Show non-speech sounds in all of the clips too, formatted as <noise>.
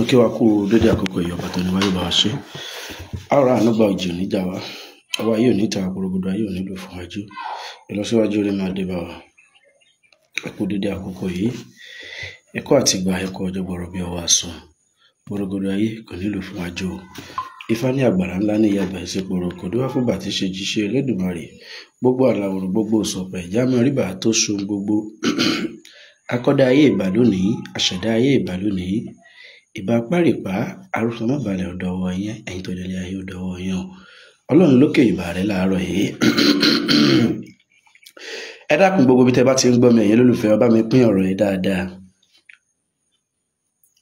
mo kí wa kú dédé àkókò ìyọba tó ní wáyé bá wa ṣe ara ànúgbà òjì níjà wa àwa yóò ní ìta gbogbo ayé ò nílò fún wájú ìlọsíwájú orí máa dé bá wa ẹkú dédé àkókò yìí ẹkọ àtìgbà ẹkọ ọjọ́ gbọrọ bí ọwọ́ àsun gbọrọgbọdọ ayé kò nílò fún wájú o ifá ní àgbàrá ńlá ní ìyá bẹ̀rẹ̀ sí poro kò díwá fún bàtí ṣe jíṣẹ́ Elédùmarè gbogbo àlàwòrán gbogbo òsọpẹ̀ ìjámọ̀ ríbà tó sun gbogbo <clears throat> akọ́dá ayé ìbàlónìí àṣẹ̀dá ayé ìbàlónìí ìbá párìpá arúfin má balẹ̀ ọ̀dọ̀ ọwọ́ yẹn ẹ̀yin tó délé ayé ọ̀dọ̀ ọwọ́ yẹn o ọlọ́run lókè ìbà rẹ láàárọ̀ yìí ẹ dákun gbogbo bí tẹ bá ti ń gbọ́ mi ẹ̀yin lólùfẹ́ ọba mi pín ọ̀rọ̀ yìí dáadáa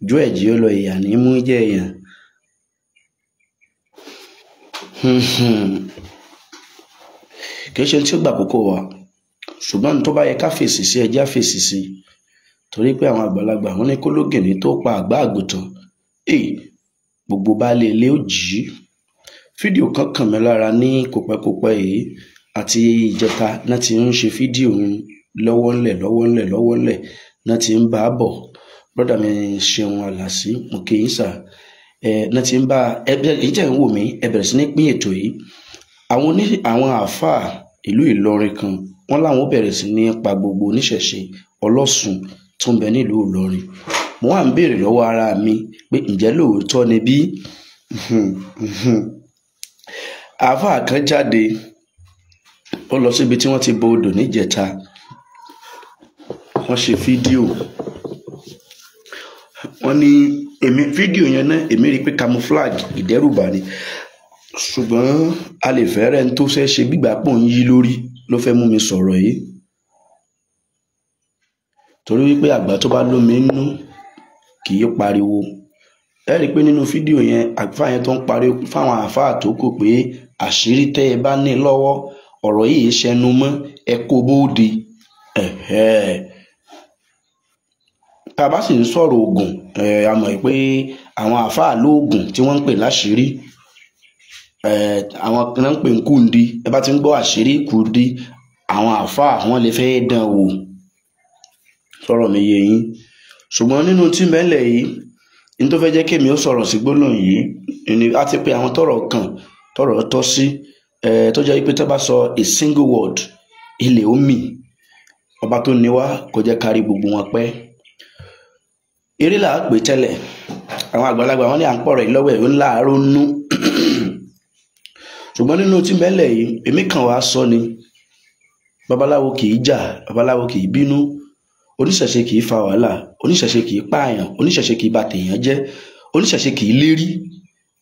ju ẹ̀jì ó lọ ìyà ní mú jẹ́ èèyàn kì í ṣe tí ó gbà kókó wa ṣùgbọ́n tó bá yẹ ká fèsì sí ẹjẹ́ fèsì sí i torí pé àwọn àgbàlagbà wọn ní kólógìnní tó pa àgbà àgùntàn èyí gbogbo baálé ilé ó jí fídíò kan kàn mí lára ní kòpẹ́kòpẹ́ yìí àti ìjẹta náà ti ń ṣe fídíò lọ́wọ́ ńlẹ̀ lọ́wọ́ ńlẹ̀ lọ́wọ́ ńlẹ̀ náà ti ń bá a bọ̀ brọ́dà mi ṣeun àlàsí mo kì í sà ẹ̀ náà ti ń bá ẹ̀yìn tẹ̀ ń wò mí ẹ sí ní pín ètò yìí àwọn oní àwọn àáfàá ìlú Ìlọrin kan wọ́n láwọn bẹ̀rẹ̀ sí ní pa gbogbo oníṣẹ̀ṣe ọlọ́sùn tó ń bẹ nílùú Ìlọrin mo wá ń béèrè lọ́wọ́ ara mi pé ǹjẹ́ lóòótọ́ ni bí <laughs> àáfàá kan jáde ó lọ síbi tí wọ́n ti bo odò níjẹta wọ́n ṣe fídíò wọ́n ní èmi fídíò yẹn náà èmi rí i pé camouflage ìdẹ́rùbà ni ṣùgbọ́n a lè fẹ́rẹ̀ ń tó fẹ́ ṣe gbígbà pò ń yí lórí ló fẹ́ mú mi sọ̀rọ̀ yìí torí wípé àgbà tó bá lómi nínú kì í pariwo ẹ rí i pé nínú fídíò yẹn àgbà yẹn tó ń pariwo fáwọn àáfàá tó kù pé àṣírí tẹ́ ẹ bá ní lọ́wọ́ ọ̀rọ̀ yìí ṣẹnu mọ́ ẹ kó bóde tá a bá sì ń sọ̀rọ̀ oògùn a mọ̀ pé àwọn àáfàá lóògùn tí wọ́n ń pè láṣìírí àwọn kan ń pè ń kúndi ẹ bá ti ń gbọ́ àṣírí kúndi àwọn àáfàá wọn lè fẹ́ dán wò sọ̀rọ̀ mi yé yín ṣùgbọ́n nínú tí mẹ́lẹ̀ yìí ní tó fẹ́ jẹ́ kí èmi ó sọ̀rọ̀ sí gbólóhùn yìí ni a ti pe àwọn tọ́rọ̀ kàn tọ́rọ̀ tọ́ sí tó jẹ́ pé tó bá sọ a single word ilẹ̀ omi ọba tó ní wá kò jẹ́ kárí gbogbo wọn pẹ́ eré là á pè tẹ́lẹ̀ àwọn àgbàlagbà wọn ní à ń pọ̀ rẹ̀ lọ́wọ́ ẹ̀ ń láàárọ̀ nú <clears throat> ṣùgbọ́n nínú tí mẹ́lẹ̀ yìí èmi kàn wá sọ ni babaláwo kì í jà babaláwo kì í bínú oníṣẹ̀ṣe kì í fa wàhálà oníṣẹ̀ṣe kì í pààyàn oníṣẹ̀ṣe kì í ba tèèyàn jẹ́ oníṣẹ̀ṣe kì í lérí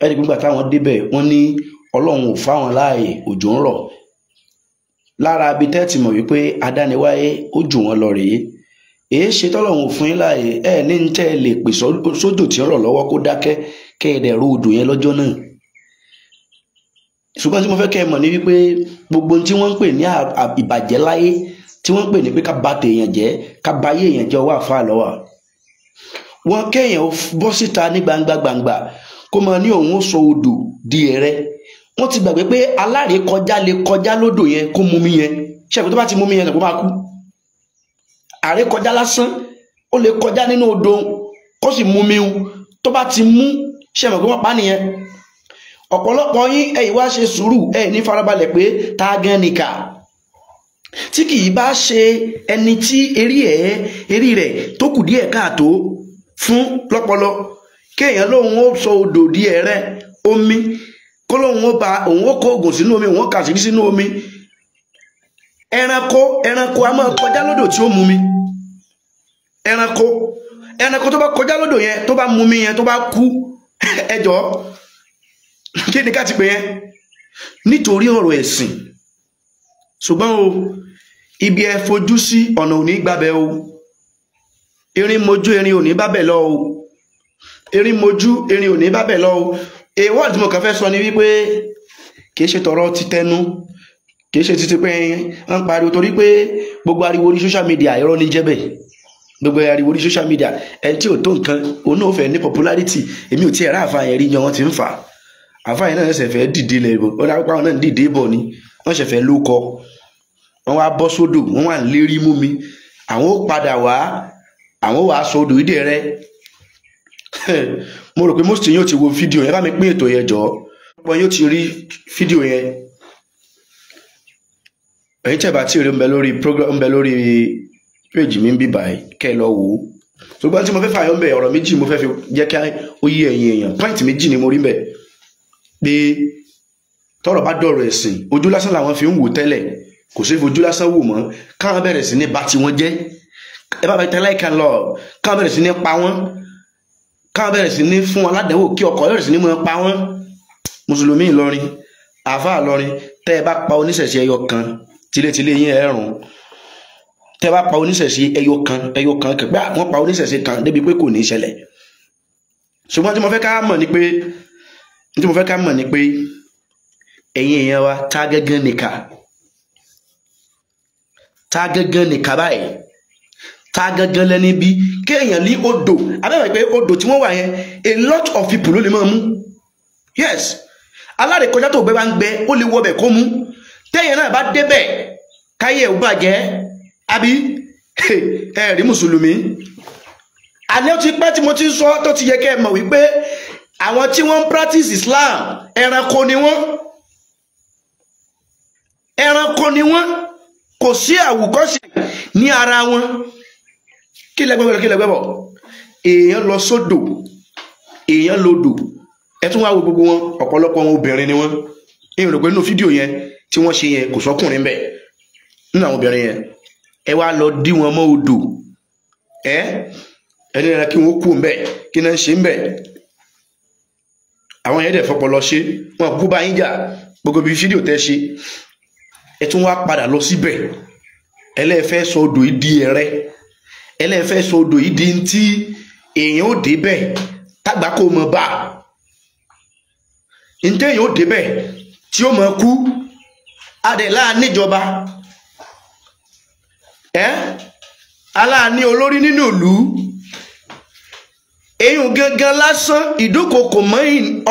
ẹni gbígbà táwọn débẹ̀ wọ́n ní ọlọ́run ò fáwọn láàyè òjò ń rọ̀ lára abi tẹ́ẹ̀tì mọ̀ wípé adániwáyé ó jù wọ́n lọ rèé èé ṣe tọ́lọ́run ò fún yín láàyè ẹ ní ń tẹ́ ẹ lè pè sójò tí ń rọ̀ lọ́wọ́ kó dákẹ́ kẹ́ ẹ dẹ̀ odò yẹn lọ́jọ́ náà ṣùgbọ́n tí mo fẹ́ kẹ́ ẹ mọ̀ ní wípé gbogbo ohun tí wọ́n ń pè ní ìbàjẹ́ láyé tí wọ́n ń pè ní pé ká bà tèèyàn jẹ́ ká bà ayé èèyàn jẹ́ ọwọ́ àfa lọ́wọ́ wọn kéèyàn bọ́ síta ní gbangba gbangba kó máa ní òun ó sọ odò di ẹ̀rẹ́ wọ́n ti gbàgbé pé aláre kọjá lè kọjá lódò yẹn kó mumi yẹn ṣẹ́gun tó bá ti mumi yẹn kó máa kú àrè kọjá lásán ó lè kọjá nínú odò kó sì mumi un tó bá ti mú ṣẹ́gun kó máa pa nìyẹn ọ̀pọ̀lọpọ̀ yín ẹ̀yìn wá ṣe sùúrù ẹ̀ ní farabalẹ̀ pé tá a gan nìkà tí kì í bá ṣe ẹni tí eré ẹ̀ eré rẹ̀ tó kù díẹ̀ káàtó fún lọ́pọlọ kéèyàn lóun ó sọ odò di ẹ̀rẹ́ omi kó lóun ó ba òun ó kó oògùn sínú omi òun ó kà sí sínú omi ẹranko ẹranko a máa kọjá lódò tí ó mumi mi ẹranko ẹranko tó bá kọjá lódò yẹn tó bá mu yẹn tó bá kú <laughs> ẹjọ́ kí ni ká ti pè yẹn nítorí ọ̀rọ̀ ẹ̀sìn ṣùgbọ́n o ibi ẹ fojú sí ọ̀nà òní gbàbẹ̀ o erin mojú erin òní bábẹ̀ lọ o erin mojú erin òní bábẹ̀ lọ o èèwọ̀ tí mo kàn fẹ́ sọ ni wípé kì ṣe tọrọ ti tẹnu kì ṣe títí pé ń pariwo torí pé gbogbo ariwo ní social media irọ́ ní jẹ́bẹ̀ gbogbo ariwo ní social media ẹni tí ò tó nǹkan òun náà ní popularity èmi ò tiẹ̀ rá àfààyàn rí yan wọn ti ń fà àfààyàn náà ṣẹ̀fẹ̀ dìde lẹ́yìn bọ̀ ó dáwọ́ pé àwọn náà dìde bọ̀ ni wọ́n ṣẹ̀fẹ̀ ló wọ́n wá bọ́ sódò wọ́n wà lérí mú mi àwọn ó padà wá àwọn ó wàá sọ odò ìdè rẹ <laughs> mo rò pé most yóò ti wo fídíò yẹn bá mi pín ètò yẹn jọ ọ̀pọ̀ yóò ti rí fídíò yẹn ẹ̀yin tẹ́ bá tí rí bẹ lórí program ń bẹ lórí péjì mi ń bì báyìí kẹ́ ẹ lọ wò ó ṣùgbọ́n tí mo fẹ́ fààyàn bẹ̀ ọ̀rọ̀ méjì mo fẹ́ fi jẹ́ kí ó yé ẹ̀yin èèyàn pọ́ìntì méjì ni mo rí bẹ̀ pé tọ́rọ̀ bá dọ̀rọ̀ ẹ̀sìn ojú lásán làwọn fi ń wò tẹ́lẹ̀ kò sí fojú lásán wò mọ́ káwọn bẹ̀rẹ̀ sí ní bà tiwọn jẹ́ ẹ bá bẹ tẹ láìka lọ káwọn bẹ̀rẹ̀ sí ní pa wọ́n káwọn bẹ̀rẹ̀ sí ní fún aládàáwò kí ọkọ̀ bẹ̀rẹ̀ sí ní mọ́ pa wọ́n mùsùlùmí ìlọrin àfa ìlọrin tẹ́ ẹ bá pa oníṣẹ̀ṣe ẹyọ kan tilétilé yín ẹ̀rùn tẹ́ ẹ bá pa oníṣẹ̀ṣe ẹyọ kan ẹyọ kan kẹgbẹ́ wọ́n pa oníṣẹ̀ṣe kan débi pé kò ní í ṣẹlẹ̀ ṣùgbọ́n tí mo fẹ́ ká mọ̀ ni pé tí mo fẹ́ ká mọ̀ ni pé ẹ̀yin èèyàn wa tá gẹ́gẹ́ nìkan ta gangan ní kaba yìí ta gangan lẹni bí kéèyàn ní odò abẹ́wẹ̀ pé odò tí wọ́n wà yẹn a lot of people ló lè máa mú yes alárèkọjá tó gbẹ bá ń gbẹ ó lè wọbẹ̀ kó mú téèyàn náà bá débẹ̀ káyé ẹ̀ ò bàjẹ́ àbí <laughs> ẹ̀rí mùsùlùmí àní ó ti pẹ́ tí mo ti sọ tó ti yẹ kẹ́ ẹ mọ̀ wípé àwọn tí wọ́n ń practice Islam ẹranko ni wọ́n ẹranko ni wọ́n kò sí àwòkọ́ṣe ní ara wọn kí lẹ́gbẹ́ bọ̀ kí lẹ́gbẹ́ bọ̀ èèyàn lọ sódò èèyàn lodò ẹ tún wá wo gbogbo wọn ọ̀pọ̀lọpọ̀ wọn obìnrin ni wọn èèyàn rò pé nínú fídíò yẹn tí wọ́n ṣe yẹn kò sọ́kùnrin bẹ́ẹ̀ nínú àwọn obìnrin yẹn ẹ wá lọ dí wọn mọ́ odò ẹ ẹni rẹ kí wọn kú ń bẹ kí náà ń ṣe ń bẹ àwọn yẹn dẹ̀ fọpọlọ ṣe wọn kú bá jà gbogbo bí fídíò tẹ́ ṣe ẹ tún wá padà lọ síbẹ̀ ẹlẹ́ẹ̀fẹ́ sọ odò yìí di ẹ̀rẹ́ ẹlẹ́ẹ̀fẹ́ sọ odò yìí di ntí èèyàn ò débẹ̀ tágbà kó mọ bá ntẹ́ èèyàn ò débẹ̀ tí ó mọ kú adẹ̀lá níjọba ẹ́ aláàní olórí nínú ìlú èèyàn gangan lásán ìdókòkò mọ́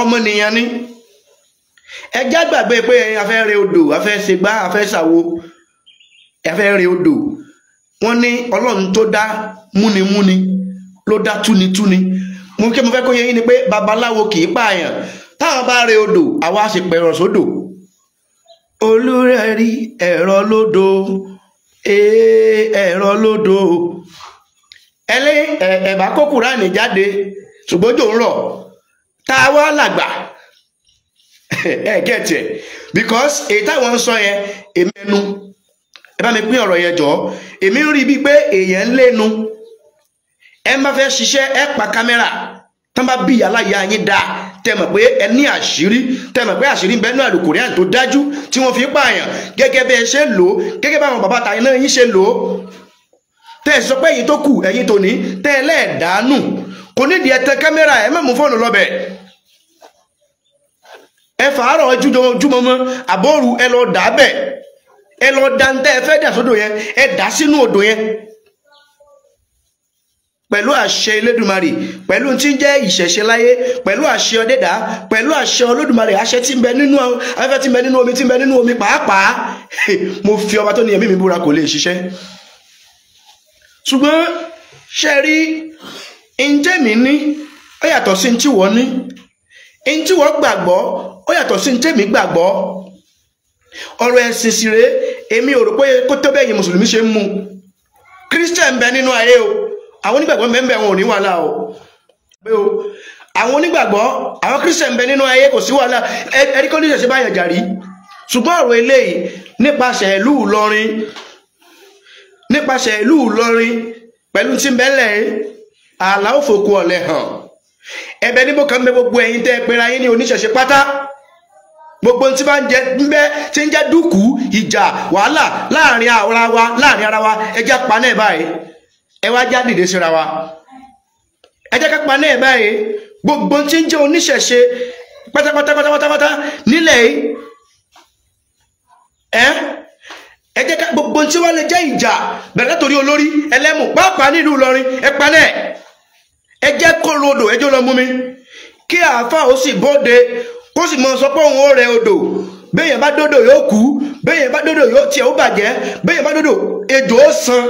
ọmọnìyàn ni. Eh? ẹjá gbàgbé pé a fẹ́ re odò a fẹ́ ṣègbà a fẹ́ ṣàwo a fẹ́ re odò wọ́n ní ọlọ́run tó dá múnimúni ló dá túnitúni mo kí mo fẹ́ kó yé yín ni pé babaláwo kì í pààyàn táwọn bá re odò àwa sì pẹ̀rọ̀ sódò olùrẹ̀rí ẹ̀rọ lódò ẹ̀rọ lódò ẹlẹ́ ẹ̀bá kó Kùránì ṣùgbọ́n jò ń rọ̀ tá làgbà ẹ <laughs> get ẹ̀ because èyí táwọn ń sọ yẹn èmi ẹnu ẹ bá mi pín ọ̀rọ̀ yẹn jọ èmi ń rí bíi pé èèyàn ń lẹ́nu ẹ má fẹ́ ṣiṣẹ́ ẹ pa kámẹ́rà tán bá bí ìyàlá ìyá yín dáa tẹmọ̀ pé ẹ ní àṣírí tẹmọ̀ pé àṣírí bẹ́ẹ̀ náà lùkùnrin àti tó dájú tí wọ́n fi ń pààyàn gẹ́gẹ́ bẹ́ẹ̀ ṣe lò ó gẹ́gẹ́ báwọn bàbá tàyín náà yín ṣe lò ó tẹ́ ẹ sọ pé èyí tó kù ẹ̀yìn tòní tẹ́ ẹ lẹ́ẹ̀dánù kò nídìí ẹ tẹ kámẹ́rà ẹ má mú fóònù lọ́bẹ̀ẹ́ ẹ fàárọ̀ ojúmọ́ mọ́ àbóòrù ẹ lọ dà á bẹ̀ ẹ lọ da ń tẹ́ ẹ fẹ́ dà sódò yẹn ẹ dà sínú odò yẹn pẹ̀lú àṣẹ Elédùmarè pẹ̀lú tí ń jẹ́ ìṣẹ̀ṣe láyé pẹ̀lú àṣẹ ọdẹ́dà pẹ̀lú àṣẹ Olódùmarè àṣẹ tí ń bẹ nínú afẹ́fẹ́ tí ń bẹ nínú omi tí ń bẹ nínú omi pàápàá <laughs> mo fi ọba tó ní ẹ̀mí mi búra kò lè ṣiṣẹ́ ṣùgbọ́n ṣe rí ǹjẹ́ mi ní ó yàtọ̀ sí ti wọ́n ní ẹni tí wọ́n gbàgbọ́ ó yàtọ̀ sí ní tèmi gbàgbọ́ ọ̀rọ̀ ẹ̀sìn sì rèé èmi ò rò pé kó tó bẹ́ẹ̀ mùsùlùmí ṣe ń mu christian bẹ nínú ayé o àwọn onígbàgbọ́ mẹ́mbẹ́ wọn ò ní wàhálà o àwọn onígbàgbọ́ àwọn christian bẹ nínú ayé kò sí wàhálà ẹ̀rí kọ́ ní ìṣẹ̀ṣẹ̀ báyọ̀ jàrí ṣùgbọ́n ọ̀rọ̀ eléyìí nípasẹ̀ ìlú Ìlọrin nípasẹ̀ ìlú Ìlọrin pẹ̀lú tí ń bẹ́lẹ̀ àlàó fòkù ọ̀lẹ̀ hàn ẹ̀bẹ̀ ni mo kàn mẹ gbogbo ẹ̀yin tẹ́ ẹ pera yín ní oníṣẹ̀ṣe pátá gbogbo tí bá ń jẹ ń bẹ tí ń jẹ dúkù ìjà wàhálà láàrin ara wa láàrin ara wa ẹ jẹ́ paná ẹ̀ báyìí ẹ wá já dìde síra wa ẹ jẹ́ ká paná ẹ̀ báyìí gbogbo tí ń jẹ oníṣẹ̀ṣe pátápátá pátápátá nílẹ̀ yìí ẹ ẹ jẹ́ ká gbogbo tí wọ́n lè jẹ́ ìjà bẹ̀rẹ̀ látòrí olórí ẹlẹ́mù pàápàá nílùú Ìlọrin ẹ paná ẹ̀ ẹ jẹ́ kó lodò ẹjọ́ lọ mú mi kí àáfà ó sì bóde kó sì mọ sọ pé òun ó rẹ odò béèyàn bá dódò yóò kú béèyàn bá dódò yóò tiẹ̀ ó bàjẹ́ béèyàn bá dódò ejò ó san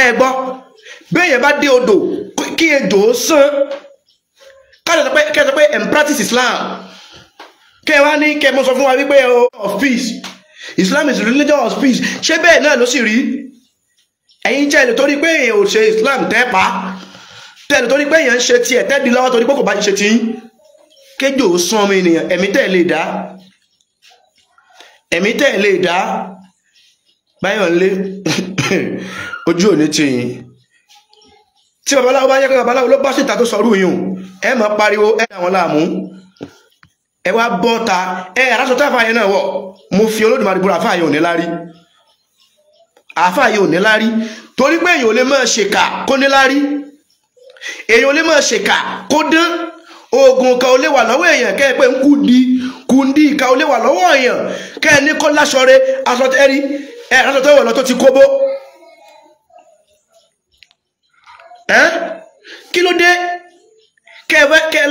ẹ gbọ́ béèyàn bá dé odò kí ejò ó san káyọ̀ sọ pé kẹ́ sọ pé em practice Islam kẹ́ ẹ wá ní kẹ́ ẹ mọ sọ fún wa wípé of peace Islam is religion of peace ṣé bẹ́ẹ̀ náà ló sì rí ẹ̀yin jẹ́ ẹ̀ lè torí pé èèyàn ò ṣe Islam tẹ́ pa á tẹ́lẹ̀ torí pé èèyàn ń ṣe tiẹ̀ tẹ́ẹ̀dì lọ́wọ́ torí pé kò bá ṣe tiyín kéjò sún ọmọ ènìyàn ẹ̀mí tẹ̀ lè dá ẹ̀mí tẹ̀ lè dá báyọ̀ ńlé <coughs> ojú òní tiyín tí babaláwo bá yẹ kí babaláwo ló bá síta tó sọrú yìí ẹ mọ pariwo ẹ dà wọn láàmú ẹ wá bọ́ ta ẹ aráṣọ tá àfààyàn náà wọ̀ mo fi olódùmarè búra àfààyàn ò ní lárí àfààyàn ò ní lárí torí pé èèyàn ò lè máa ṣèkà kó ní lárí èyí ò lè máa ṣèkà kó dán oògùn kan ò lè wà lọ́wọ́ èèyàn kẹ́ ẹ pé ń kú di kùndí kan ò lè wà lọ́wọ́ èèyàn kẹ́ ẹ ní kó láṣọ rẹ aṣọ ẹrí ẹ aṣọ tó wọ̀ lọ tó ti kóbó. kí ló dé kẹfẹ kẹ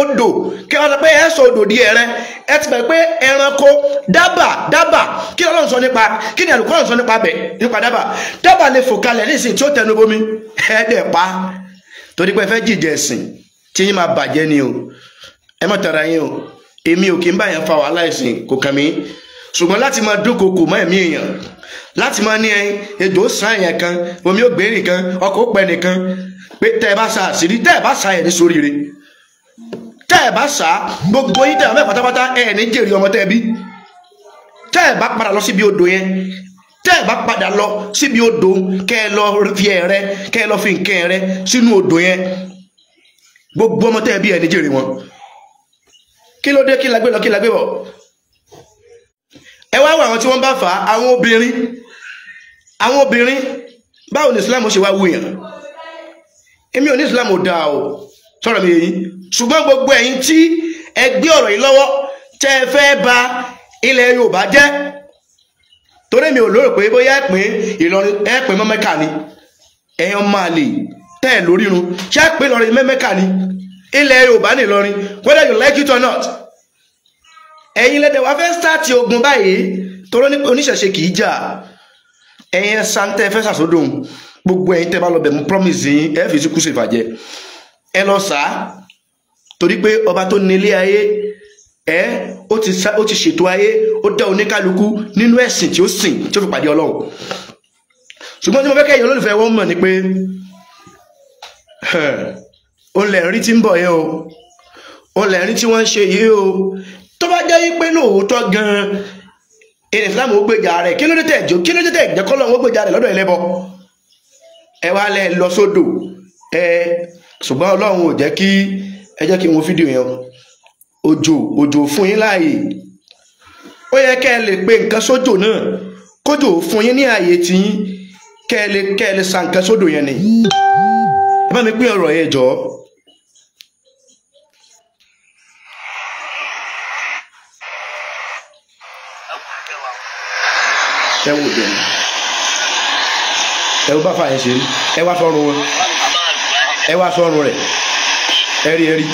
odò kẹfẹ sọ pé ẹ sọ odò di ẹrẹ ẹ ti mọ̀ pé ẹranko dábà dábà kí lọ́nà sọ nípa kí ni àlùkò lọ́nà sọ nípa bẹ̀ nípa dábà dábà lè fò kalẹ̀ nísìnyí tí ó tẹnu bomi ẹ̀ dẹ̀ pa torí pé ẹ fẹ́ jìjẹ ẹ̀sìn tí yín máa bàjẹ́ ni o ẹ má tara yín o èmi ò kí ń bá yẹn fa wàhálà ẹ̀sìn kò kàn mí ṣùgbọ́n láti máa dúnkokò mọ́ ẹ̀mí èèyàn láti máa ní ejò sàn yẹn kan omi ò gbèrè kan ọkọ̀ òpẹ́ nìkan pé tẹ́ ẹ bá sa àṣírí tẹ́ ẹ bá sa ẹ̀ ní soríire tẹ́ ẹ bá sa gbogbo yín tẹ́ ẹ bá pátápátá ẹ̀ ní jèrè ọmọ tẹ́ ẹ bí tẹ́ ẹ bá padà lọ síbi odò yẹn tẹ́ ẹ̀ bá padà lọ síbi odò kẹ́ ẹ lọ fi ẹ̀rẹ́ kẹ́ ẹ lọ fi nǹkan ẹ̀rẹ́ sínú odò yẹn gbogbo ọmọ tẹ́ ẹ bí ẹni jèrè wọn kí ló dé kí la gbé lọ kí la gbé bọ̀ ẹ wá wọ àwọn tí wọ́n bá fà á àwọn obìnrin àwọn obìnrin báwo ni Islam ṣe wá wúyàn èmi ò ní Islam ò dáa o sọ̀rọ̀ mi èyí ṣùgbọ́n gbogbo ẹ̀yin tí ẹ gbé ọ̀rọ̀ yìí lọ́wọ́ tẹ́ ẹ fẹ́ ba ilẹ̀ Yorùbá jẹ́ torí mi ò lérò pé bóyá ẹ̀pìn Ìlọrin ẹ̀pìn mẹ́mẹ́kà ni ẹ̀yàn máa lè tẹ̀ lórí irun ṣé ẹ̀pìn Ìlọrin mẹ́mẹ́kà ni ilẹ̀ Yorùbá ní Ìlọrin whether you like it or not ẹ̀yin lẹ́dẹ̀ wá fẹ́ sáàtì ogun báyìí torí oníṣẹ̀ṣe kì í jà ẹ̀yin santẹ́ fẹ́ sàsódùn gbogbo ẹ̀yin tẹ́ bá lọ bẹ̀ mú promise yín ẹ̀ fi sí kùsùn ìfàjẹ́ ẹ lọ sá torí pé ọba tó nílé ayé ẹ ó ti ṣètò ayé ó dá oníkálukú nínú ẹ̀sìn tí ó sìn tí ó fi pàdé ọlọ́run ṣùgbọ́n tí mo fẹ́ kẹ́yìn olólùfẹ́ wọn mọ̀ ni pé ó lẹ̀ rí tí ń bọ̀ yẹn o ó lẹ̀ rí tí wọ́n ń ṣe yìí o tó bá jẹ́ pé lóòótọ́ gan-an èrè fúlàmù ó gbèjà rẹ̀ kí ló dé tẹ̀ jó kí ló dé tẹ̀ jẹ́ kọ́lọ́hún ó gbèjà rẹ̀ lọ́dọ̀ ẹlẹ́bọ ẹ wá lẹ lọ sódò ẹ ṣùgbọ́n ọlọ́run ò jẹ́ kí ẹ jẹ́ kí n wo fídíò yẹn o òjò òjò fún yín láàyè ó yẹ kẹ́ ẹ lè pe nǹkan sójò náà kójò fún yín ní ààyè tiyín kẹ́ ẹ lè kẹ́ ẹ lè sa nǹkan sódò yẹn ni ẹ bá mi pín ọ̀rọ̀ yẹn jọ. ẹ wò dẹ̀ ẹ wò bá fa yẹn ṣe ẹ wá sọ́run wọn ẹ wá sọ́run rẹ̀ ẹ rí ẹ rí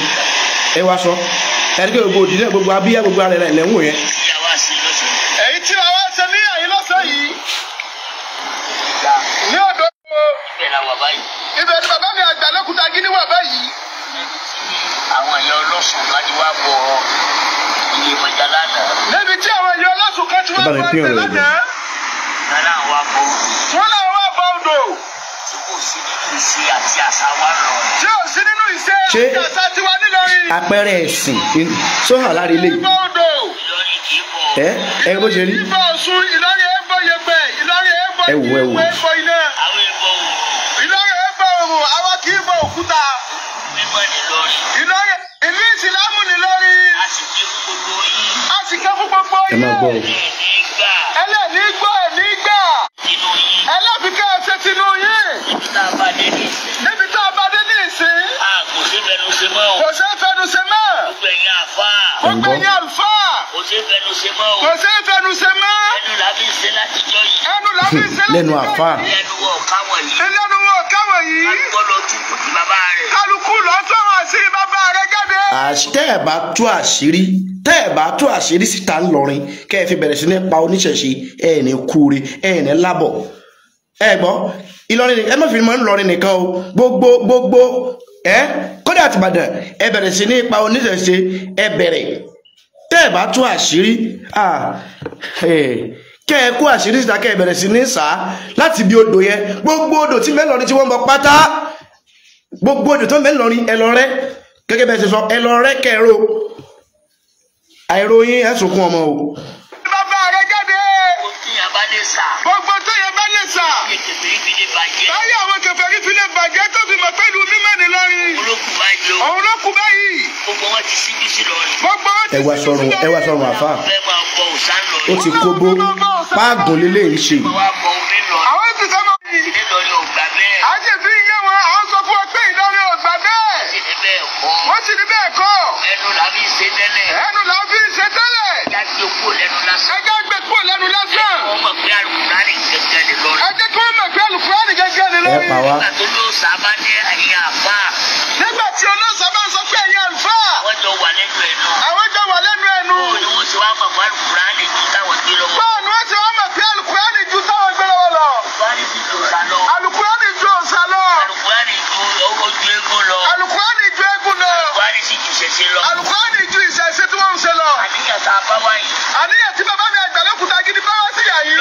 ẹ wá sọ́ ẹni pé gbogbo òdìdẹ́ gbogbo abíyá gbogbo ara rẹ̀ lẹ́wọ̀n yẹn. èyí tí àwa ṣe ní àyín lọ́sẹ̀ yìí ní ọ̀dọ́ ibẹ̀ ni bàbá mi àgbà lókùtà gíní wà báyìí. àwọn èèyàn ọlọ́sùn láti wá bọ̀ ilé ìmọ̀jà lánàá. níbi tí àwọn èèyàn ọlọ́sùn kan ti wá bọ̀ ọ́ ìṣe àti àṣà wa lọ. ṣé o sí nínú ìṣe àti àṣà tiwa nílọrin. àpẹẹrẹ ẹ̀sìn sọ́hàn lára ilé yìí. ẹ ẹ bó ṣe rí. ìlọrin ẹ̀bọ yẹpẹ ìlọrin ẹ̀bọ ìwé ẹ̀bọ iná. ìlọrin ẹ̀bọ òhùn àwa kì í bọ òkúta. ìlọrin ìlú ìsìlámù nìlọrin ṣìkẹ́ fún gbogbo yín ẹlẹ́ni gbọ́ ẹ̀ní gbà ẹlẹ́bi ká ẹ tinú yín níbi tá a bá dé ní ìsín kò ṣe fẹnu ṣe mọ́ kò ṣe fẹnu ṣe mọ́ gbogbo àfa gbogbo àfa kò ṣe fẹnu ṣe mọ́ kò ṣe fẹnu ṣe mọ́ ẹnu la ṣe láti jọ yìí ẹnu la ṣe láti jọ yìí lẹ́nu àfa lẹ́nu wọn káwọn yìí lẹ́nu wọn káwọn yìí kálukú lọ túkú sí bàbá rẹ̀ tẹ́ ẹ̀ bá tú àṣírí tẹ́ ẹ̀ bá tú àṣírí síta ńlọrin kẹ́ ẹ fi bẹ̀rẹ̀ sí ní pa oníṣẹ̀ṣe ẹ̀ ní kúure ẹ̀ ní lábọ̀ ẹ gbọ́ ìlọrin ẹ má fi mọ́ ńlọrin nìkan o gbogbo gbogbo ẹ kódà àtìbàdàn ẹ bẹ̀rẹ̀ sí ní pa oníṣẹ̀ṣe ẹ bẹ̀rẹ̀ tẹ́ ẹ̀ bá tú àṣírí kẹ́ ẹ kó àṣírí síta kẹ́ ẹ bẹ̀rẹ̀ sí ní sá láti bí odò yẹn gbogbo odò tí mẹ́lọrin tí wọ́n bọ pátá gbogbo odò tó mẹ́lọrin ẹ lọ rẹ́ gẹ́gẹ́ bẹ́ẹ̀ ṣe sọ ẹ lọ rẹ́kẹ̀ẹ́rọ àìròyìn ẹ̀sùnkún ọmọ o. bàbá rẹ jáde. gbogbo tó yẹ bá lè sà. gbogbo tó yẹ bá lè sà. báyìí àwọn kèfèrí fi lè bàjẹ́ tó fi mọ̀ pẹ́lú mímọ́ ní lọ́rin. òun ló kú báyìí. gbogbo wọn ti síbi sí lọ. gbogbo wọn ti síbi sí lọ. ẹ wá sọrùn ẹ wá sọrùn àfa. ó ti kóbó páàgùn lélẹ́yìn ṣe. àwọn ti sọ bẹ́ẹ̀ kọ́. wọ́n sì ní bẹ́ẹ̀ kọ́. ẹnu la fi ṣe tẹ́lẹ̀. ẹnu la fi ṣe tẹ́lẹ̀. ẹja gbé kúrò lẹ́nu lásán. ẹja gbé kúrò lẹ́nu lásán. ẹ jẹ́ kí wọ́n mọ̀ pé alukurani gẹ́gẹ́ ni lórí. ẹ pa wá. nígbà tí olóòsàn bá sọ pé ẹ̀yin àlùfáà. wọ́n jọ wà lẹ́nu ẹ̀ náà. àwọn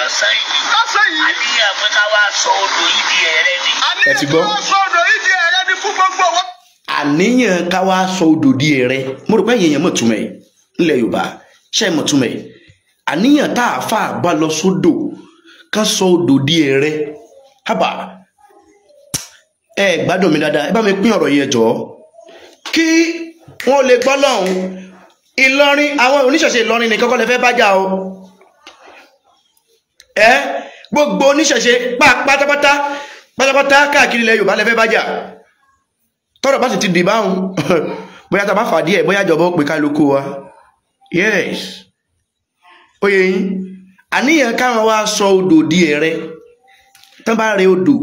lọ́sàn yìí. lọ́sàn yìí. àníyàn pé ká wá sọ odò yìí di ẹ̀rẹ́ ni. ẹ ti gbọ́. àníyàn ká wá sọ odò yìí di ẹ̀rẹ́ ni fún gbogbo wọn. àníyàn ká wá sọ odò di ẹ̀rẹ́ mo rò pé èèyàn mọ̀ túmọ̀ ńlẹ̀ yorùbá ṣe mọ̀ túmọ̀ àníyàn tá a fà bá lọ sódò ká sọ odò di hábà ẹ gbádùn mi dáadáa ẹ bá mi pín ọ̀rọ̀ yẹn jọ kí wọ́n lè gbọ́ lọ́hùn-ún Ìlọrin àwọn oníṣẹ̀ṣe Ìlọrin nìkan kọ́ lè fẹ́ bá jà o ẹ gbogbo oníṣẹ̀ṣe pátápátá pátápátá káàkiri ilẹ̀ Yorùbá lẹ́fẹ́ bájà tọ́rọ̀ bá sì ti dìbà ń <laughs> bóyá tá a bá fà díẹ̀ bóyá ìjọba ó pè kálukú wa yes ó yẹ yín àníyàn káwọn wá sọ odò di ẹ̀rẹ́ tán bá rẹ odò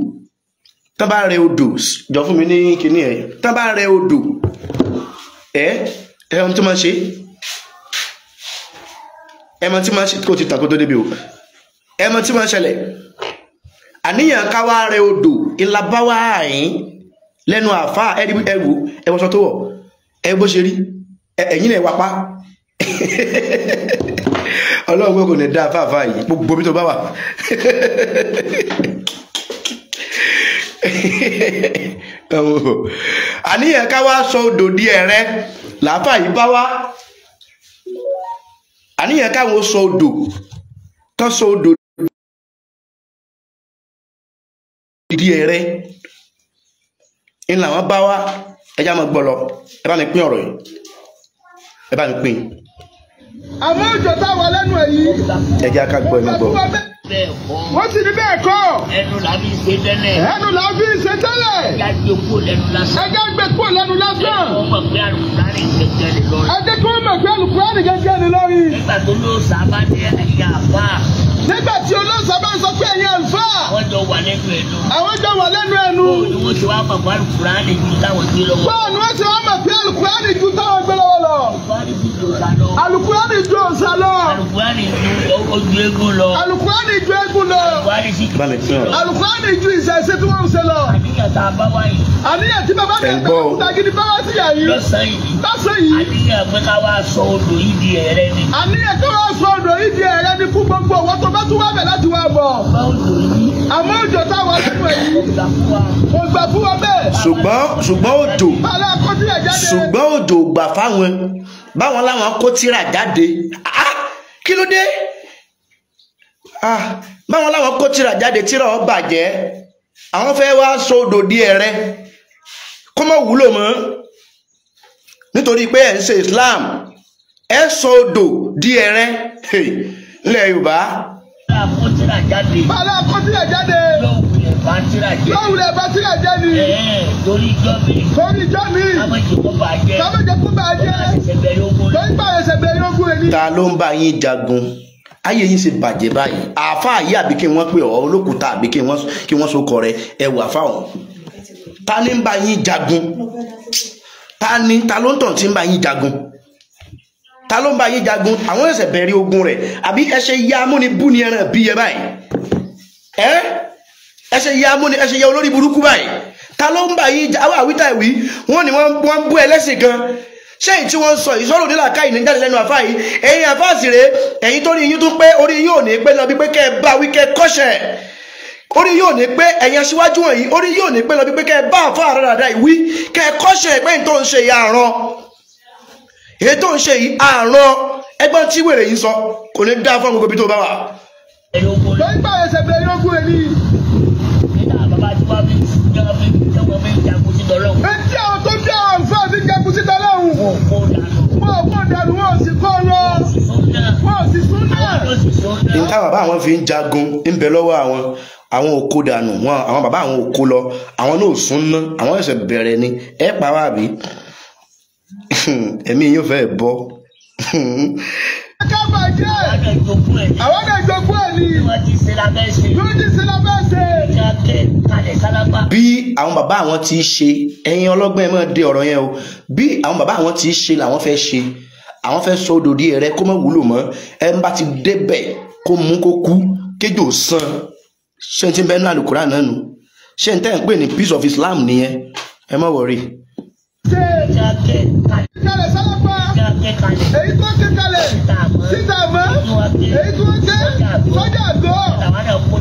tán bá rẹ odò jọ fún mi ní kinní ẹ̀ tán bá rẹ odò ẹ ẹ ohun tí wọ́n ṣe ẹ mọ tí wọ́n ṣe kó ti tàkó tó débi o ẹ mọ tí wọn ṣẹlẹ̀ àníyàn káwá rẹ odò ńlá bá wá àyín lẹ́nu àfa ẹrí ẹwù ẹwọsọ tó wọ ẹ bó ṣe rí ẹ̀yin náà wapá <laughs> Ọlọ́run gbọkàn lè dá àfààfà yìí gbogbo mi tó bá wà <laughs> àníyàn káwá sọ odò di ẹrẹ làáfà yìí bá wá àníyàn káwọn sọ odò kan sọ odò ìdí ẹ̀rẹ́ ńlá wọn bá wá ẹjá mọ́ gbọ́lọ ẹ bá mi pín ọ̀rọ̀ ẹ bá mi pín. àmọ́ òjò tá a wà lẹ́nu ẹ̀ yìí. ẹ jẹ́ ká gbọ́ ẹ wọ́n sì ní bẹ́ẹ̀ kọ́. ẹnu la fi ṣe tẹ́lẹ̀. ẹnu la fi ṣe tẹ́lẹ̀. ẹja gbé kúrò lẹ́nu lásán. ẹja gbé kúrò lẹ́nu lásán. ẹjẹ́ kí wọ́n mọ̀ pé àlùkùránì gẹ́gẹ́ ni gẹ́gẹ́ ni lórí. nígbà tó ló sábà ní ẹ̀yà àfáà nígbà tí olóòsàn bá ń sọ pé ẹ̀yin àlùfáà. àwọn jọ wà lẹ́nu ẹnu. àwọn jọ wà lẹ́nu ẹnu. bọ́ọ̀ ni ti wá mọ̀ pé alukurani ju táwọn gbé lọ́wọ́. bọ́ọ̀ ni ti wá mọ̀ pé alukurani ju táwọn gbé lọ́wọ́ lọ. alukurani ju òòṣà lọ. alukurani ju eégún lọ. alukurani ju eégún lọ. alukurani ju ìṣẹ̀ṣe tí wọ́n ń ṣe lọ. àníyàn tá a bá wáyé. àníyàn tí bàbá mi àgbà bá tún wá bẹ̀ láti wá bọ̀ àmọ́ òjò táwọn ọdún ẹ̀ yìí kò gbà fún wọn bẹ́ẹ̀. ṣùgbọ́n ṣùgbọ́n òjò ṣùgbọ́n òjò gbà fáwọn báwọn láwọn kó tíra jáde ah, kí ló dé ah, báwọn láwọn kó tíra jáde tíra ọ bàjẹ́ àwọn fẹ́ wá so odò di ẹ̀rẹ́ kó mọ̀ wúlò mọ́ nítorí pé ẹ̀ ń ṣe Islam ẹ̀ sọ odò di ẹ̀rẹ́ ńlẹ̀ Yorùbá tíra jáde. bàbá kọ tíra jáde. lọ́wọ́lẹ̀ bá tíra jẹ́. lọ́wọ́lẹ̀ bá mi. torí jọ́ mi. kámẹ́jẹ kó bàá lórí bá ẹsẹ̀ yógún rẹ̀ ta ló ń bá yín jagun ayé yín ṣe bàjẹ́ báyìí àáfàá yìí àbí kí wọ́n pè ọ́ olókùúta àbí kí wọ́n so rẹ ẹwà fáwọn ta ni ń bá yín jagun ta ni ta ló ń tàn tí ń bá yín jagun ta ló ń bá yín jagun àwọn ẹsẹ̀ bẹ̀rẹ̀ ogun rẹ̀ àbí ẹ ṣe ya amúnibú ni ẹran bí yẹ báyìí ẹ ẹ ṣe ya amúni ẹ ya olórí burúkú báyìí ta ló ń bá yín àwọn àwítà ìwí wọn ni wọn ń bú ẹlẹ́sìn kan ṣé èyí tí wọ́n ń sọ ìsọ̀rọ̀ nílà káyìí ní jáde lẹ́nu àfáà yìí ẹ̀yin àfáà sì rèé ẹ̀yin tó rí yín tún pé orí yín ò ní pé lọ bí pé kẹ́ ẹ bá wí kẹ́ kọ́ṣẹ̀ orí yóò ní pé ẹ̀yin aṣíwájú wọ̀nyí orí yóò ní pé lọ bí pé kẹ́ ẹ bá àfáà rárá ìwí kẹ́ kọ́ṣẹ̀ pé ní tó ń ṣe ìyá àrán èyí tó ń ṣe yìí àrùn ẹgbọ́n tí wèrè yìí sọ kò ní dá fún gbogbo ibi tó bá wà. lóyún bá ẹsẹ̀ bẹ̀rẹ̀ yóò gún èmi. nígbà bàbá tí wọ́n fi jọ́ fi jọ́wọ́ fi jagun sí tọ́lọ́hún. etí àwọn tó dé àwọn fún àfi jagun sí tọ́lọ́hún. wọ́n kó dànù. wọ́n kó dànù wọ́n sì kọ́ lọ. wọ́n sì sún náà. níta bàbá àwọn fi ń jagun ń bẹ lọ́wọ́ àwọn àwọn òkú dànù wọn àwọn bàbá àwọn òkú lọ àwọn náà sún ná àwọn ẹsẹ̀ bẹ̀rẹ̀ ni ẹ pàrọ̀ àbí <laughs> ẹ̀mí yóò fẹ́ bọ́. bí àwọn bàbá àwọn ti ṣe ẹ̀yin ọlọ́gbọ́n ẹ̀ máa dé ọ̀rọ̀ yẹn o bí àwọn bàbá àwọn ti ṣe làwọn fẹ́ ṣe àwọn fẹ́ sọ òdòdí rẹ kó má wúlò mọ́ ẹ ń bá ti débẹ̀ kó mú kó kú kéjò san ṣé n ti bẹ́ẹ̀ náà lùkúrà náà nù ṣé n tẹ́ ń pè ní peace of Islam nìyẹn ẹ má wọrí. ṣé ìjà kẹ́ẹ̀ kalẹ̀ sálápá èyí tó ké kalẹ̀ síta mọ́ èyí tó ké sọ́jà àgọ́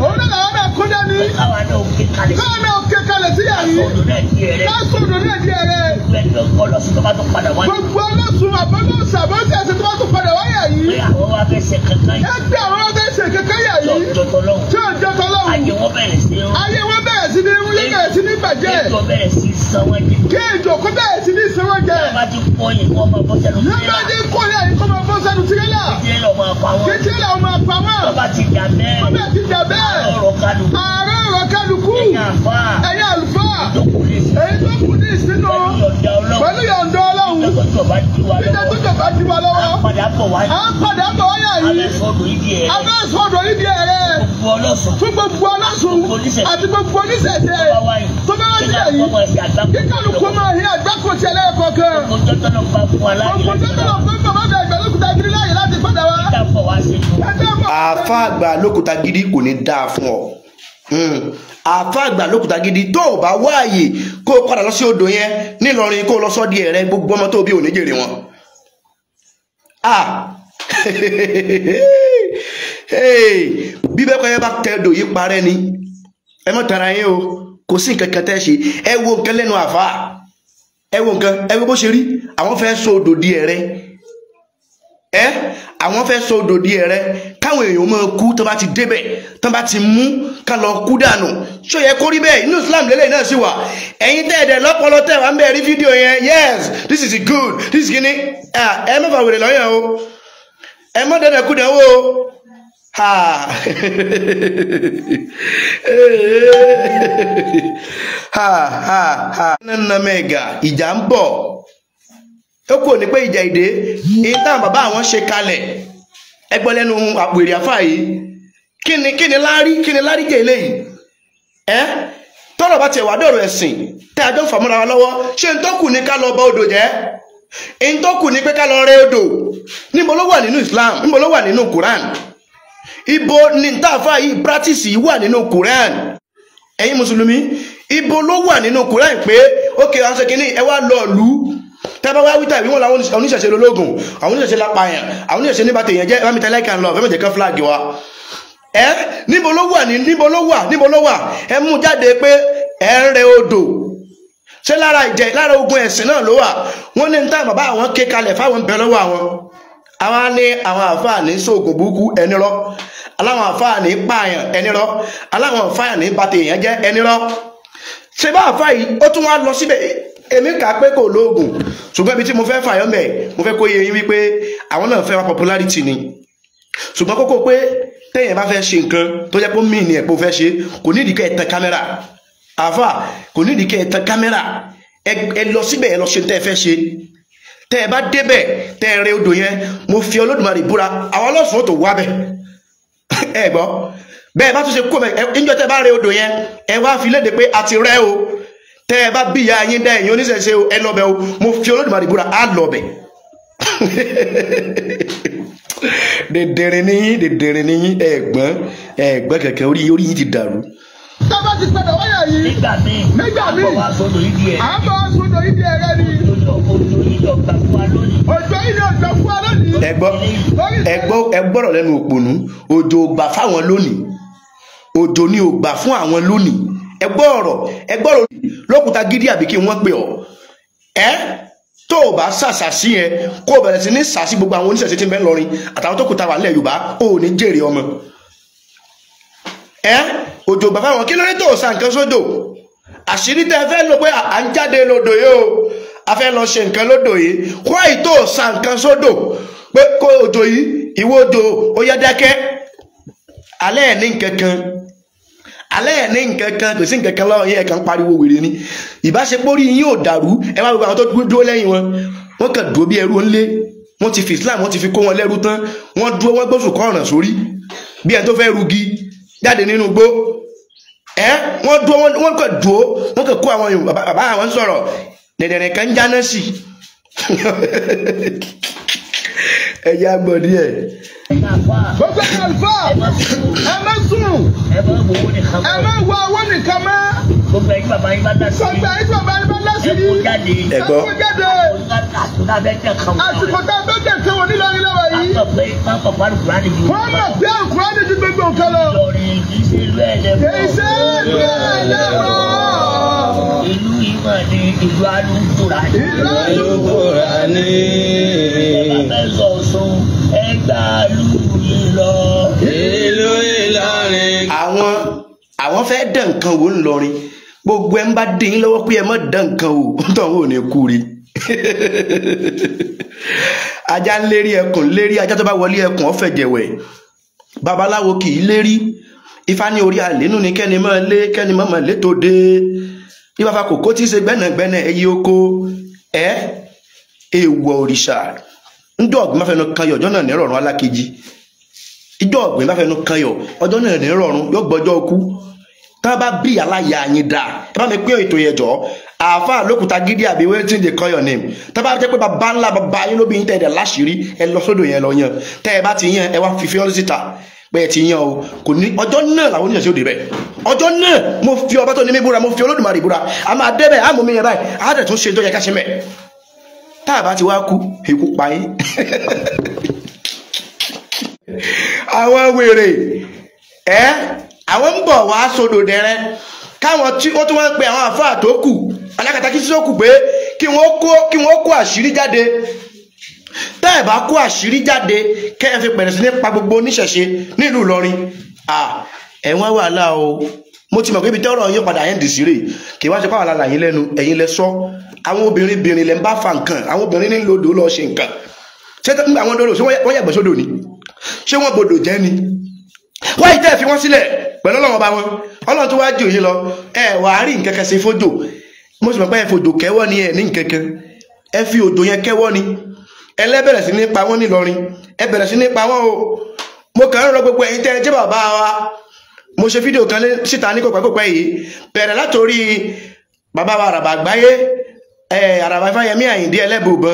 òun náà làwọn náà kó dání káwọn náà ké síyà yìí káṣọ òdòdó ẹ̀dí ẹ̀rẹ́ gbogbo ọlọ́sùn àbọ̀lọ́sùn àbọ̀lọ́sùn àti tó bá tó padà wáyà yìí ẹgbẹ́ àwọn ọlọ́sẹ̀ kankan yà yìí tí ò jẹ́ tọ́lọ́hùn wọ́n bẹ̀rẹ̀ sí ní. ayé wọn bẹ̀rẹ̀ sí ní wúlé bẹ̀rẹ̀ sí ní bàjẹ́. ejò bẹ̀rẹ̀ sí sanwó jẹ. kí ejò kó bẹ̀rẹ̀ sí ní sanwó jẹ. nígbà tí kò ní kó máa bọ́ sẹ́nu tirẹ́là. nígbà tí kò ní àyíkó máa bọ́ sẹ́nu tirẹ́là. tirẹ́là ọmọ àpamọ́. tirẹ́là ọmọ àpamọ́. bàbá ti dà bẹ́ẹ̀. bàbá ti dà bẹ́ẹ̀. àárọ̀ rọ̀ kálukú. ẹ̀yin àlùfáà. ẹ̀yin àlùfáà. èyí tó pẹ̀lú yọ̀ǹda ọlọ́run nígbà tó jọba di wa lọ́wọ́ à ń padà bọ̀ wáyà yìí abẹ́ sọ̀dọ̀ ìdí ẹ̀rẹ́ fún gbogbo ọlọ́sùn àti gbogbo oníṣẹ̀ṣẹ̀ tó bá wá yìí kíkà ló kó máa rí àgbákò tí àfa àgbà lókùtà gidi kò ní dáa fún ọ. Hmm. àfa àgbà lókùtà gidi tó o bá wáàyè kó o padà lọ sí odò yẹn nílọrin kó o lọ sọ di ẹ̀rẹ́ gbogbo ọmọ tó o bí òní jèrè wọn. <laughs> bí bẹ́ẹ̀ kọ́ yẹn bá tẹ odò yìí parẹ́ ni ẹ mọ̀ tara yín o kò sí nǹkan kan tẹ́ ṣe ẹ wo nǹkan lẹ́nu àfa ẹ wo nǹkan ẹ wo bó ṣe rí àwọn fẹ́ sọ odò di ẹ̀rẹ́ ẹ àwọn fẹ́ sọ odò di ẹ̀rẹ́ káwọn èèyàn máa kú tó bá ti débẹ̀ tó bá ti mú ká lọ kú dànù ṣó yẹ kó rí bẹ́ẹ̀ inú Islam lélẹ̀ náà sì wà ẹ̀yin tẹ̀ẹ̀dẹ̀ lọ́pọlọ tẹ̀ wá ń bẹ̀ rí fídíò yẹn yes this is good this is kini ẹ mẹ́fà wèrè lọ́yàn o ẹ mọ́ dandan kú dánwó o <laughs> ha ha ha ha ha. mẹ́ga ìjà ń bọ̀. tó kù ní pé ìjà èdè ìtàn bàbá àwọn ṣe kalẹ̀ ẹgbọ́n lẹ́nu àpò èrè kini yìí kí ni kí ni tọrọ kí ni láárí jẹ́ eléyìí ẹ́ tọ́rọ̀ bá tiẹ̀ wá dọ̀rọ̀ ẹ̀sìn tẹ́ àjọ fàmúra wa lọ́wọ́ ṣé n tó ní ká lọ bọ odò jẹ́ ní pé ká lọ rẹ odò níbo ló wà nínú Islam níbo ló wà nínú Quran ibo ni ntàfà yìí practice yìí wà nínú Quran ẹ̀yin mùsùlùmí ibo ló wà nínú Quran pé ókè àwọn ṣe kínní ẹ wá lọ tẹ́bá wá wítà ìwọ̀n làwọn oníṣẹ̀ṣe lológun àwọn oníṣẹ̀ṣe lápàyàn àwọn oníṣẹ̀ṣe nípa tèèyàn jẹ́ ẹ̀rọ mi tẹ́lẹ̀ kan lọ fẹ́ mọ̀jẹ̀ kan flag wa ẹ níbo ló wà ní níbo ló wà níbo ló wà ẹ mú jáde pé ẹ ń rẹ odò ṣé lára ìjẹ lára ogun ẹ̀sìn náà ló wà wọ́n ní níta bàbá àwọn ké kalẹ̀ fáwọn bẹ lọ́wọ́ àwọn àwọn ní àwọn àǹfààní sóògùn burúkú ẹni rọ aláwọn àǹfààní pààyàn ẹni rọ aláwọn àǹfààní bàtẹ èèyàn jẹ ẹni rọ ṣé bá àǹfààní ó tún wá lọ síbẹ̀ èmi kà á pé kò lóògùn ṣùgbọ́n ibi tí mo fẹ́ fàyọ́ mẹ́ mo fẹ́ kó yé yín wípé àwọn náà fẹ́ wá popularity ni ṣùgbọ́n kókó pé téèyàn bá fẹ́ ṣe nǹkan tó jẹ́ pé míì ni ẹ̀pọ̀ fẹ́ ṣe kò nídìí kẹ́ ẹ tẹ kámẹ́rà àfà kò nídìí kẹ́ ẹ tẹ kámẹ́rà ẹ lọ síbẹ̀ ẹ lọ ṣe tẹ́ ẹ fẹ́ ṣe tẹ́ ẹ bá débẹ̀ tẹ́ ẹ rẹ odò yẹn mo fi Olódùmarè búra àwọn ọlọ́sùn ó tó wá bẹ̀ <laughs> ẹ gbọ́ bẹ́ẹ̀ bá tún ṣe kó mẹ́ ẹ ń jọ tẹ́ bá rẹ odò yẹn ẹ wá fi léde pé a ti rẹ́ o tẹ́ ẹ bá bíyà yín dá ẹ̀yin oníṣẹ̀ṣe ẹ lọ́bẹ̀ o mo fi olódùmarè búra á lọ́bẹ̀ <laughs> dèdèrè ni yín dèdèrè ni yín ẹ̀gbọ́n ẹ̀gbọ́n kẹ̀kẹ́ orí orí yín ti dàrú. tá a bá ti padà wáyà yìí nígbà míì nígbà míì àwọn bá sọdọ̀ ìdí ẹ̀ àwọn bá sọdọ̀ ìdí ẹ̀ rẹ ni. ojú ìdí ọ̀gbà fún fún wa lónìí. ẹ gbọ́rọ̀ lẹ́nu òpònú òjò ò fáwọn lónìí òjò ni ò fún àwọn lónìí ẹgbọ́ ọ̀rọ̀ ẹgbọ́ ọ̀rọ̀ lókùúta gidi àbí kí wọ́n pè ọ́ ẹ́ tó o bá ṣàṣà sí yẹn kó o bẹ̀rẹ̀ sí ní ṣàṣì gbogbo àwọn oníṣẹ̀ṣe tí ń bẹ ń lọrin àtàwọn tó kù ta wà nílẹ̀ Yorùbá ò ní jèrè ọmọ ẹ òjò bàbá wọn kí ló tó o sa nǹkan sódò àṣírí tẹ fẹ́ lọ pé à ń jáde lódò yìí o a fẹ́ lọ ṣe nǹkan lódò yìí wáyé tó o sa nǹkan sódò pé kó òjò yìí ìwọ òjò ó yá dákẹ́ alẹ́ ní nǹkan kan alẹ́ ní nǹkan kan kò sí nǹkan kan lọ́wọ́ yẹn ẹ̀kan pariwo wèrè ni ìbáṣepọ̀ rí yín ò dàrú ẹ má gbogbo àwọn tó dúró lẹ́yìn wọn wọ́n kàn dúró bí ẹrú ńlé wọ́n ti fi Islam wọ́n ti fi kó wọn lẹ́rú tán wọ́n dúró wọ́n gbósùn kọ́ ọ̀ràn sórí bí ẹni tó fẹ́ rugi jáde nínú igbó ẹ wọ́n dúró wọ́n kàn dúró wọ́n kàn kó àwọn bàbá àwọn sọ̀rọ̀ dẹ̀dẹ̀rẹ̀ kan jáná sí i <laughs> ẹ yá gbọ́ díẹ̀. gbogbo ẹ̀ka ẹ má sùn ẹ má wọ owó nìkan mọ́. gbogbo ẹ̀yin bàbá yín bá lásìrí. gbogbo ẹ̀yin bàbá yín bá lásìrí. ẹ kó jáde. ẹ gbọ́ àsìkò tá a bẹ jẹ kan wọn nílọrin lọ́wọ́ yìí. wọ́n mọ̀ pé àkùránì ju gbogbo nǹkan lọ. kì í ṣe ìlú ẹ̀lẹ́wọ̀. kì ìlú náà ni ìlú alúkúra ní. ìlú alúkúra ní. ìjọba mẹ́sàn-án ọ̀sùn ẹgbà lùlù lọ. ìlú Ìlọrin. àwọn àwọn fẹ́ dán nǹkan wò ńlọrin gbogbo ẹ ń bá dín in lọ́wọ́ pé ẹ má dán nǹkan wò tọ̀hún ò ní kú rí <laughs> ajá ń lérí ẹkùn lérí ajá tó bá wọlé ẹkùn ọ̀fẹ́ jẹ̀wẹ̀ babaláwo kì í lérí ifá ní orí àlénú ni kẹ́ni mọ́ lé kẹ́ni mọ́ mọ́ létòde bí bàbá kòkó tí í ṣe gbẹ́nàgbẹ́nà ẹyẹ oko ẹ èèwọ̀ òrìṣà ńjọ́ ọ̀gbìn bá fẹnu kan yọ̀ ọjọ́ náà nírọ̀rùn alákejì ìjọ́ ọ̀gbìn bá fẹnu kan yọ̀ ọjọ́ náà nírọ̀rùn yóò gbọ́jọ́ ku tá a bá bí aláya yín dáa tá a bá mi pín ètò yẹn jọ àáfà lókùtà gidi àbí wetin dey call your name tá a bá jẹ́ pé bàbá ńlá bàbá yín ló bí yín tẹ̀ ẹ̀ láṣìírí ẹ lọ sódò yẹn lọ yan tẹ́ ẹ bá ti yan ẹ wá fífi ọ́ síta pé ẹ ti yan o kò ní ọjọ́ náà làwọn oníṣẹ̀ṣe òde bẹ̀ ọjọ́ náà mo fi ọba tó ní mi búra mo fi olódùmarè búra a máa débẹ̀ a mú mi yẹn báyìí a dẹ̀ tún ṣe tó yẹ ká ṣe mẹ́ tá a bá ti wá kú ikú pa yín <laughs> àwọn wèrè ẹ àwọn ń bọ̀ wá sódò dẹrẹ káwọn tí ó tún wá ń pe àwọn àfáà tó alákatakí sí pé kí wọ́n kó àṣírí jáde tẹ́ ẹ̀ bá kó àṣírí jáde kẹ́ ẹ fi pẹ̀lẹ́ sí nípa gbogbo oníṣẹ̀ṣe nílùú Ìlọrin ẹ̀wọ̀n wàhálà o mo ti mọ̀ pé ibi tọ́rọ̀ yóò padà ẹ̀ǹdì sí rè kì í wá ṣe pàwọn alára yín lẹ́nu ẹ̀yin lẹ sọ àwọn obìnrin bìnrin lẹ́ ń bá fa nǹkan àwọn obìnrin ní lòdò lọ ṣe nǹkan ṣé tẹ́ àwọn dòdò ṣé wọ́n yàgbẹ́ sódò ni ṣé wọ́n bodò jẹ́ ni wọ́n yìí tẹ́ fi wọ́n sílẹ̀ pẹ̀lú ọlọ́run ọba wọn ọlọ́run tó wáá jù yín lọ ẹ wàá rí nǹkan kan ṣe fójò mo sì mọ̀ pé ẹ fòjò kẹ́wọ́ ni ẹ ní nǹkan kan ẹ fi òjò yẹn kẹ́wọ́ ni ẹlẹ́bẹ̀rẹ̀ sí ní pa wọ́n nílọrin ẹ bẹ̀rẹ̀ sí ní pa wọ́n o mo kàn ń rọ gbogbo ẹ̀yin tẹ́ ẹ jẹ́ bàbá wa mo ṣe fídíò kan síta ní kòpẹ́kòpẹ́ yìí bẹ̀rẹ̀ látòrí bàbá wa àràbà àgbáyé àràbà ifáyẹmí àyìndé ẹlẹ́bùbọn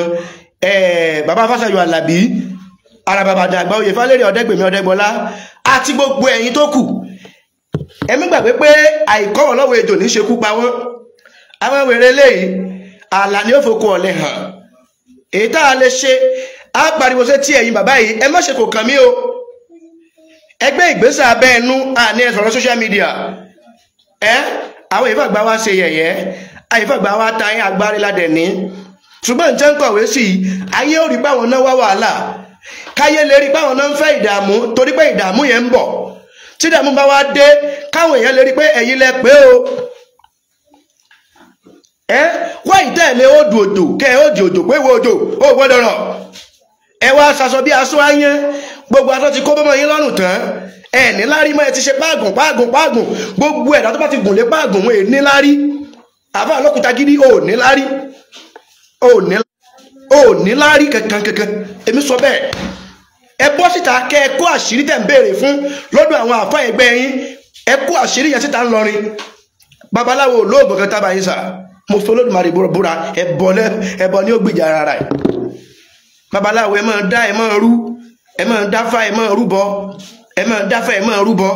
bàbá fásayọ alábí àràbà bàdàn àgbà oyè fálẹ́rì ọ̀dẹ́gbẹ̀mí ọ̀dẹ́gbọ́lá àti gbogbo ẹ̀yin tó kù ẹ̀mí gbàgbé pé àìkọ́wọ̀ lọ́wọ́ ejò ní ṣekú pa wọ́n àwọn wèrè eléyìí àlà ni ó èyí tá a lè ṣe á pariwo sí tí ẹ̀yin bàbá yìí ẹ má ṣe kò kàn mí o ẹgbẹ́ ìgbésẹ̀ abẹ́ ẹnu àní ẹ sọ̀rọ̀ social media ẹ àwọn ìfà gbá wa ṣe yẹ̀yẹ́ àyífà gbá wa ta yín agbárí ládẹ̀ ní ṣùgbọ́n nǹkan kọ̀wé sí i ayé ò rí báwọn náà wá wàhálà káyé lè rí báwọn náà ń fẹ́ ìdààmú torí pé ìdààmú yẹn ń bọ̀ tí ìdààmú bá wá dé káwọn èèyàn lè rí pé ẹ̀yin lẹ pé o ẹ wọ́n ìtẹ̀lé odò odò kẹ́ ẹ òdì odò pé wo odò ó gbọ́dọ̀ rọ̀ ẹ wá aṣọ bí aṣọ ayé gbogbo aṣọ ti kó bọ́mọ yín lọ́rùn tán ẹ níláárí mọ́ ẹ ti ṣe páàgùn páàgùn páàgùn gbogbo ẹ̀dá tó bá ti gùn lé páàgùn wọn èyí níláárí àbá ọlọ́kùnta gidi ò níláárí ò níláárí kankan kankan èmi sọ bẹ́ẹ̀ ẹ bọ́ síta kẹ́ ẹ kó àṣírí tẹ̀ ń béèrè fún lọ́dọ̀ àwọn àfa ẹgbẹ́ yín ẹ kó àṣírí yẹn síta ńlọrin babaláwo lóògùn kan tábà yín sáà. mo fi olódùmarè búra ẹbọ ni ó gbèjà ara rẹ̀ babaláwo ẹ máa dá ẹ máa rú ẹ máa dáfá ẹ máa rúbọ ẹ máa ẹ máa rúbọ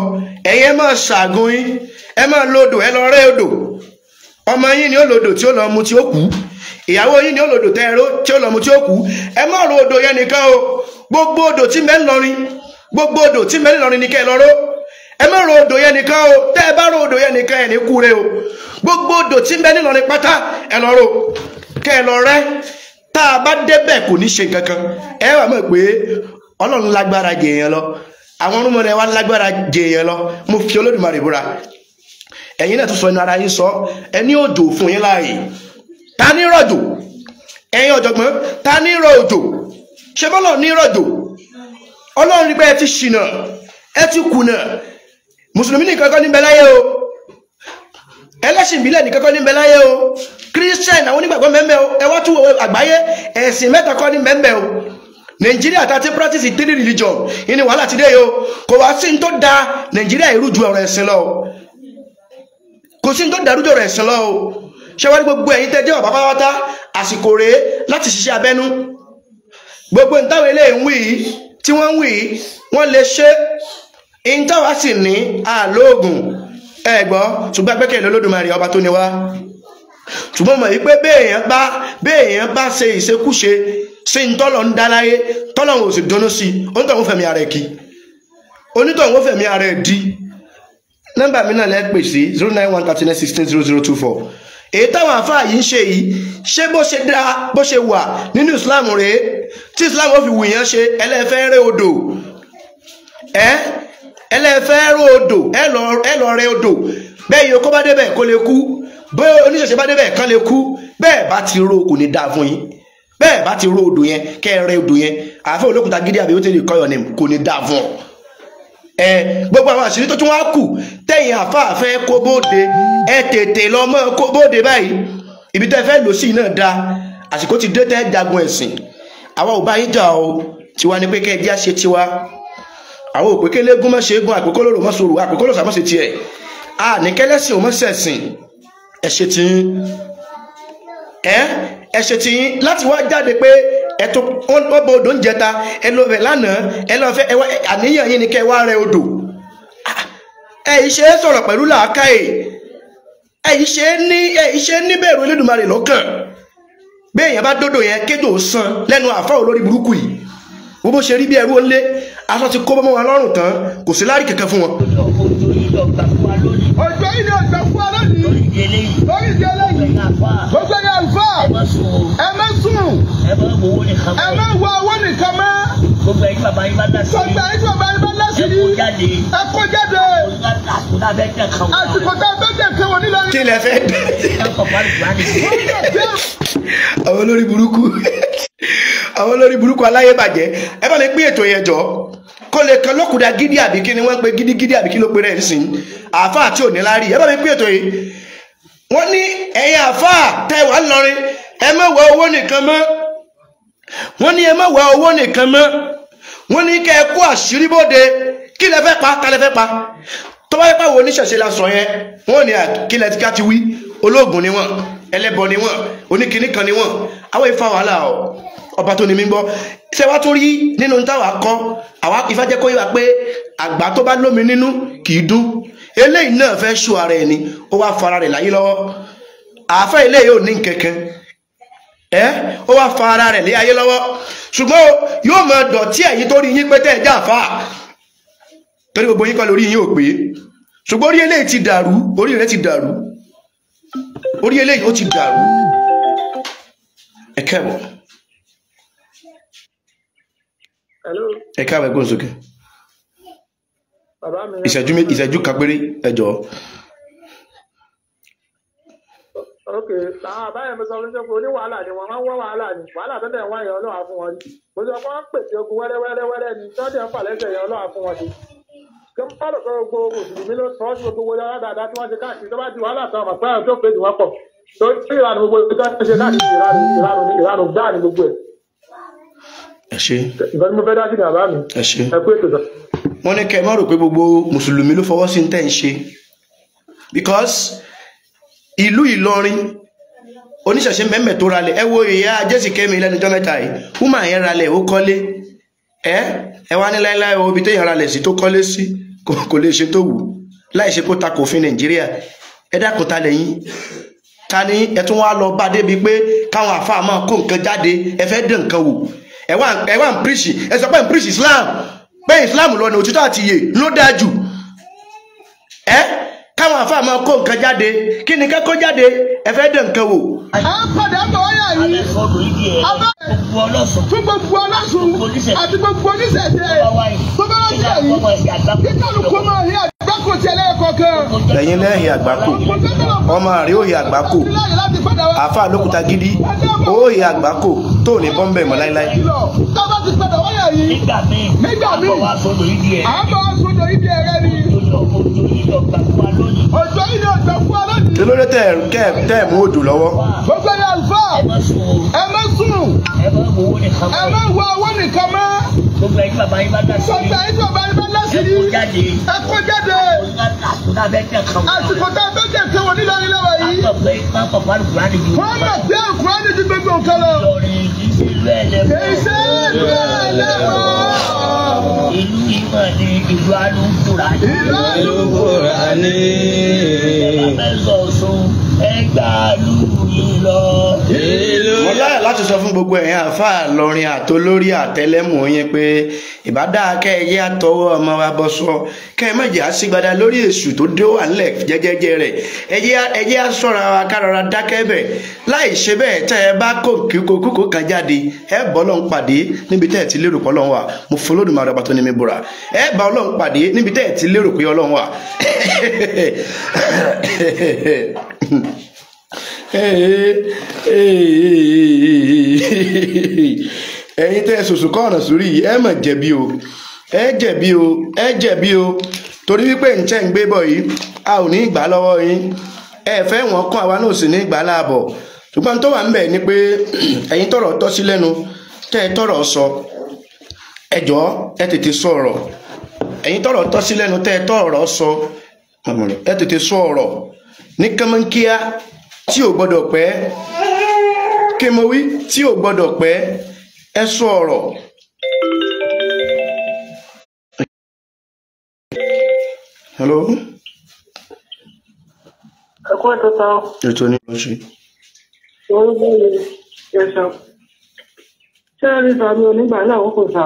máa lọ odò ọmọ yín ni ó lodò tí ó lọ mu tí ó kú ni ó lodò tí ó lọ mu tí ó kú ẹ o gbogbo odò tí gbogbo odò tí ẹ má ro odò yẹn nìkan o tẹ́ ẹ bá ro odò yẹn nìkan ẹ̀ ní kú re o gbogbo odò tí ń bẹ nílọrin pátá ẹ lọ ro kẹ́ ẹ lọ rẹ́ tá a bá débẹ̀ kò ní ṣe kankan ẹ wà mọ̀ pé ọlọ́run lágbára jẹ èèyàn lọ àwọn ọmọ rẹ wá lágbára jẹ èèyàn lọ mo fi olódùmarè búra ẹ̀yin náà tún sọ ẹnu ara yín sọ ẹni òjò fún yín láàyè ta ní rọ̀jò ẹ̀yin ọ̀jọ̀gbọ́n ta ní rọ̀ òjò ṣe ní rọ̀jò ọlọ́run rí bẹ́ẹ̀ ti ṣìnà ẹ ti kùnà mùsùlùmí nìkan kọ́ ní bẹ láyé o ẹlẹ́sìn ìbílẹ̀ nìkan kọ́ ní bẹ láyé o christian àwọn onígbàgbọ́ mẹ́mẹ́ o ẹ wá tún wo àgbáyé ẹ̀sìn mẹ́ta kọ́ ní mẹ́mẹ́ o nàìjíríà tá a ti practice three religion ìní wàhálà ti dé yìí o kò wá sí ní tó da nàìjíríà ìrú ju ọ̀rọ̀ ẹ̀sìn lọ kò sí ní tó darú ju ọ̀rọ̀ ẹ̀sìn lọ o ṣé gbogbo ẹ̀yin tẹ́ jẹ́ bàbá pátá àsìkò rèé láti ṣiṣẹ́ abẹ́nú gbogbo ìtawé eléyìí ń wí tí wọ́n ń wí wọ́n lè ṣe ìntàwá sì ní àlóògùn ẹ̀gbọ́ ṣùgbọ́n gbẹ́kẹ̀lé Olódùmarè ọba tó ní wá ṣùgbọ́n mọ̀ wípé béèyàn bá béèyàn bá ṣe ìṣekúṣe sí ń tọ́lọ̀ ń dá láyé tọ́lọ̀ ò sì dúnú sí onítọ̀hún fẹ̀mí ara ẹ̀ kí onítọ̀hún fẹ̀mí ara ẹ̀ dí nọ́mbà mi náà lẹ́ pè sí zero nine one thirty nine sixteen zero zero two four èyí táwọn àfáà yìí ń ṣe yìí ṣé bó ṣe dá bó ṣe wà nínú Islam rèé tí Islam ó fi wù yẹn ṣe ẹlẹ́fẹ́ rẹ́ odò ẹ́ ẹlẹ́fẹ́ rò odò ẹ lọ rẹ odò bẹ́ẹ̀ yìí kó bá débẹ̀ kó lè kú bẹ́ẹ̀ oníṣẹ̀ṣẹ̀ bá débẹ̀ kán lè kú bẹ́ẹ̀ bá ti rò kò ní dáa fún yín bẹ́ẹ̀ bá ti rò odò yẹn kẹ́ ẹ rẹ odò yẹn àfẹ́ olókùúta gidi àbí ó ti lè kọ́ ni kò ní dáa fún ọ ẹ gbogbo àwọn àṣírí tó tún wá kù tẹ̀yìn àfáàfẹ́ kó bóde ẹ tètè lọ́mọ kó bóde báyìí ibi tẹ́ fẹ́ lò sí iná da àsìkò ti dé tẹ́ jagun ẹ̀sìn àwa ò bá yín jà o tiwa ni pé kẹ́ ẹ jẹ́ àṣẹ tiwa àwọn òpè kélégún mọ́ ṣe é gun àpèkólóró mọ́ sòrò àpèkólóró sàmọ́ ṣe tiẹ̀ àníkẹ́lẹ́sìn òun mọ́sẹ̀sìn ẹ ṣe ti yín ẹ ẹ ṣe ti yín láti wá jáde pé ẹ tó wọ́n bọ odò ń jẹta ẹ lọ bẹ̀ lánàá ẹ lọ fẹ́ àníyàn yín ni kẹ́ ẹ wá rẹ odò ẹ ìṣe sọ̀rọ̀ pẹ̀lú làákàyè ẹ ìṣe ní ẹ ìṣe níbẹ̀rù Elédùmarè lọ́kàn bẹ́ẹ̀ yẹn bá dódò yẹn kéjò san lẹ́nu àfáà burúkú yìí wo bó ṣe rí bí ẹrú ó aṣọ ti kó bọ́mọ́ wa lọ́rùn tán kò sí láàrí kẹ̀kẹ́ fún wọn. ọjọ́ ilé ọjọ́ fún wa lórí ìdílé yìí. gbogbo ẹ̀yà àlùfáà. ẹ má owó nìkan mọ́ gbogbo ẹ̀yin bàbá yín bá lásìrí. gbogbo ẹ̀yin bàbá yín bá lásìrí. ẹ kó jáde. ẹ kó jáde. àsìkò tá a fẹ́ dẹ̀ kan wọn. àsìkò tá a fẹ́ dẹ̀ kan wọn nílẹ̀. kí lẹ fẹ́ dẹ̀. àwọn olórí burúkú àwọn olórí burúkú aláyébàjẹ́ ẹ bá lè pín ètò yẹn jọ kó lè kan lọ́kùnrin agídí àbí kí ni wọ́n pe gidigidi àbí kí ló pe rẹ̀ nísìnyí àáfàá tí ò ní ẹ bá mi pín ètò yìí wọ́n ní ẹ̀yin àáfàá tẹ́ wà ńlọrin ẹ má wá owó nìkan mọ́ wọ́n ní ẹ má wá owó nìkan mọ́ wọ́n ní kẹ́ ẹ kó àṣírí bóde kí lẹ fẹ́ pa ta lẹ fẹ́ pa tó bá yẹ pàwọ́ oníṣẹ̀ṣe la sọ yẹn wọ́n ní kí lẹ ti ká ti wí olóògùn ni wọ́n ẹlẹ́bọ ni wọ́n oníkìíní kan ni wọ́n àwọn ìfa wàhálà o ọba tó ní mí gbọ́ ṣé wàá tún rí nínú táwa kọ́ àwa ìfá jẹ́ kó yẹ wa pé àgbà tó bá lómi nínú kì í dún eléyìí náà fẹ́ ṣù ara ẹni ó wá fara rẹ̀ láyé lọ́wọ́ àáfẹ́ eléyìí ò ní nǹkankan ẹ ó wá fa ara rẹ̀ lé ayé lọ́wọ́ ṣùgbọ́n yóò máa dọ̀tí ẹ̀yin tó rí yín pé tẹ́ ẹ já fa torí gbogbo yín kọ́ lórí yín ò pé ṣùgbọ́n orí eléyìí ti dàrú orí rẹ̀ ti dàrú orí eléyìí ó ti dàrú ẹ kẹwọ. ẹ káàbọ̀ ẹgbẹ́ òsókè ìṣẹ́jú kan péré ẹ jọ̀ọ́. àwọn àbáyọ mi sọ ló ń jẹ́ pé oníwàhálà ni wọ́n máa ń wọ́n wàhálà ni wàhálà tó dẹ̀ ń wá ìyẹn ọlọ́wà fún wọn ni mo sọ pé wọ́n ń pèsè ogun wẹ́rẹ́wẹ́rẹ́wẹ́rẹ́ ni tó dẹ̀ ń fà lẹ́sẹ̀ ìyẹn ọlọ́wà fún wọn ni. kí n bá lọ sọ gbogbo mùsùlùmí ló sọ sí gbogbo yàrá dáadáa tí wọ́n ṣe káàkiri tó bá di wàhálà tó àmọ̀ pé àwọn tó pè jù wọ́n pọ̀ tó tí ìlànà gbogbo ìtọ́ ṣe káàkiri ìlànà gbáà ni gbogbo ẹ̀ ẹ ṣe. ìbọn mo fẹ́ dájú ní àbá mi. ẹ ṣe. ẹ pé tòṣà. wọ́n ní kẹ́ ẹ má rò pé gbogbo mùsùlùmí ló fọwọ́ sí ń tẹ̀ ń ṣe because ìlú Ìlọrin oníṣẹ̀ṣe mẹ́mẹ́ tó ralẹ̀ ẹ wo ìyá jésì kẹ́mi lẹ́nujọ́ mẹ́ta yìí wúmà yẹn ralẹ̀ ó kọ́lé ẹ ẹ wá ní láéláé o ibi téèyàn ralẹ̀ sí tó kọ́lé sí kò lè ṣe tó wù láì ṣe kó ta kò nàìjíríà ẹ dákun ta lẹ́yìn ta ni ẹ tún wá lọ bá débi pé káwọn àfáà máa kó nǹkan jáde ẹ fẹ́ dé nǹkan wò ẹ wá ń píríṣì ẹ sọ pé ń píríṣì islam pé islam lọ ní òtítọ́ àti iyè ló dáa jù ẹ káwọn àfáà máa kó nǹkan jáde kí ni kẹ́kọ́ jáde ẹ fẹ́ dẹ̀ nǹkan wò. àpàdé àtọ̀ ọ̀yà yìí fún gbogbo ọlọ́sùn àti gbogbo oníṣẹ̀ṣe tó bá wáyé yìí kí kálukú máa rí àgbákò tẹ́lẹ̀ kọ̀ọ̀kan. lẹ́yìn lẹ́yìn àgbákò ọmọ rẹ̀ ó yẹ àgbákò àfáà lókúta gidi ó yẹ àgbákò tó ní bọ́m̀bẹ̀ mọ́ láíláí. tó ti padà wáyà yìí nígbà míì àbọ̀ wá sódò ìdí ẹ̀ rẹ ni ọgbà fún wa lónìí. ọjọ́ yìí ni ọgbà fún wa kí ló dé tẹ̀ kẹ́ mú odò lọ́wọ́. gbogbo yẹn àlùfà ẹ má sùn ẹ má wo owó nìkan mọ́. ẹ má wo owó nìkan mọ́. gbogbo ẹ̀yin ẹ kó jáde. àsìkò tá a bẹ jẹ kan. nílò ilé wa yìí. wọ́n mọ̀ pé àkùránì ju gbogbo nǹkan lọ. kì í ṣe bẹ́ẹ̀ lẹ́wọ̀. Ìlú ìmọ̀ ni ìlú alúkúra ní. Ìlú alúkúra ní. Ìjọba mẹ́sàn-án ẹgbàá lù mo láyà láti sọ fún gbogbo ẹ̀yin àáfàá lọ́rin àtolórí àtẹlẹ́mù yín pé ìbádá kẹ́ẹ̀yẹ́ àtọwọ́ ọmọ wa bọ́ sọ kẹ́ẹ̀mẹ́jẹ̀ á sì gbada lórí èṣù tó dé wà ńlẹ̀ jẹ́jẹ́jẹ́ rẹ̀ ẹ̀yẹ́ á sọ̀ra wa kárọra dákẹ́ bẹ̀ láì ṣe bẹ́ẹ̀ tẹ́ ẹ bá kó kíkókó kan jáde ẹ bọ́ lọ́n pàdé níbi tẹ́ ẹ ti lérò pé Ọlọ́run wà mo folódùn máa rọ̀bà tó ní mi bùrà ẹ <laughs> ẹ̀yin tẹ́ sòsùn kọ́ ọ̀nà sórí yìí ẹ mọ̀ jẹ̀bi o ẹ jẹ̀bi o ẹ jẹ̀bi o torí wípé ǹjẹ́ ń gbé bọ̀ yìí a ò ní ìgbà lọ́wọ́ yín ẹ fẹ́ wọn kọ́ àwa náà sì ní ìgbà láàbọ̀ ṣùgbọ́n tó wà ń bẹ̀ ni pé ẹ̀yin tọrọ tọ́ sí lẹ́nu tẹ́ ẹ tọrọ sọ ẹ jọ̀ọ́ ẹ tètè sọ ọ̀rọ̀ ẹ̀yin tọrọ tọ́ sí lẹ́nu tẹ́ ẹ tọrọ sọ ẹ tètè sọ ọ̀rọ̀ ní kánmọ́nkíá tí ò gbọ́dọ̀ pẹ́ kí mo wí tí ò gbọ́dọ̀ pẹ́ ẹ sọ ọ̀rọ̀. hello. ẹ̀kọ́ ètò ta ọ́. ètò ní lọ sí. orí bẹ́ẹ̀ ni ẹ̀sán ṣé rí sàmì onígbà náà wọ́n kò sà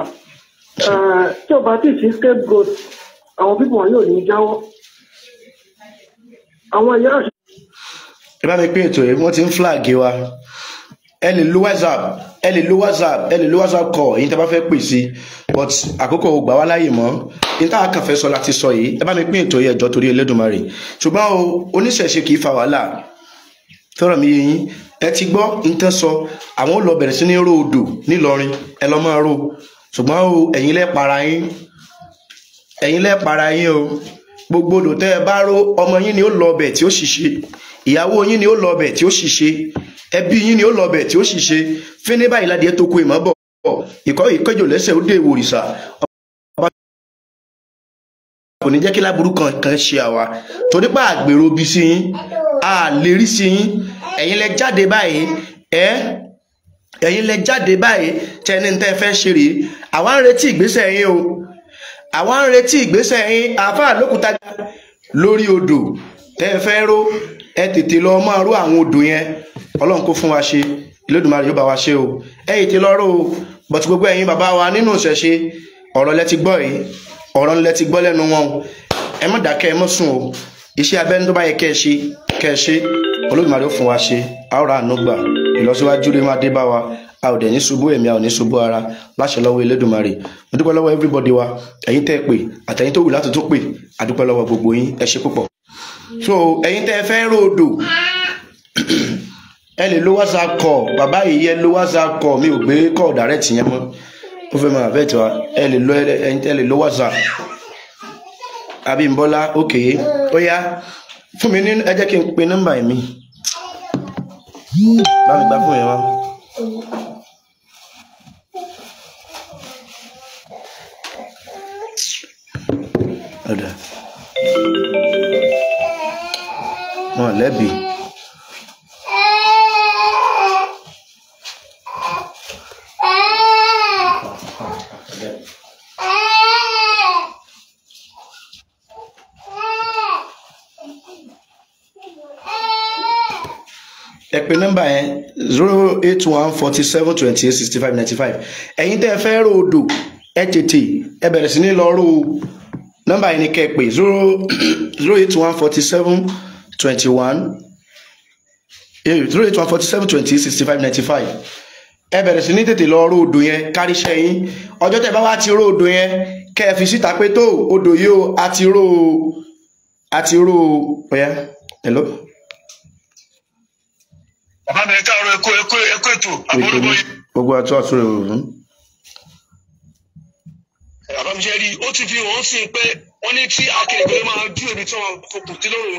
tí ọba tí ì sí scapegoat àwọn pípọ̀ yóò ní jáwọ́ àwọn ìyá àṣà ẹ bá mi pín ètò yìí wọ́n ti ń flag wa ẹ lè lo whatsapp ẹ lè lo whatsapp ẹ lè lo whatsapp call èyí tẹ́ bá fẹ́ pè sí but àkókò ò gbà wá láàyè mọ́ ní táwọn kan fẹ́ sọ láti sọ yìí ẹ bá mi pín ètò yìí ẹjọ́ torí Elédùmarè ṣùgbọ́n o oníṣẹ̀ṣe kì í fa wàhálà fẹ́ràn mi yẹn ẹ ti gbọ́ ń tẹ́ sọ àwọn ò lọ bẹ̀rẹ̀ sí ní ro odò nílọrin ẹ lọ máa ro ṣùgbọ́n o ẹ̀yin lẹ́ para yín ẹ̀yin lẹ́ para yín o gbogbo odò tẹ́ ẹ bá ró ọmọ yín ni ó lọ ọbẹ̀ tí ó ṣìṣe ìyàwó yín ni ó lọ ọbẹ̀ tí ó ṣìṣe ẹbí yín ni ó lọ ọbẹ̀ tí ó ṣìṣe fíní báyìí ládìẹ tó kó ìmọ̀ bọ̀ ìkọ́ ìkọ́jọ lẹ́sẹ̀ ó dé ìwòrìṣà ọba kò ní jẹ́ kí láburú kankan ṣe àwa torí pé àgbèrò bí sí yín a lè rí sí yín ẹ̀yin lẹ jáde báyìí ẹ ẹ̀yin lẹ jáde báyìí tẹni tẹ fẹ́ ṣe rèé àwa ń retí ìgbésẹ̀ yín o àwa ń retí ìgbésẹ̀ yín àáfàá lókùúta lórí odò tẹ fẹ́ ró ẹ tètè lọ máa rú àwọn odò yẹn ọlọ́run kó fún wa ṣe ìlédùnmarè yóò bá wa ṣe o ẹ tètè lọ rò ó bọ̀t gbogbo ẹ̀yin bàbá wa nínú ìṣẹ̀ṣe ọ̀rọ̀ lẹ ti gbọ́ yìí ọ̀rọ̀ lẹ ti gbọ́ lẹ́nu wọn o ẹ má dákẹ́ ẹ má sùn o iṣẹ́ abẹ́ni tó bá yẹ kẹ́ ẹ ṣe kẹ́ ẹ ṣe olódùmarè ó fún wa ṣe a ó ra àánú gbà ìlọsíwájú rẹ máa dé bá wa a ò dẹ̀ ní ṣubú ẹ̀mí a ò ní ṣubú ara láṣẹ lọ́wọ́ elédùnmarè mo dúpẹ́ lọ́wọ́ everybody wa ẹ̀yin tẹ́ pè àtẹ̀yin tó wù láti tó pè a dúpẹ́ lọ́wọ́ gbogbo yín ẹ ṣe púpọ̀. so ẹ̀yin tẹ́ fẹ́ ròdò ẹ lè lo whatsapp bàbá yìí yẹ lo whatsapp mi ò gbé direct yẹn mọ́ ó fẹ́ máa fẹ́ tiwa ẹ lè lo ẹ̀yin tẹ́ lè lo whatsapp Abímbọ́lá ok ó mi ní ẹ n wọn lẹ́bi. ẹ pè yẹn zero eight one forty seven twenty eight sixty five ninety five ẹ̀yin tẹ́ ẹ fẹ́ rò odò ẹ tètè ẹ bẹ̀rẹ̀ sí ní lọ rò nọ́mbà yẹn ni kẹ́ ẹ zero <clears throat> zero eight one forty seven twenty-one zero eh, eight one forty-seven twenty sixty-five ninety-five ẹ bẹ̀rẹ̀ sí ní tètè lọ ró odò yẹn káríṣẹ́ yín ọjọ́ tẹ́ bá wá ti ró odò yẹn kẹ́ ẹ fi síta pé tó odò yìí o a ti ró a ti ró o hello. bàbá mi káàárọ̀ ẹkọ ẹkọ ẹkọ ètò àbúrò gbogbo àti àtúrò ìròyìn. bàbá mi ṣe ó ti fi hàn sí pé wọ́n ní tí akẹ́kọ̀ọ́ máa dúró ibi tí wọ́n kò kù sí lóru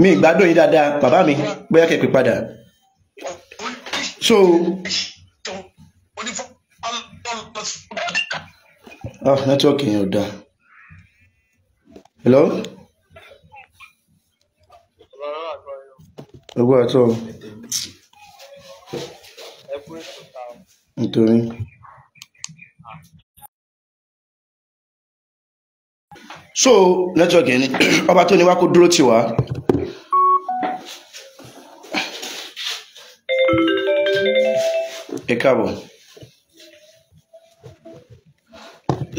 mi ìgbádùn yìí dáadáa bàbá mi bóyá kẹ́ pè padà ah nẹ́tíwọ́ọ̀kì yẹn ò dáa hello. ọgbọ́n àtọ́ nítorí. so network yẹn ni <clears throat> ọba tó ní wá kó dúró tì wá. ẹ káàbọ̀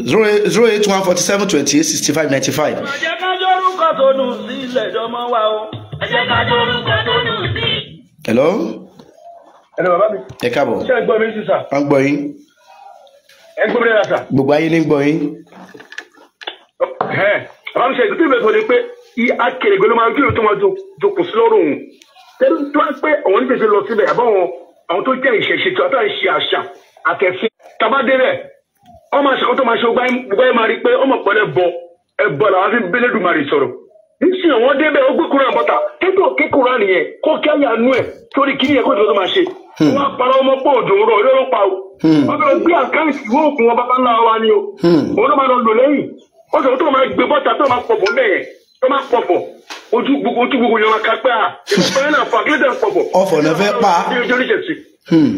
zero eight zero eight one forty seven twenty eight sixty five ninety five. ọ̀jẹ̀ ká jórúkọ tó nù sí ilẹ̀ ìjọmọ wa o. ọ̀jẹ̀ ká jórúkọ tó nù sí. hello. hello bàbá mi. ẹ káàbọ̀. ṣé ẹ gbọ́ mi sísà. wọ́n gbọ́ yín. ẹ gbọ́ mi lára sà. gbogbo ayé ní gbọ́ yín àbámu ṣe ìdúpẹ́ ìbẹ̀fọ́ ni pé akérègbè ló máa ń kí lóòótọ́ máa jokùn sí lọ́rùn òun tẹ́lú tó wá pé àwọn oníṣẹ́ṣe lọ síbẹ̀ àbáwọn àwọn tó jẹ́ ìṣẹ̀ṣe tó àtàwọn ìṣe àṣà àtẹ̀sí tabadẹ́rẹ̀ ọmọ àṣàkóso máa ṣe gbáyé máa rí pé ọmọ pẹ̀lẹ́ bọ ẹ̀bọ làwọn fi bẹ́lẹ́dùmarè sọ̀rọ̀ nísìn àwọn débẹ̀ ó gbé kúrò àbọ̀tà tẹ́tọ̀ ké kúrò ànìyẹn kó kí àyà nú ẹ̀ torí kí ni ẹ̀kọ́ ìṣòro máa ṣe. Hmm. wọ́n á para ọmọ pọ̀ òdò rọ̀ ìrọ̀rùn pa o. Hmm. wọ́n bẹ̀rẹ̀ gbé àkáǹtì ìwé o. Hmm. òun ló máa ó sọ tó máa gbé bọ́ta tó máa pọ̀pọ̀ bẹ́ẹ̀ tó máa pọ̀pọ̀ ojú gbogbo ojú gbogbo yẹn máa ká pé à ìfọ̀fẹ́ náà fà kílódé pọ̀pọ̀. ọ̀fọ̀ ló fẹ́ pa. Hmm.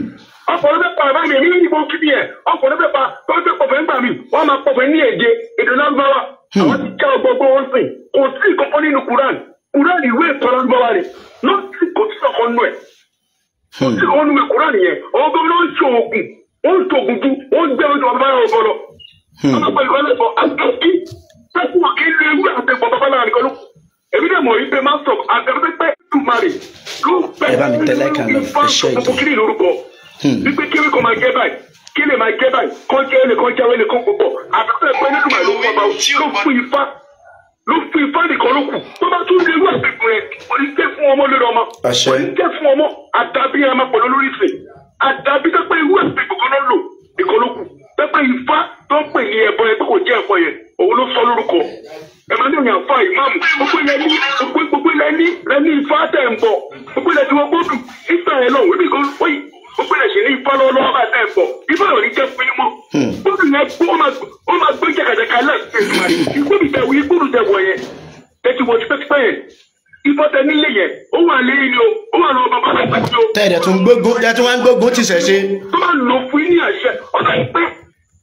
ọ̀fọ̀ ló fẹ́ pa bàbá mi èmi ìbò kíbi ẹ̀ ọ̀fọ̀ ló fẹ́ pa tó fẹ́ pọ̀pọ̀ nígbà mi wọ́n máa pọ̀pọ̀ ní èdè èdè lọ́gbọ́wà hmm. àwọn ti ká ọgbọ́n gbọ́ wọn sìn kò sí ìkọ́kọ́ nínú Quran Quran ìwé ìtọ́ lọ́gbọ́wà ni lọ́sì kò sí ọkọ̀ nù ẹ̀ hmm. ó nu Quran yẹn ọgbọ́n ló ń ṣe oògùn ó ń ṣoògùn ju ó ń gbẹ́ ọjọ́ bá ọgbọ́n lọ Hmm. ọlọ́pàá ìlú ọlẹ bọ àtẹkí sẹkùn ìlú ewu àtẹgbọn babaláwa nìkan ló èmi náà mọ yìí pé máa sọ àtẹrẹsẹ pé ìdùmarè ló pẹ ní fáńtò fún kiri lórúkọ hmm. wípé kéwì kan máa jẹ báyìí kí lè máa jẹ báyìí kọ́ jẹ́ ẹnì kan jáwé ẹnì kan púpọ̀ àtẹrẹsẹ pé ní ìdùmarè ló wọ́n bá ló fún ifá ló fún ifá nìkan ló kù tó bá tún lè wú àtẹkùn rẹ oníṣẹ fún ọmọ lórí ọmọ oníṣẹ fún ọmọ àdàbí ẹ̀ma pẹ̀lú olórí ìsìn àdàbí tó pé ewu àtẹkùn kan ló lò nìkan ló kù pẹ́pẹ́ ifá tó ń pè ní ẹ̀bọ yẹn tó kò jẹ́ ẹ̀bọ yẹn òun ló sọ lórúkọ emmanuel yàn fa ìmáàmù gbogbo ilẹ̀ ní gbogbo ilẹ̀ ní rẹ ní ifá tẹ̀ ń bọ̀ gbogbo ilẹ̀ tí wọ́n gbódù ifá yẹn lọ wípé kò ó yìí gbogbo ilẹ̀ sì ní ifá lọ́wọ́lọ́wọ́ bá tẹ̀ ń bọ̀ ifá yóò ní jẹ́ fún yín mọ́ hmm. gbódù yẹn ó máa gbé jàkàjàkà lẹ́ẹ̀kẹ́ gbódù tẹ̀ wí gbódù tẹ̀ wọ̀ yẹn tẹ̀sí wọ̀ tipẹ́tipẹ́ yẹn ìfọ́tẹ nílé yẹn ó wà lé ni o ó wà lọ́wọ́ bàbá àgbàdo. tẹ́ẹ̀dẹ̀ tún gbógun tẹ́ẹ̀ tún wá ń gbógun tìṣẹ̀ṣe. tó bá lò fún yín ní àṣẹ ọ̀nà ìpẹ́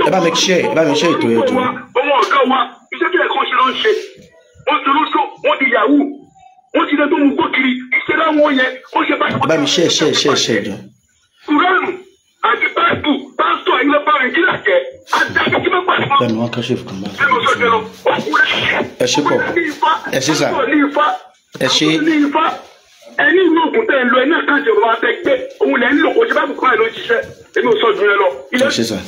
ẹ bá mi ṣe ẹ bá mi ṣe ètò ẹjọ. ọmọ ọ̀gá wa iṣẹ́ tó yẹ kó ṣe ló ń ṣe wọ́n ti lóṣọ wọ́n di yahoo wọ́n ti lè tó mú gbókiri iṣẹ́ láwọn yẹn ó ṣe báyìí. ẹ bá mi ṣe ṣe ṣe ṣe ẹjọ. kuranu àti báìbù pásítọ̀ ayé bá nàìjíríà jẹ́ adájọ́ kí wọ́n pàṣẹ. bẹ́ẹ̀ni wọn kàn ṣe fún mi. ẹ ṣe pọ ẹ ṣe sà ẹ ṣe ẹni inú ògùn tẹ ẹ lọ ẹni àkáǹtì ọba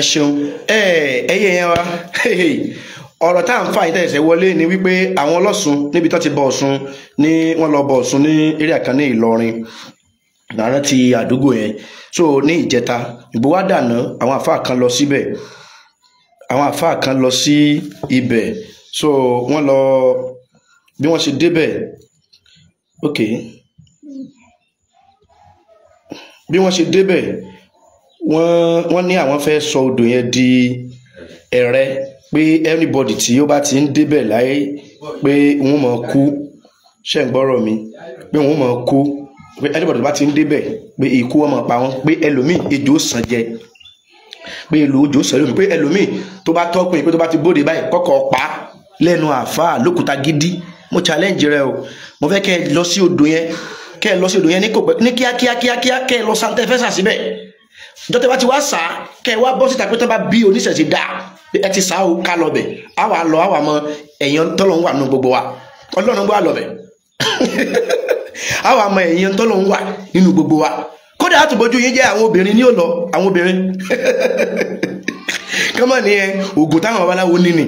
ẹ ṣeun ẹyẹ yẹn wa ọ̀rọ̀ tá à ń fà yìí tẹ̀sẹ̀ wọlé ni wípé àwọn ọlọ́sùn níbi tó ti bọ Ọ̀ṣun ni wọ́n lọ bọ Ọ̀ṣun ní eré àkànní Ìlọrin nàárán ti àdúgbò yẹn so ní ìjẹta ìbúwádàná àwọn àfáà kan lọ síbẹ̀ àwọn àfáà kan lọ sí ibẹ̀ so wọ́n lọ bí wọ́n ṣe débẹ̀ ok bí wọ́n ṣe débẹ̀ wọ́n wọ́n ní àwọn fẹ́ sọ odò yẹn di ẹ̀rẹ́ pé anybody tí ó bá ti ń débẹ̀ láyé pé wọ́n máa kú ṣe ń gbọ́rọ̀ mi pé wọ́n máa kú pé anybody tó bá ti ń débẹ̀ pé ikú wọn máa pa wọn pé ẹlòmíì ejò sàn jẹ pé èlòjò sàn lómi pé ẹlòmíì tó bá tọ́ pé tó bá ti bóde báyìí kọ́kọ́ pa lẹ́nu àáfàá lókùúta gidi mo challenge rẹ o mo fẹ́ kẹ́ ẹ lọ sí odò yẹn kẹ́ ẹ lọ sí odò yẹn ní kíákíá kíákíá kẹ́ ẹ lọ santẹ́fẹ́sà síbẹ̀ ìjọba wa ti wá sá kẹ wá bọ́ síta pé tó bá bí oníṣẹ̀ṣe dá ẹ ti sá o ká lọ́bẹ̀ á wà lọ á wà mọ ẹ̀yàn tọ́lọ́hún wà nù gbogbo wa ọlọ́run wà lọ́bẹ̀ á wà mọ ẹ̀yàn tọ́lọ́hún wà nínú gbogbo wa kódà á tún bójú yín jẹ́ àwọn obìnrin ní òlọ àwọn obìnrin <laughs> kọ́mọ̀ ni ẹ ògùn táwọn babaláwo ní ni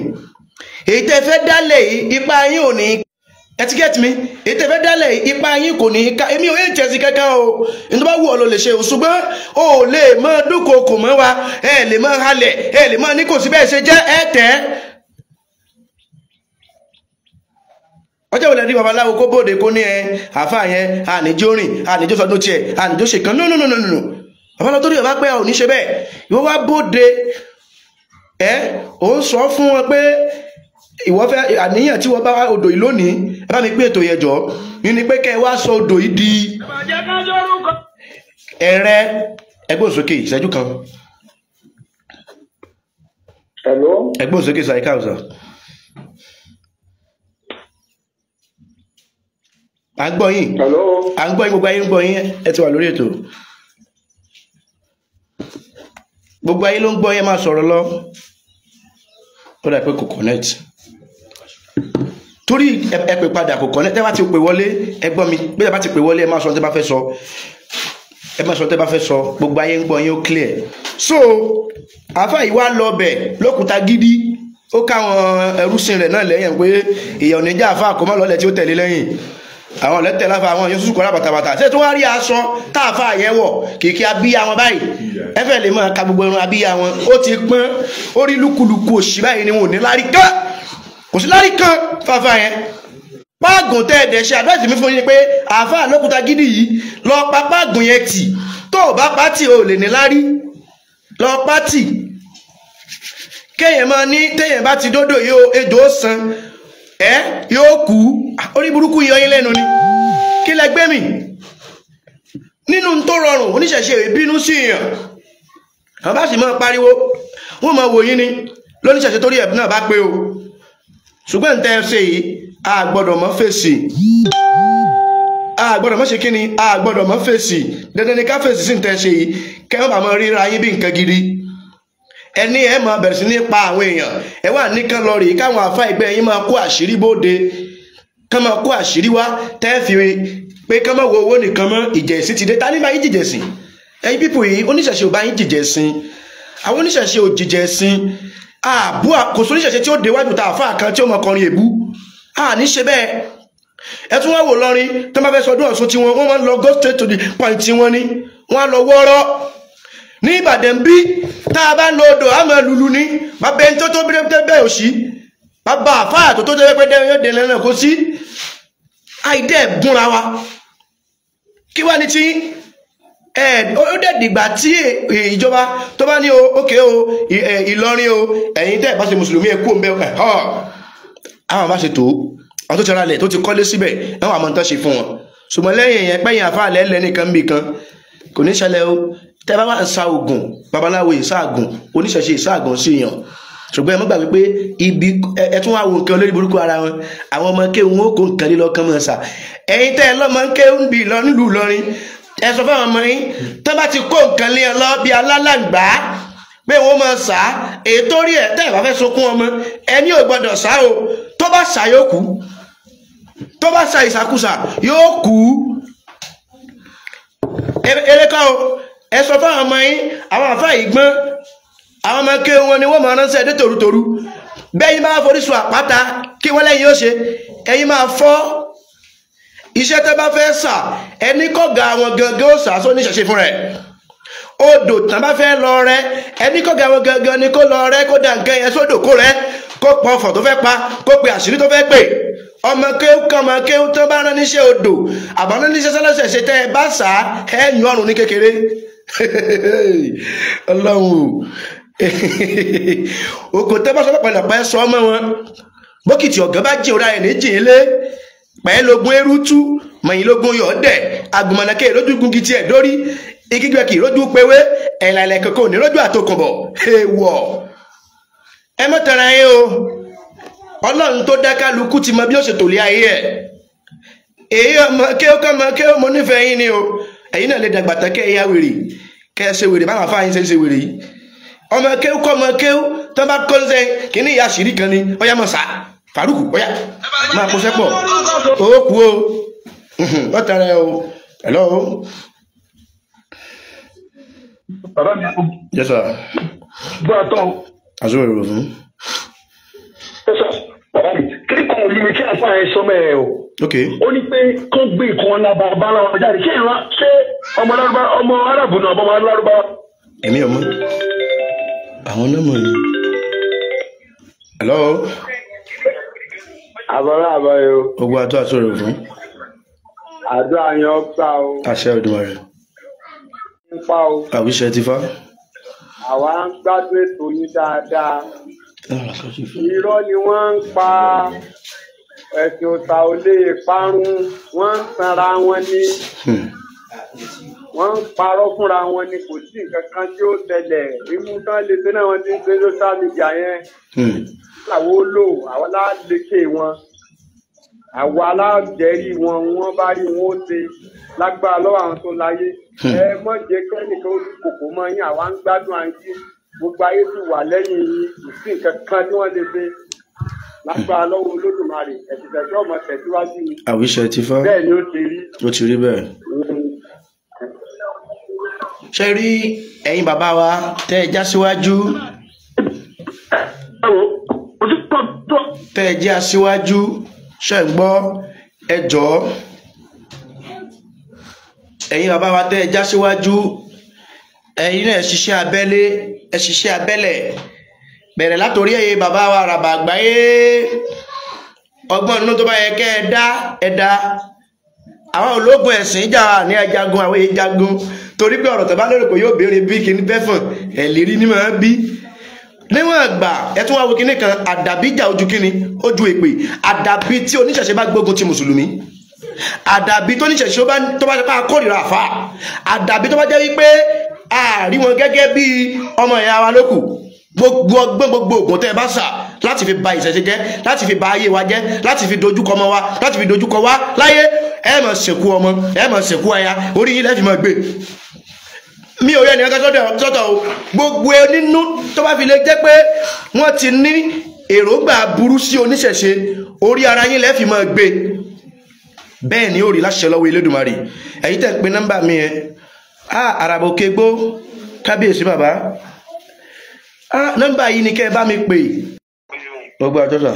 èyí tẹ́ fẹ́ dálẹ̀ ipa yín ò ní etikẹ́tì mi ètò dale ipa yín kò ní o nítorí bá wù ọ́ ló o ṣùgbọ́n o ò mo duko wa e le mọ halẹ̀ ẹ lè mọ ní kò sí bẹ́ẹ̀ ṣe jẹ́ ẹ ọjọ́ ìwòlẹ̀ rí babaláwo kó bóde kó ní ẹ àfa yẹn àníjó rìn àníjó sọdún tiẹ̀ àníjó ṣèkan babaláwo ọba pé ní ṣe ìwọ bóde ẹ fún wọn pé ìwọ fẹ́ àníyàn tí wọ́n bá odò yìí lónìí ẹ bá mi pé ètò yẹn jọ ní pé kẹ́ ẹ wá sọ odò yìí di ẹrẹ ẹgbẹ́ òsókè ìṣẹ́jú kan. ẹgbẹ́ òsókè ṣàyíká ọ̀sán. à ń gbọ́ yín à ń gbọ́ yín gbogbo ayé ń gbọ́ yín ẹ ti wà lórí ètò gbogbo ayé ló ń gbọ́ yín máa sọ̀rọ̀ lọ ó dà pé kò connect torí ẹ pè padà kò kọ́lẹ́ tẹ́ bá ti pè wọlé ẹ gbọ́ mi bí ẹ bá ti pè wọlé ẹ máa sọ tẹ́ bá fẹ́ sọ ẹ máa sọ tẹ́ fẹ́ sọ gbogbo ayé ń gbọ́ yín ó clear so àfa yìí wá lọ bẹ̀ lókùúta gidi ó káwọn ẹrúsìn rẹ̀ náà lẹ́yìn pé èèyàn níjà àfa àkọ́mọ́ lọ́lẹ̀ tí ó tẹ̀lé lẹ́yìn àwọn ọ̀lẹ́tẹ̀ láfa àwọn èèyàn sùsùkọ́ lábàtàbàtà ṣé tó wá rí aṣọ táàfà yẹn wọ̀ kìkì abíyá wọn báyìí ẹfẹ̀ lè máa ka gbogbo ẹran abíyá wọn ó ti pọ́n ó rí lúkúlùkù òṣì báyìí ni wọn ò ní lárí kán kò sí lárí kan fàfà yẹn páàgùn tẹ́ ẹ̀dẹ̀ ṣe àdúrà tèmi fún yín pé àáfà lókúta gidi yìí lọ pa páàgùn yẹn tì tó o bá pátì o lè ní lárí lọ pátì kéèyàn máa ní téèyàn bá ti dódò yìí o ejò ó san ẹ yóò kú ah, orí burúkú yọ yín lẹ́nu ni kí lẹ gbé mi nínú tó rọrùn oníṣẹ̀ṣe ìbínú sí èèyàn àwọn bá sì máa pariwo wọn máa wò yín ni lóníṣẹ̀ṣe torí ẹ̀ náà bá pé o ṣùgbọ́n tẹ́ ẹ ṣe yìí a gbọ́dọ̀ mọ́ fèsì a gbọ́dọ̀ mọ́ ṣe kí ni a gbọ́dọ̀ mọ́ fèsì dandan ni ká fèsì sí tẹ́ ẹ ṣe yìí kẹ́ ẹ bá mọ ríra yín bí nǹkan gidi ẹni ẹ máa bẹ̀rẹ̀ sí ní pa àwọn èèyàn ẹ wà nìkan lọ rèé káwọn àfa ẹgbẹ́ yín máa kó àṣírí bóde kán máa kó àṣírí wá tẹ́ ẹ fi pé kán máa wo owó nìkan mọ́ ìjẹ̀sí ti dé ta ní bá yín jìjẹ̀sìn ẹ̀yin pípò yìí oníṣẹ̀ṣe ò bá yín jìjẹ̀sìn àwọn oníṣẹ̀ṣe ò jìjẹ̀sìn àbú kò sóríṣẹ̀ṣẹ̀ tí ó déwájú ta àfáà kan tí ó mọ kọrin èbú a ní ṣe bẹ́ẹ̀ ẹ tún wá wò lọrin tó máa fẹ́ sọdún Ọ̀ṣun tiwọn wọ́n máa ń lọ go straight to the point tiwọn ni wọ́n á lọ wọ́ọ́rọ́ ní Ìbàdàn bí tá a bá ń lo odò àmọ́ lulu ni bàbá ẹni tó tó bẹ́ẹ̀ òṣì bàbá àfáà tó tó tẹ́ pé dẹ́rẹ́ yóò dé lẹ́nu kó sí àìdẹ́ẹ̀ gúnra wa kí wá ní tí Eh, ó dẹ̀ dìgbà tí eh, ìjọba tó bá ní o òkè o Ìlọrin o oh, ẹ̀yin tẹ́ ẹ̀ bá ṣe mùsùlùmí ẹ̀ kú òun bẹ́ẹ̀ ọ̀ àwọn bá ṣe tó àwọn tó ti ra lẹ̀ tó ti kọ́lé síbẹ̀ ẹ̀wọ̀n àmọ́ tán ṣe fún wọn ṣùgbọ́n lẹ́yìn yẹn pẹ́yìn àfa àlẹ́ lẹ́ nìkan bì kan kò ní ṣẹlẹ̀ o tẹ́ bá wà ń sa oògùn babaláwo ìsáàgùn oníṣẹ̀ṣe ìsáàgùn sí yàn ṣùgbọ́n ẹ mọ́ gbàgbé pé ibi ẹ tún wá wo nǹkan olórí burúkú ara wọn àwọn ọmọ kéwọn ó kó nǹkan lílọ mọ́ ṣà ẹ̀yin tẹ́ ẹ lọ́mọ kéwọn bì lọ nílùú Ìlọrin ẹ sọ fún àwọn ọmọ yín tó bá ti kó nǹkan lé ẹ lọ bí alálàǹgbá pé wọ́n máa sá èyí tó rí ẹ̀ tẹ́ ẹ̀ bá fẹ́ sunkún ọmọ ẹni ò gbọ́dọ̀ sá o tó bá sá yóò kú tó bá sá ìsàkúsà yóò kú erékọ́ o ẹ sọ fún àwọn ọmọ yín àwọn àfa ìgbọ́n àwọn ọmọ kí wọn ni wọ́n máa ránṣẹ́ dé tòrútòrú bẹ́ẹ̀ yín máa forí sun àpáta kí wọ́n lẹ́yìn ó ṣe ẹ̀yin máa fọ́ iṣẹ́ tẹ́ bá fẹ́ sà ẹni kọ̀gá wọn gangan ó sà só ní ṣẹ̀ṣẹ̀ fún rẹ̀ odò tán bá fẹ́ lọ rẹ ẹni kọ̀gá wọn gangan ni kó lọ rẹ kó da nǹkan yẹn sódò kó rẹ kó pa ọfọ̀ tó fẹ́ pa kó pe àṣírí tó fẹ́ pè ọmọ kéwú kan ọmọ kéwú tán bá rán níṣẹ́ odò àbáná níṣẹ́ sálọ́sẹ̀ ṣe tẹ́ ẹ bá sà á ẹ yún ọrùn ní kékeré <laughs> ọlọ́run <laughs> òkò tẹ́ bá sọ pẹ̀lẹ́pẹ́ sọ ọmọ wọn bókìtì ọ̀gá bá jẹ́ òrà ẹ̀ ní jìn pẹ̀lógún erútú mẹ̀yìnlógún yọ̀ọ́dẹ̀ agùnmọ̀nàkẹ́ lójúgun gidi dórí lójú kankan lójú ẹ mọ́ tara yín o ọlọ́run tó ti mọ bí ó ṣe tòlé ayé ẹ̀ èyí ọmọ kí ó kọ́mọ kí ó mọ yín ni o ẹ̀yin náà lè dàgbà tán kẹ́ wèrè kẹ́ ẹ ṣe wèrè báwọn ṣe ń ṣe wèrè yìí ọmọ kí ó kọ́mọ faruku bóyá máa kó sẹ́pọ̀ ó kú o wọ́n tara ẹ o hello. bàbá mi kú. yes sir. bá a tán. àzúwò ìrò fún. yes sir bàbá mi kí kan ò limi kí àfa ẹ sọmọ ẹ o. ok. ó ní pé kán gbé nǹkan lába bala wọn jáde ṣé ìran ṣé ọmọ lárúbá ọmọ arábù náà ọmọ lárúbá. èmi ọmọ àwọn náà mọ̀ ni. hello. hello? àbọ̀rọ̀ àbọ̀rọ̀ o. ogun àtọ́ àsọ̀rọ̀ fún. àdúrà yẹn ó gbà o. àṣẹ Olódùmarè. ń pa o. àwíṣẹ ti fa. àwa ń gbádùn ètò yín dáadáa. irọ́ ni wọ́n ń pa ẹ̀sìn ọ̀tá ò lè parun wọ́n ń tanra wọn ní. Hmm. wọ́n ń parọ́ fúnra wọn ni kò sí nǹkan kan tí ó tẹ̀lẹ̀ imú tẹ́lẹ̀ wọn ti ń gbé social media yẹn. Hmm làwọn ó lò àwọn lálékè wọn àwọn alájẹrí wọn wọn bá rí wọn ó ṣe lágbára lọ́wọ́ àwọn tó láyé hmm. ẹ mọ̀ jẹ́ kẹ́nìkan ó kòkó mọ́ yín àwa ń gbádùn àyè gbogbo ayé ti wà lẹ́yìn yín kò sí nǹkan kan tí wọ́n lè ṣe lágbára lọ́wọ́ olódùmarè ẹ̀sìtẹ̀ tí ọmọ tẹ̀síwájú ni. àwíṣẹ ti fọ́ bẹ́ẹ̀ ni ó ti rí. ó ti rí bẹ́ẹ̀. ṣe rí ẹ̀yin bàbá wa tẹ́ ẹ já síwájú. báwo tẹ́ ẹ jẹ́ aṣíwájú ṣe ń gbọ́ ẹ jọ̀ọ́ ẹ̀yin bàbá wa tẹ́ ẹ jẹ́ aṣíwájú ẹ̀yin náà ṣiṣẹ́ abẹ́lé ẹ ṣiṣẹ́ abẹ́lẹ̀ bẹ̀rẹ̀ látòrí ẹ̀yin bàbá wa ràbà àgbáyé ọgbọ́n inú tó bá yẹ kẹ́ ẹ dá ẹ dá àwọn ológun ẹ̀sìn jà ní ajagun àwọn èyí jagun torí pé ọ̀rọ̀ tó bá lérò pé yóò béèrè bí kìíní bẹ́fọ̀n ẹ̀ lérí ní màá bí níwọ̀n ẹgbà ẹ̀tún wá wo kinní kan àdàbí jà ojú kinní ojú èpè àdàbí tí oníṣẹ̀ṣe bá gbógun ti mùsùlùmí àdàbí tó níṣẹ̀ṣe tó bá jẹ́pá kórìíra àfa àdàbí tó bá jẹ́ wípé àárí wọn gẹ́gẹ́ bí ọmọ ìyá wa lókù gbogbo ọgbọ́n gbogbo ògùn tẹ́ ẹ bá sà láti fi ba ìṣẹ̀ṣe jẹ́ láti fi ba ayé wa jẹ́ láti fi dojúkọ ọmọ wa láti fi dojúkọ wa láyé ẹ máa ṣèkú ọmọ ẹ máa ṣèkú orí yín lẹ́fì gbé mi ò rí ẹnìkan sọ́tọ̀ o gbogbo nínú tó bá fi lè jẹ́ pé wọ́n ti ní èròǹgbà burú sí oníṣẹ̀ṣe orí ara yín lẹ́ẹ̀fì máa gbé bẹ́ẹ̀ ni ó rí láṣẹ lọ́wọ́ Elédùmarè ẹ̀yin tẹ̀ ń pe nọ́mbà mi yẹn a àràbò kegbó kábíyèsí bàbá a nọ́mbà yìí ni kẹ́ ẹ bá mi pè gbogbo àtọ́tà.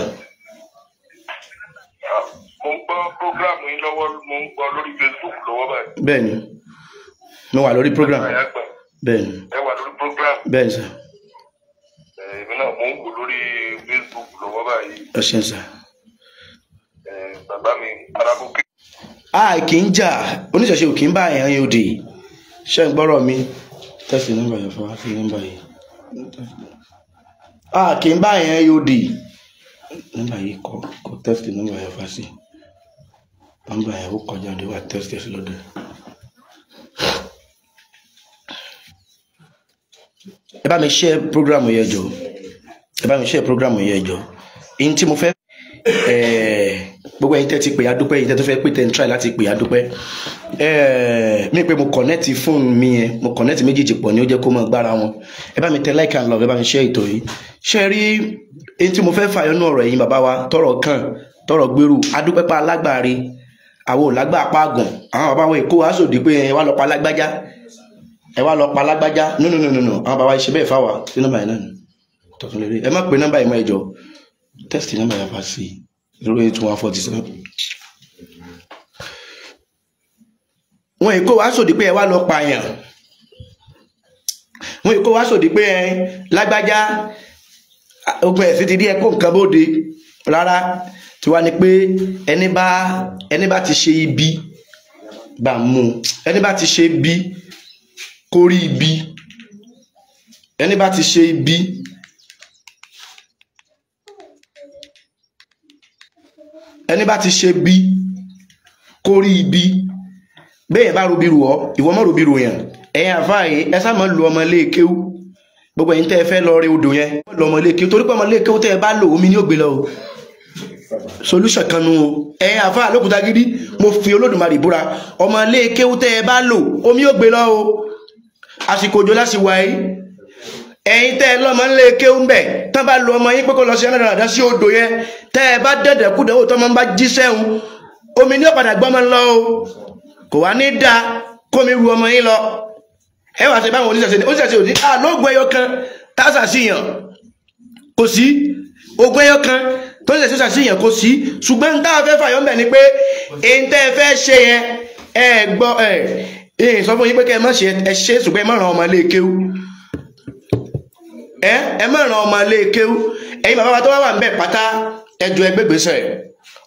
mo ń gbọ́ program yín lọ́wọ́ mo ń gbọ́ lórí Facebook lọ́wọ́ báyìí. bẹ́ẹ̀ mo wà lórí program bẹ́ẹ̀ni bẹ́ẹ̀ni sà. èmi náà mò ń wò lórí Facebook lọ́wọ́ báyìí. ẹ ṣeun sà. bàbá mi arábò kí. a kì í jà oníṣẹ̀ṣe ò kì í bá èèyàn yóò dì ṣe ń gbọ́rọ̀ mi tẹ̀sí nọ́mbà yẹn fún wa fi nọ́mbà yìí a kì í bá èèyàn yóò dì nọ́mbà yìí kọ kọ tẹ̀sí nọ́mbà yẹn fún wa sí nọ́mbà yẹn ó kọjá ọdẹ wa tẹ̀sí lọ́dẹ ẹ bá mi ṣe programu yẹn jọ ẹ bá mi ṣe programu yẹn jọ ihun tí mo fẹ́ gbogbo ẹ̀yin tẹ́ ti pè adúpẹ́ ẹ̀yin tẹ́ tó fẹ́ pè tẹ́ try láti pè adúpẹ́ mi pé mo connect fóònù mi yẹn mo connect méjèèjì pọ̀ ni ó jẹ́ kó mọ gbára wọn ẹ bá mi tẹ like and love ẹ bá mi share ètò yìí ṣe rí ihun tí mo fẹ́ fàyọ nú ọ̀rọ̀ ẹ̀yin bàbá wa tọrọ kàn tọrọ gbèrú adúpẹ́ pa alágbàre àwọn ò lágbà apá àgàn àwọn bàbá wọn èkó aṣòdì pé ẹ lọ pa alágbájá ẹ wá lọ pa lágbájá no no no no no àwọn bàbá ìṣe bẹ́ẹ̀ fáwa sí nọ́mbà yẹn náà nù tọ̀tún lè rí ẹ má pe nọ́mbà yẹn mọ́ ẹjọ́ tẹ́sítì nọ́mbà yẹn fa sí zero eight one forty seven. wọn èkó wá sòdí pé ẹ wá lọ pààyàn wọn èkó wá sòdí pé ẹ lágbájá ogun ẹ̀sìn ti dí ẹ kó nǹkan bóde rárá tí wàá ní pé ẹni bá ẹni bá ti ṣe ibi bá mú ẹni bá ti ṣe ibi kó rí ibi ẹni bá ti ṣe ibi ẹni bá ti ṣe bí kó rí ibi bẹ́ẹ̀ bá robiru ọ ìwọ mọ́ robiru yẹn ẹ̀yin àfáàyè ẹ sá mọ́ lu ọmọ ilé kéwú gbogbo ẹ̀yin tẹ́ ẹ fẹ́ lọ rí odò yẹn lọ ọmọ ilé kéwú torí pé ọmọ ilé kéwú tẹ́ ẹ bá lò omi ní ògbé lọ o solution kan nu o ẹ̀yin àfáà lókùtà gidi mo fi olódùmarè búra ọmọ ilé kéwú tẹ́ ẹ bá lò omi ògbé lọ o àsìkò òjò láti wáyé ẹ̀yin tẹ́ ẹ lọ́mọ ńlẹ̀ ké ń bẹ̀ tán bá lu ọmọ yín pé kó lọ sí ẹ̀rọ dàdá sí odò yẹn tẹ́ ẹ bá dẹ̀dẹ̀ kú dẹ̀wò tọ́mọ ń bá jí sẹ́hun omi ní ọ̀padà gbọ́mọ lọ o kò wá ní da kómi ru ọmọ yín lọ ẹ wàá ṣe báwọn oníṣẹ̀ṣe oníṣẹ̀ṣe òní àlóògùn ẹyọ kan táṣà sí yàn kò sí ogun ẹyọ kan tó ń ṣẹ̀ṣẹ̀ ṣàṣìyàn kò sí ṣùgbọ́n táwọn fẹ́ fàyọ́ ń bẹ̀ ni pé èyí sọ fún yín pé kẹ́ ẹ má ṣe ẹ ṣe ṣùgbọ́n ẹ má ràn ọmọ ilé kéwú ẹ ẹ má ràn ọmọ ilé kéwú ẹ̀yin bàbá wa tó wà wà ń bẹ̀ pátá ẹjọ́ ẹgbẹ́gbèsè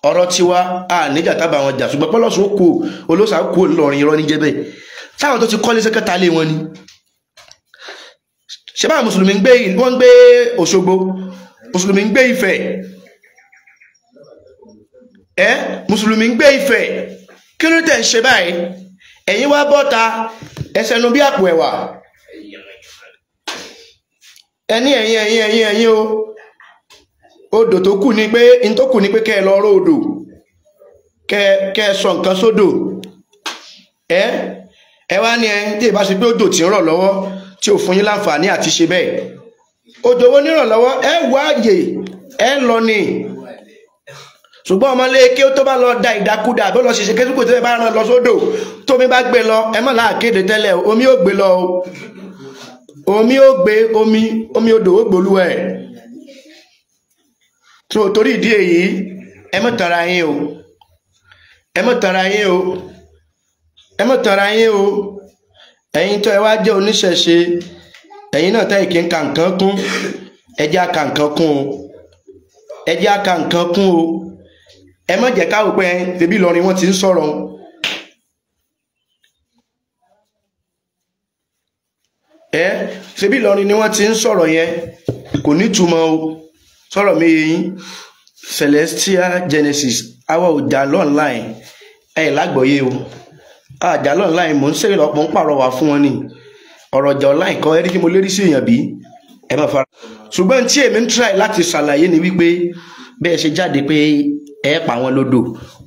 ọ̀rọ̀ tiwa àníjà tábà wọn jà ṣùgbọ́n pọ́lọ́sùn kú olóòṣà kú ńlọrin irọ́ níjẹ́ bẹ́ẹ̀ táwọn tó ti kọ́lé sẹ́kẹ́ta lé wọn ni ṣẹ́bà mùsùlùmí gbé wọ́n gbé Òṣogbo mùsùlùmí gbé Ifẹ̀ ẹ mùsùlùmí gbé Ifẹ̀ kí ló tẹ̀ ń ṣe báyìí ẹ̀yin wá bọ́ta ẹsẹ̀nu bí àpò ẹ̀wà ẹni ẹ̀yin ẹ̀yin ẹ̀yin ẹ̀yin o odò tó kù ni pé n tó kù ni pé ẹ lọ rọ odò kẹ́ kẹ́ ẹ sọ nǹkan sódò ẹ ẹ ní ẹ tí ì bá ṣe pé odò tí ń rọ̀ tí ò fún yín ni. ṣùgbọ́n ọmọ ilé kí ó tó bá lọ da ìdákúdà àbí lọ ṣiṣẹ́ kẹ́sùkù tẹ́lẹ̀ bá rán lọ sódò tómi bá gbé lọ ẹ mọ̀ láàkéde tẹ́lẹ̀ omi ò gbé lọ omi ò gbé omi omi odò ó gbòlú ẹ̀ tó torí ìdí èyí ẹ mọ̀ tara yín o ẹ mọ̀ tara yín o ẹ mọ̀ tara yín o ẹ̀yin tó ẹ wá jẹ́ oníṣẹ̀ṣe ẹ̀yin náà táyì kí n kà nǹkan kún ẹ jẹ́ àkà nǹkan kún o ẹ jẹ́ àkà nǹkan kún o ẹ má jẹ́ káwọ́ pé tẹ̀bí Ìlọrin wọ́n ti ń sọ̀rọ̀ ẹ tẹ̀bí Ìlọrin ni wọ́n ti ń sọ̀rọ̀ yẹn kò nítumọ̀ o sọ̀rọ̀ mi yẹn Celestial Genesis awa ọjà lọ́nláìn ẹ̀ lágbọ̀ọ́yé o àjà lọ́nláìn mò ń ṣèrè lọ́pọ̀ ń pàrọwà fún wọn ni ọ̀rọ̀ ọjà ọ̀láìn kan ẹ̀rí kí mo lérí sí èèyàn bí ẹ má fara. ṣùgbọ́n tí èmi ń tíráì láti ṣàlàyé ni wípé bẹ́ẹ̀ ṣe jáde pé ẹ pa wọn lódò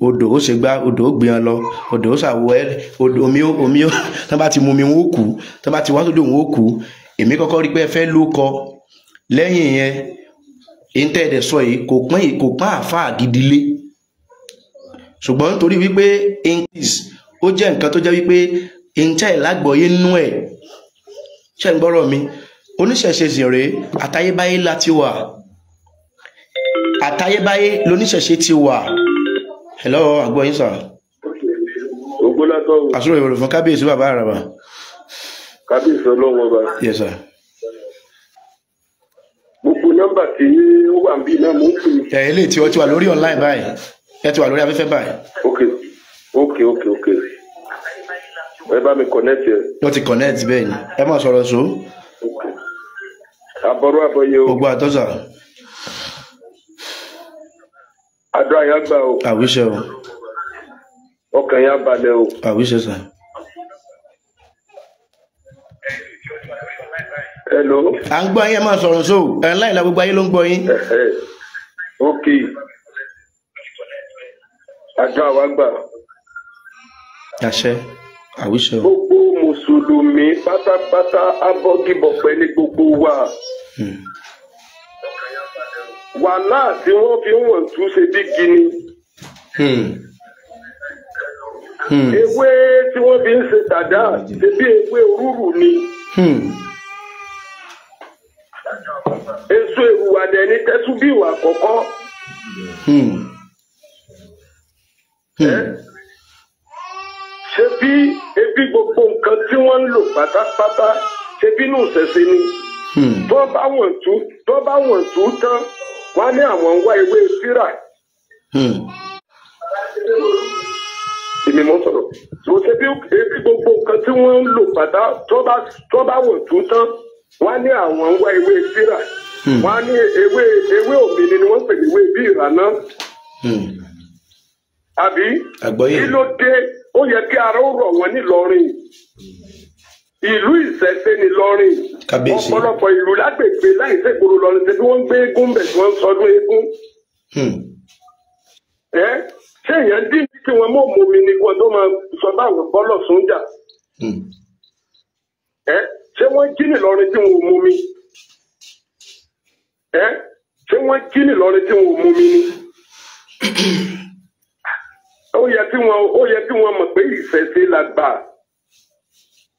odo ó ṣe gbá odò ó gbé wọn lọ odò ó ṣàwọ ẹ odò omi ó omi ó <laughs> tán bá ti mu omi wọn ó kú tán bá ti wá sódò wọn ó kú èmi kọ́kọ́ rí pé ẹ fẹ́ ló kọ lẹ́yìn yẹn ìntẹ́ ẹ̀dẹ̀ sọ yìí kò pọ́n kò pọ́n àáfàá gidile ṣùgbọ́n nítorí wípé english ó jẹ́ nǹkan tó jẹ́ wípé ìntẹ́ ẹ̀ lágbọ̀ọ́yé nú ẹ̀ ṣẹ́ ń gbọ́rọ̀ mi oníṣẹ̀ṣe sì àtayébáyé láti wà àtayébáyé loníṣẹ̀ṣe ti wà hello àgbọ̀yìn sà. ògbólátọ́ o. àsúrò ìròyìn fún kábíyèsí bàbá àràbà. kábíyèsí ọlọ́wọ́ bá. yes sir. gbogbo nọ́mbà tí ó wà níbí náà mò ń pè. ẹ̀ ilé tí ó ti wà lórí online báyìí ẹ ti wà lórí afẹ́fẹ́ báyìí. ok ok ok ok ẹ bá mi connect yẹ. wọ́n ti connect bẹ́ẹ̀ ni ẹ máa sọ̀rọ̀ so. àbọ̀rọ̀ àbọ̀yẹ o. gbogbo àtọ́sà àdúrà yà gbà o. àwíṣẹ o. ọkàn yà balẹ̀ o. àwíṣẹ sà. hello. à ń gbọ́ yín ẹ máa sọ̀rọ̀ sóò ẹ̀ láìla gbogbo ayé ló ń gbọ́ yín. Eh, eh. ok àdúrà wa gbà. àṣẹ àwíṣẹ o. gbogbo mùsùlùmí pátápátá abọ́gibọ̀pẹ̀ ní gbogbo wa. Hmm wàhálà tí wọ́n fi ń wọ̀ntú ṣe bí gini. Hmm. Hmm. ewé tí wọ́n fi ń ṣe dàda ṣe bí ewé òrùrù ni. Hmm. èso ìwàdẹ̀ ni tẹ́túbíwà kọ̀kọ́. ṣe bí ebi gbogbo nǹkan tí wọ́n ń lò pátápátá ṣe bínú ṣẹ̀ṣẹ̀ ni. tó bá wọ̀ntú tó bá wọ̀ntú tán. wọ́n á ní àwọn ń wá ewé síra. Hmm. èmi mọ̀ ebi gbogbo nǹkan tí wọn ń lò padà tó bá wò tún tán wọ́n ní àwọn ngwa wá ewé síra. Hmm. á ní ewé ewé òmìnir ni wọn pè ní ewé bí ìràná. Hmm. àbí kí ló dé ó yẹ kí ara ó rọ̀ wọ́n nílọrin. ìlú ìṣẹ̀ṣe ni lọ́rìn ọ̀pọ̀lọpọ̀ ìlú lágbègbè láì ṣègbòrò lọ́rìn ṣe bí wọ́n ń gbé eégún bẹ̀ tí wọ́n ń sọdún eégún. Hmm. ẹ ṣé èèyàn dín kí wọn mọ òmùmí ni wọn tó máa sọ báwọn bọ́lọ̀ sún jà. Hmm. ẹ ṣé wọ́n jí ní lọ́rìn tí wọn ò mú ẹ ṣé wọ́n jí ní lọ́rìn tí wọn ò mú ni. <coughs> ó yẹ kí wọn mọ̀ pé ìṣẹ̀ṣe la gbà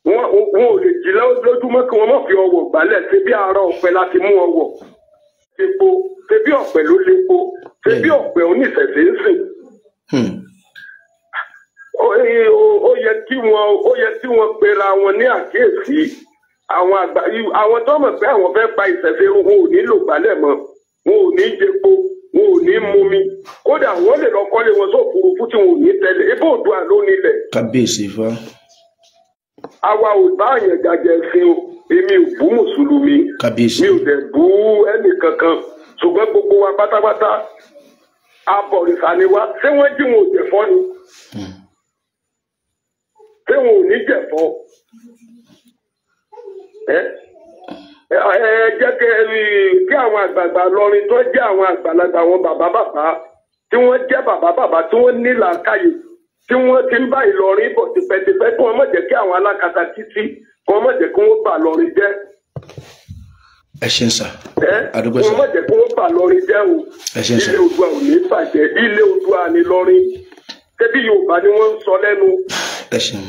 wọn ò lè jí lójúmọ́ kí wọ́n má fi ọwọ́ gbálẹ̀ ṣe bí ara ọ̀pẹ láti mú ọwọ́ epo ṣe bí ọ̀pẹ ló lépo ṣe bí hmm. ọ̀pẹ oníṣẹ̀ṣẹ̀ ń sìn. Hmm. ó yẹ kí wọ́n ó yẹ kí wọ́n pera wọn ní àkíyèsí àwọn àgbà àwọn tó mọ̀ pé àwọn fẹ́ pa ìṣẹ̀ṣẹ̀ wọn ò nílò gbálẹ̀ mọ́ wọn ò ní jẹpo wọn ò ní mumi kódà wọn lè lọ kọ́lé wọn sófurufú tí wọn ò ní tẹ̀lé ebó òdua ló nílẹ̀. kábíyèsí fún wa àwa ò bá àyàn gàjà ẹ̀sìn o èmi ò bú mùsùlùmí mi ò dẹ̀ bú ẹnì kankan ṣùgbọ́n gbogbo wa pátápátá abọ̀rìṣà ni wa ṣé wọ́n jí wọn ò jẹ̀fọ́ ni ṣé wọn ò ní jẹ̀fọ́ ẹ ẹ jẹ́ kẹ́ ẹ kí àwọn àgbààgbà lọrin tó jẹ́ àwọn àgbàlagbà àwọn bàbá bàbá tí wọ́n jẹ́ bàbá bàbá tí wọ́n ní làákàyè tí wọ́n ti ń bá Ìlọrin bọ̀ tipẹ́tipẹ́ kí wọ́n má jẹ́ kí àwọn alákatakítí kí wọ́n má jẹ́ kí wọ́n bà Ìlọrin jẹ́. ẹ ṣe ń sà. ẹ àdúgbò sà. kí wọ́n má jẹ́ kí wọ́n bà Ìlọrin jẹ́ o. ẹ ṣe ń sà. ilé Oòduà ò ní bàjẹ́ ilé Oòduà ní Ìlọrin tẹ́bí Yorùbá ni wọ́n ń sọ lẹ́nu. ẹ ṣe ń.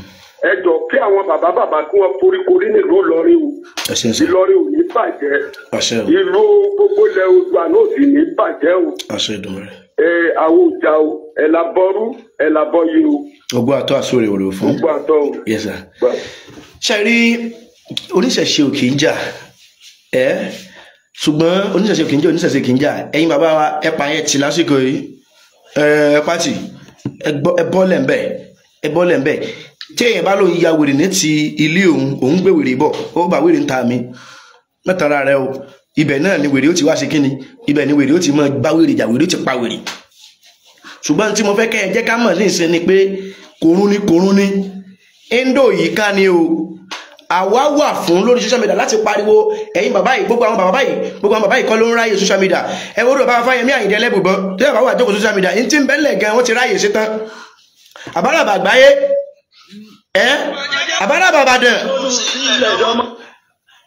ẹ jọ kí àwọn bàbá bàbá kí wọ́n foríkorí nílùú Ìlọrin o. ẹ ṣe ń sà. Ìlọrin ò ní bàjẹ́. àṣẹ o. ìlú gbogbo ilẹ̀ Oòduà náà sì ní bàjẹ́ o. àṣẹ Èdùmàrè awo ee awujau elaboru elaboyiru. ogun àtọ àsórí òrò fún. ogun àtọ o. yes sir. ṣàrí oníṣẹ̀ṣe ò kì í jà ẹ́ ṣùgbọ́n oníṣẹ̀ṣe ò kì í jà oníṣẹ̀ṣe kì í jà ẹ̀yin bàbá wa ẹ pa yẹn ti lásìkò yìí ẹ pàtì ẹ bọ́lẹ̀ ńbẹ̀ ẹ bọ́lẹ̀ ńbẹ̀ tí èèyàn bá lóun ya wèrè ní ti ilé òun òun gbé wèrè bọ̀ ó bá wèrè ń ta mi mẹ́tara rẹ o ibẹ̀ náà ni wèrè ó ti wá ṣe kíni ibẹ̀ ni wèrè ó ti máa bá wèrè jà wèrè ó ti pa wèrè ṣùgbọ́n tí mo fẹ́ kẹ́ ẹ jẹ́ ká mọ̀ ní ìsìn ni pé korun ni korun ni endo yìí ká ni o àwa wà fún lórí social media láti pariwo ẹ̀yin bàbá yìí gbogbo àwọn bàbá yìí gbogbo àwọn bàbá yìí kọ́ ló ń ráyè social media ẹ wo bàbá Fáyẹmí Àyìndé ẹlẹ́bùbọn tí bàbá wà jókòó social media ní tí ń bẹ́lẹ̀ gan wọ́n ti ráyè ṣe tán àbáràbà àgbáyé ẹ àbáràbà àbàdàn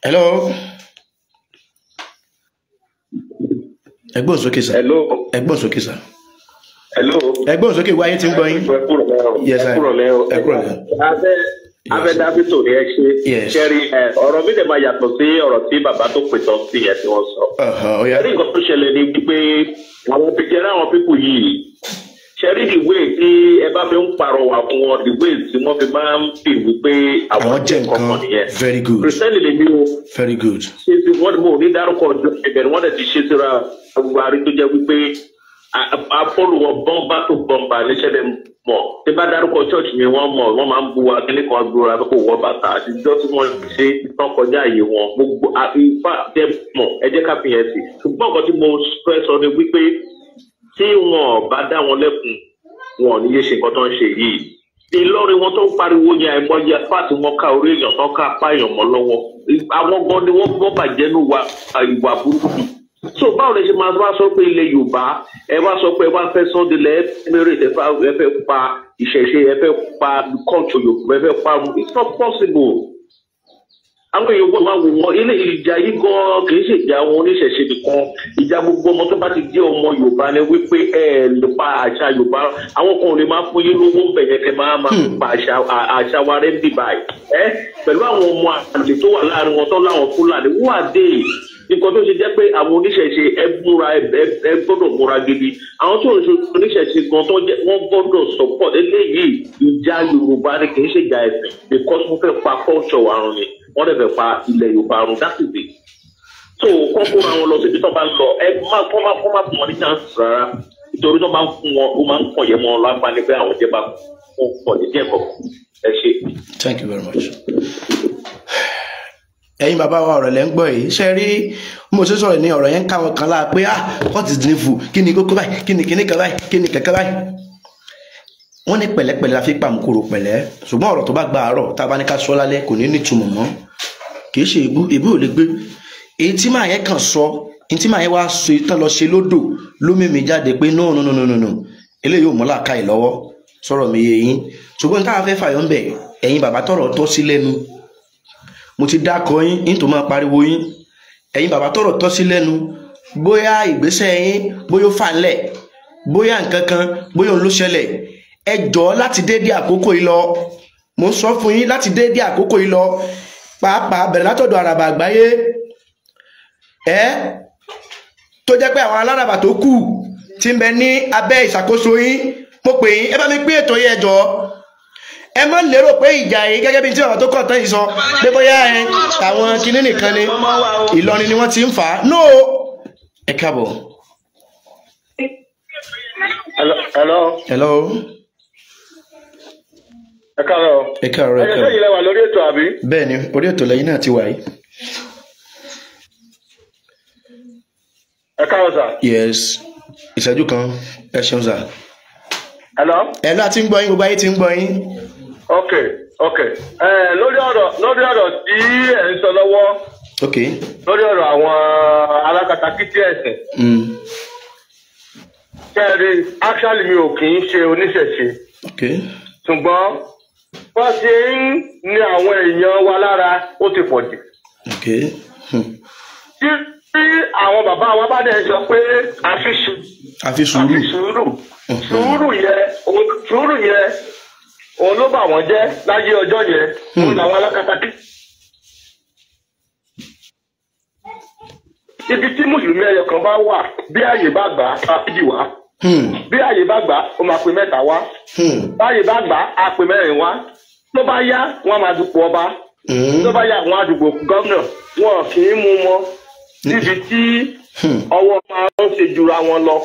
hello. ẹgbọ́n sókè sà ẹgbọ́n sókè sà ẹgbọ́n sókè wáyé tí ń gbọ́ yín ẹkúrọ̀ lẹ́ abẹ dábìtò ni ẹ ṣe ṣẹrí ọ̀rọ̀ mi lè máa yàtọ̀ sí ọ̀rọ̀ tí bàbá tó pètọ sí ẹ tí wọn sọ. ẹrí nǹkan tó ṣẹlẹ̀ ni pé àwọn pípẹ́ àwọn pípù yìí ṣẹ́rí ìwé tí ẹ bá fi ń parọwà fún wọn ìwé tí wọ́n fi máa ń fi wípé àwọn jẹ́ nǹkan nìyẹn. very good kìrìsìtẹ́nì lèmi o. very good. ṣé ti wọ́n mú ní dárúkọ ìbẹ̀rù wọ́n dẹ̀ ti ṣe síra gbogbo àrí tó jẹ́ wípé apọ́lùwọ̀ bọ́mbà tó bọ́mbà níṣẹ́ lè mọ̀ tí bá dárúkọ church mi wọ́n mọ̀ wọ́n máa ń bu akíní kan gbúra kó wọ bàtà àtijọ́ tí wọ́n ṣe tán kọjá àyè wọn gbogbo àfi ifá jẹ́ mọ̀ ẹ jẹ́ ká fi yẹn sí ṣùgbọ́n nǹkan tí mo fẹ́ sọ ni wípé tí wọn ò bá dá wọn lẹ́kun wọn ò ní yé ṣe nǹkan tó ń ṣe yìí ìlọrin wọn tó ń pariwo yẹn àìmọye fáàtì wọn ká orí èèyàn tán ká apá èèyàn mọ́ lọ́wọ́ àwọn gan ni wọn gbọ́ bàjẹ́ ní ìwà burúkú so báwo lè ṣe máa wá sọ pé ilẹ̀ yorùbá ẹ wá sọ pé ẹ wá fẹ́ sọ délẹ̀ ẹ mẹ́rẹ̀ ẹ fẹ́ pa ìṣẹ̀ṣe ẹ fẹ́ pa culture yorùbá ẹ fẹ́ pa it's not possible àwọn èèyàn wà wò wọn ilé ìjà yìí gan kì í ṣe ìjà àwọn oníṣẹ̀ṣe nìkan ìjà gbogbo ọmọ tó bá ti jẹ́ ọmọ yorùbá ni wípé ẹ lè pa àṣà yorùbá àwọn kan ò lè máa fún yín lówó bẹ̀yẹ̀ kẹ́ máa máa hmm. pa àṣà wa rẹ́ bì báyìí ẹ pẹ̀lú àwọn ọmọ àlè tó wà láàrin wọn tó láwọn fúlàní wọ́n àdé nǹkan tó ṣe jẹ́ pé àwọn oníṣẹ̀ṣe ẹ múra ẹ gbọ́dọ̀ múra gidi àwọn tó ń ṣe oníṣẹ̀ṣe gan tó jẹ́ wọ́n gbọ́dọ̀ support eléyìí ìjà yorùbá ni kì í ṣèjà ẹ̀sìn because mo fẹ́ pa culture wa ni wọ́n ilẹ̀ yorùbá run that is kọ́ kó wọn lọ síbi tó bá ń lọ ẹ má kọ́ má kọ́ má fún wọn ní chance rárá nítorí tó bá ń fún wọn ó máa ń kọ̀ yẹ mọ́ lápá ní àwọn jẹ́ bá kó pọ̀ díẹ̀ kọ̀ ẹ ṣe. thank you very much. ẹ̀yin bàbá wa ọ̀rọ̀ lẹ́ ń gbọ́ yìí ṣe rí mo ṣe sọ̀rọ̀ ní ọ̀rọ̀ yẹn ń káwọn kan láà pé ah kọ́ọ̀tì dín fù kí ni kókó báyìí kí ni kíní kan báyìí kí ni kẹ̀kẹ́ báyìí wọ́n ní pẹ̀lẹ́pẹ̀lẹ́ la fi pàmò kúrò pẹ̀lẹ́ ṣùgbọ́n ọ̀rọ̀ tó bá gba àárọ̀ tá a bá ní ká sọ lálẹ́ kò ní nítumọ̀ mọ́ kì í ṣe èébú èébú ò lè gbé èyí tí màá yẹn kàn sọ èyí tí màá yẹn wá so tán lọ ṣe lódò lómìnir jáde pé no no no no no eléyìí ò mú làákàyè lọ́wọ́ sọ̀rọ̀ mi yé yín ṣùgbọ́n táwọn afẹ́ fàyọ̀ ń bẹ̀ ẹ̀yin bàbá tọrọ tọ́ sí lẹ́nu mo ti dákọ yín yín tó máa pariwo yín ẹ̀yin bàbá tọrọ tọ́ sí lẹ́nu bóyá ìgbésẹ̀ yín bóyá ó fà ńlẹ̀ bóyá nǹkan kan bóyá ẹ jọ̀ọ́ láti déédéé àkókò yìí lọ mo ń sọ fún yín láti déédéé àkókò yìí lọ pàápàá bẹ̀rẹ̀ látọ̀dọ̀ àràbà àgbáyé ẹ tó jẹ́ pé àwọn aláràbà tó kù ti ń bẹ ní abẹ́ ìṣàkóso yín mo pè yín ẹ bá mi pín ètò yẹn jọ ẹ má lérò pé ìjà yìí gẹ́gẹ́ bí tí bàbá tó kọ̀ tán yìí sọ pé bóyá ẹ àwọn kinní nìkan ni Ìlọrin ni wọ́n ti ń fà á no ẹ káàbọ̀. hello. hello. hello ẹ káàárọ̀ ẹ káàárọ̀ ẹ káàárọ̀ ẹyẹ lẹwà lórí ètò àbí. bẹ́ẹ̀ni orí ètò lẹ́yìn náà ti wà yìí. ẹ káàárọ̀ sà. yes ìṣẹ́jú kan ẹ ṣeun sà. hello. ẹ lọ àti ń gbọ́ yín gbogbo ayé ti ń gbọ́ yín. ok ok ẹ lórí ọ̀rọ̀ lórí ọ̀rọ̀ tí ẹ ń sọ lọ́wọ́. ok lórí ọ̀rọ̀ àwọn alákatakítí ẹ̀sìn. kẹrin mm. actually mi ò kì í ṣe oníṣẹ̀ṣe. ok ṣùgbọ́n bó ṣe ń ni àwọn èèyàn wa lára ó ti pọ̀ jù. tí àwọn bàbá wa bá dẹ̀ sọ pé àfiṣù àfi sùúrù mhm. sùúrù yẹn sùúrù yẹn òun ló bà wọ́n jẹ́ láyé ọjọ́ yẹn hmm. òun làwọn alákatakí. ibi tí mùsùlùmí ẹyọ kan bá wà bí ààyè bá gbà á fi wá. Hmm. bí àyè bá gbà ó máa pe mẹ́ta wá hmm. báyè bá gbà á wá tó bá yá wọn máa ọba hmm. tó bá yá wọn á gómìnà tí ọwọ́ máa ń ṣe jura wọn lọ.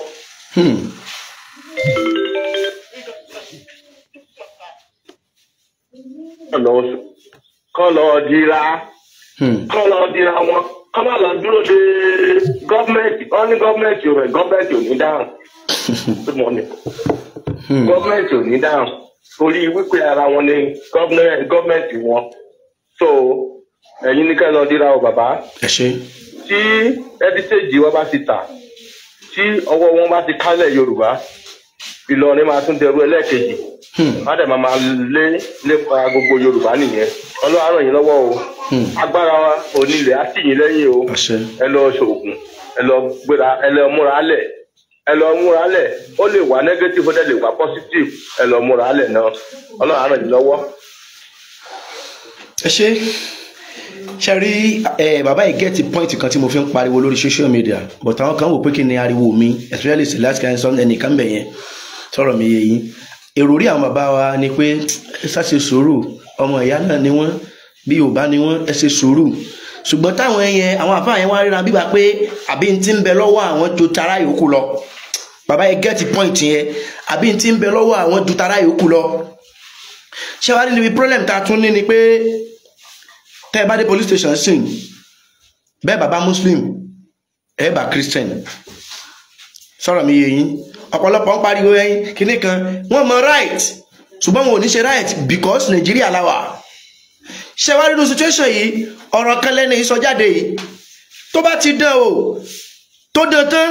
kọ́ lọ dira kọ́ lọ dira wọn kọ́ lọ dúró de ọ́ ní rẹ̀ ò <laughs> Good morning. ní. Hmm. gọ́ọ̀mẹ̀ntì ò ní dáhùn orí wípé ara wọn ni gọ́ọ̀mẹ̀ntì wọn so ẹ̀yin ní kẹ́lọ́ dira o bàbá. ẹ ṣe. tí ẹ́dítéèjì wọn bá ti tà tí ọwọ́ wọn bá ti kálẹ̀ yorùbá ìlọrin máa tún dẹrú ẹlẹ́ẹ̀kejì hmm. mádẹ máa máa lé lépa gbogbo yorùbá nìyẹn ọlọ́run á ràn yín lọ́wọ́ o hmm. agbára wa onílẹ̀ á tì yín lẹ́yìn o ẹ lọ ṣoògùn ẹ lọ gbéra ẹ lọ múra lẹ̀ ẹ lọ múra lẹ̀ ó lè wá negative ó dẹ̀ lè wá positive ẹ lọ múra lẹ̀ náà Ọlọ́run á ràn yín lọ́wọ́. ẹ ṣe ṣe rí ẹ bàbá yìí gẹ́ẹ̀tì pọ́ìntì kan tí mo fi ń pariwo lórí social media but àwọn kan wò pé kí ni ariwo mi especially celeste kan sọ ẹnìkan bẹ̀ yẹn tọrọ mi yẹ yín èrò rí àwọn bàbá wa ni pé ẹ ṣàṣe sùúrù ọmọ ìyá náà ni wọ́n bí Yorùbá ni wọ́n ẹ ṣe sùúrù ṣùgbọ́n táwọn yẹn àwọn àfáà yẹn wá ríra bíbá pé àbí ti ń bẹ lọ́wọ́ àwọn ju tara yòókù lọ bàbá yẹn get point yẹn àbí ti ń bẹ lọ́wọ́ àwọn ju tara yòókù lọ ṣé wàá rí níbi problem tá a tún ní ni pé tẹ́ ẹ bá dé police station sìn bẹ́ẹ̀ bàbá muslim ẹ bá christian sọ̀rọ̀ mi yé yín ọ̀pọ̀lọpọ̀ ń pariwo ẹyin kinní kan wọ́n mọ right ṣùgbọ́n wọn ò ní ṣe right because nàìjíríà la wà ṣe wá nínú situation yìí ọ̀rọ̀ kan lẹ́nu yìí yìí tó bá ti dán o tó dán tán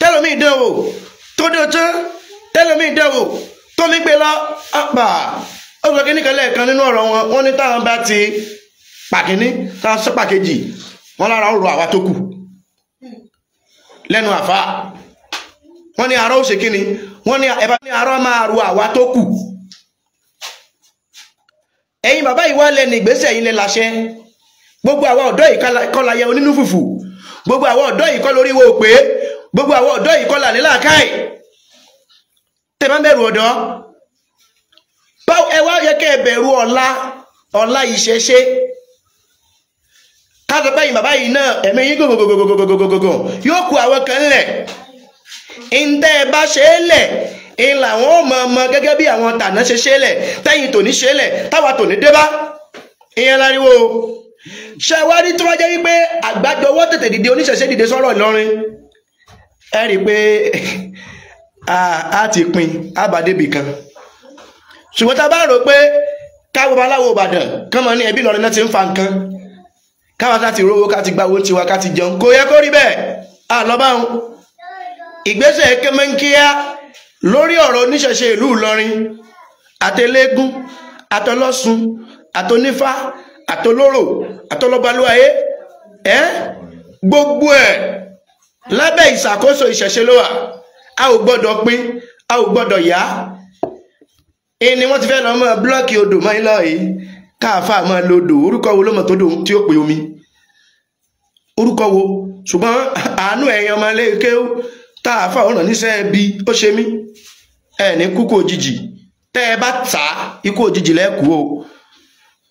tẹ́lómi dán o tó dán tán tẹ́lómi dán o tómi gbé lọ àpà ó sọ kíní kan lẹ́ẹ̀kan nínú ọ̀rọ̀ wọn wọ́n ní táwọn bá ti pàkíní táwọn sọ pàkejì wọ́n lára ó rọ àwa tó kù lẹ́nu àfa wọ́n ní àárọ̀ ó ṣe kíni wọ́n ní àárọ̀ máa ru àwa tó kù ẹ̀yin bàbá yìí wá lẹ́nu ìgbésẹ̀ yìí lẹ́ láṣẹ gbogbo àwa ọ̀dọ́ yìí kọ́ la yẹ onínú fùfù gbogbo àwa ọ̀dọ́ yìí kọ́ lórí wo pé gbogbo àwa ọ̀dọ́ yìí kọ́ là ní làákàyè tẹ bá bẹ̀rù ọ̀dọ́ ẹ wá yẹ kẹ́ ẹ bẹ̀rù ọ̀la ọ̀la ìṣẹ̀ṣe káàtó pẹ́yìn bàbá yìí náà ẹ̀mí yín gògògògògògògògògò yóò kú àwọn kan lẹ̀ ń tẹ́ ẹ bá ṣe é ń làwọn ò mọ ọmọ gẹ́gẹ́ bí àwọn tàná ṣe ṣe lẹ̀ tẹ́yìn tòní ṣe lẹ̀ táwa tòní dé bá ìyẹn láriwo ṣe wá rí tí wọ́n jẹ́ wípé àgbájọ ọwọ́ tètè dìde oníṣẹ̀ṣe dìde sọ̀rọ̀ Ìlọrin ẹ rí i pé <laughs> a ti pin àbádébì kan ṣùgbọ́n tá a bá rò pé káwọn aláwọ̀ Ìbàdàn kán mọ ní ẹbí Ìlọrin náà ti ń fa nǹkan káwọn ká ti rówó ká ti gba owó tiwa ká ti jẹun kò yẹ kó rí bẹ́ẹ̀ àlọ́ báwọn ìgbésẹ̀ kẹ́mẹ́ńkíyá lórí ọ̀rọ̀ oníṣẹ̀ṣe ìlú Ìlọrin àtẹlẹ́gùn àtọlọ́sùn àtọnífá àtọlóró àtọlọ́balúwayé ẹ́ gbogbo ẹ̀ lábẹ́ ìṣàkóso ìṣẹ̀ṣe ló wà a ò gbọ́dọ̀ pín a ò gbọ́dọ̀ yá ẹni wọ́n ti fẹ́ lọ mọ́ búlọ́ọ̀kì odò mọ́ ilọ́ yìí káàfà máa lo orúkọ wo ló mọ̀ tó dò tí ó pè omi orúkọ wo ṣùgbọ́n àánú ẹ̀yàn máa lé kéwú tá a fà ọ̀ràn níṣẹ́ bí ó ṣe mí ẹ ní kúkú òjijì tẹ́ ẹ bá tà á ikú òjijì lẹ́kù o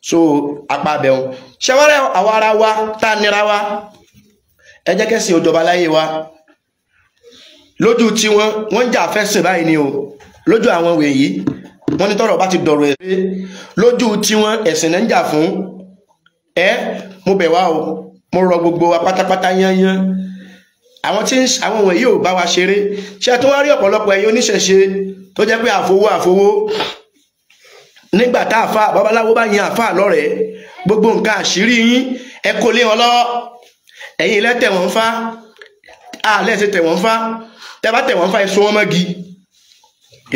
so apá abẹ́hùn ṣẹwárẹ́ àwa ara wa tá a nira wa ẹ jẹ́ kẹ́sì òjọba láyé wa lójú tí wọ́n wọ́n ń jà fẹ́sìn báyìí ni o lójú àwọn wèyí wọ́n ní tọ́rọ̀ bá ti dọ̀rọ̀ ẹ̀ pé lójú tí ẹ̀sìn náà ń jà fún ẹ mo bẹ̀ wá o mo rọ gbogbo wa pátápátá yányán àwọn tí àwọn wọ̀nyí ò bá wa ṣeré ṣe tó wá rí ọ̀pọ̀lọpọ̀ ẹ̀yin oníṣẹ̀ṣe tó jẹ́ pé àfowó àfowó nígbà tá àfa babaláwo bá yin àfa lọ́rẹ̀ẹ́ gbogbo nǹkan àṣírí yín ẹ kò lé wọn lọ́wọ́ ẹ̀yin ilẹ̀ tẹ̀ wọ́n fá àlẹ́ ṣe tẹ̀ wọ́n fá tẹ́ bá tẹ̀ wọ́n fá ẹ so mọ́gi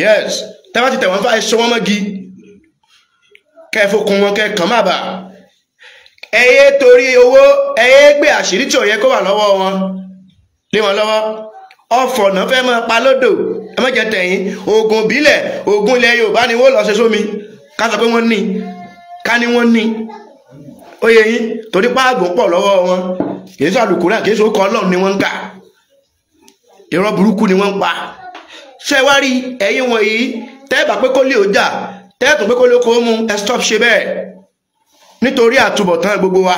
yes tẹ́ bá ti tẹ̀ wọ́n fá ẹ so wọ́n mọ́gi kẹ́ ẹ fokùn wọn kẹ́ ẹ kàn má bà ẹ yé torí owó ẹ gbé àṣírí tí ò yẹ kó wà lọ́wọ́ wọn lé wọn lọ́wọ́ ọ̀fọ̀nà fẹ́ máa pa lódò ẹ má jẹ́ tẹ̀yìn oògùn ìbílẹ̀ oògùn ilẹ̀ Yorùbá ni wọ́n lọ ṣe sómi ká sọ pé wọ́n ní ká ní wọ́n ní ó yín torí páàgùn pọ̀ lọ́wọ́ wọn kìí sàlùkù náà kìí sòkò Ọlọ́run ni wọ́n ń kà irọ́ burúkú ni wọ́n ń pa ṣé wá rí ẹ̀yin wọ̀nyí tẹ́ẹ̀bà pé kó lè ó jà tẹ́ẹ̀tù pé kó lè kó mú ẹ stop ṣe bẹ́ẹ̀ nítorí àtúbọ̀tán gbogbo wa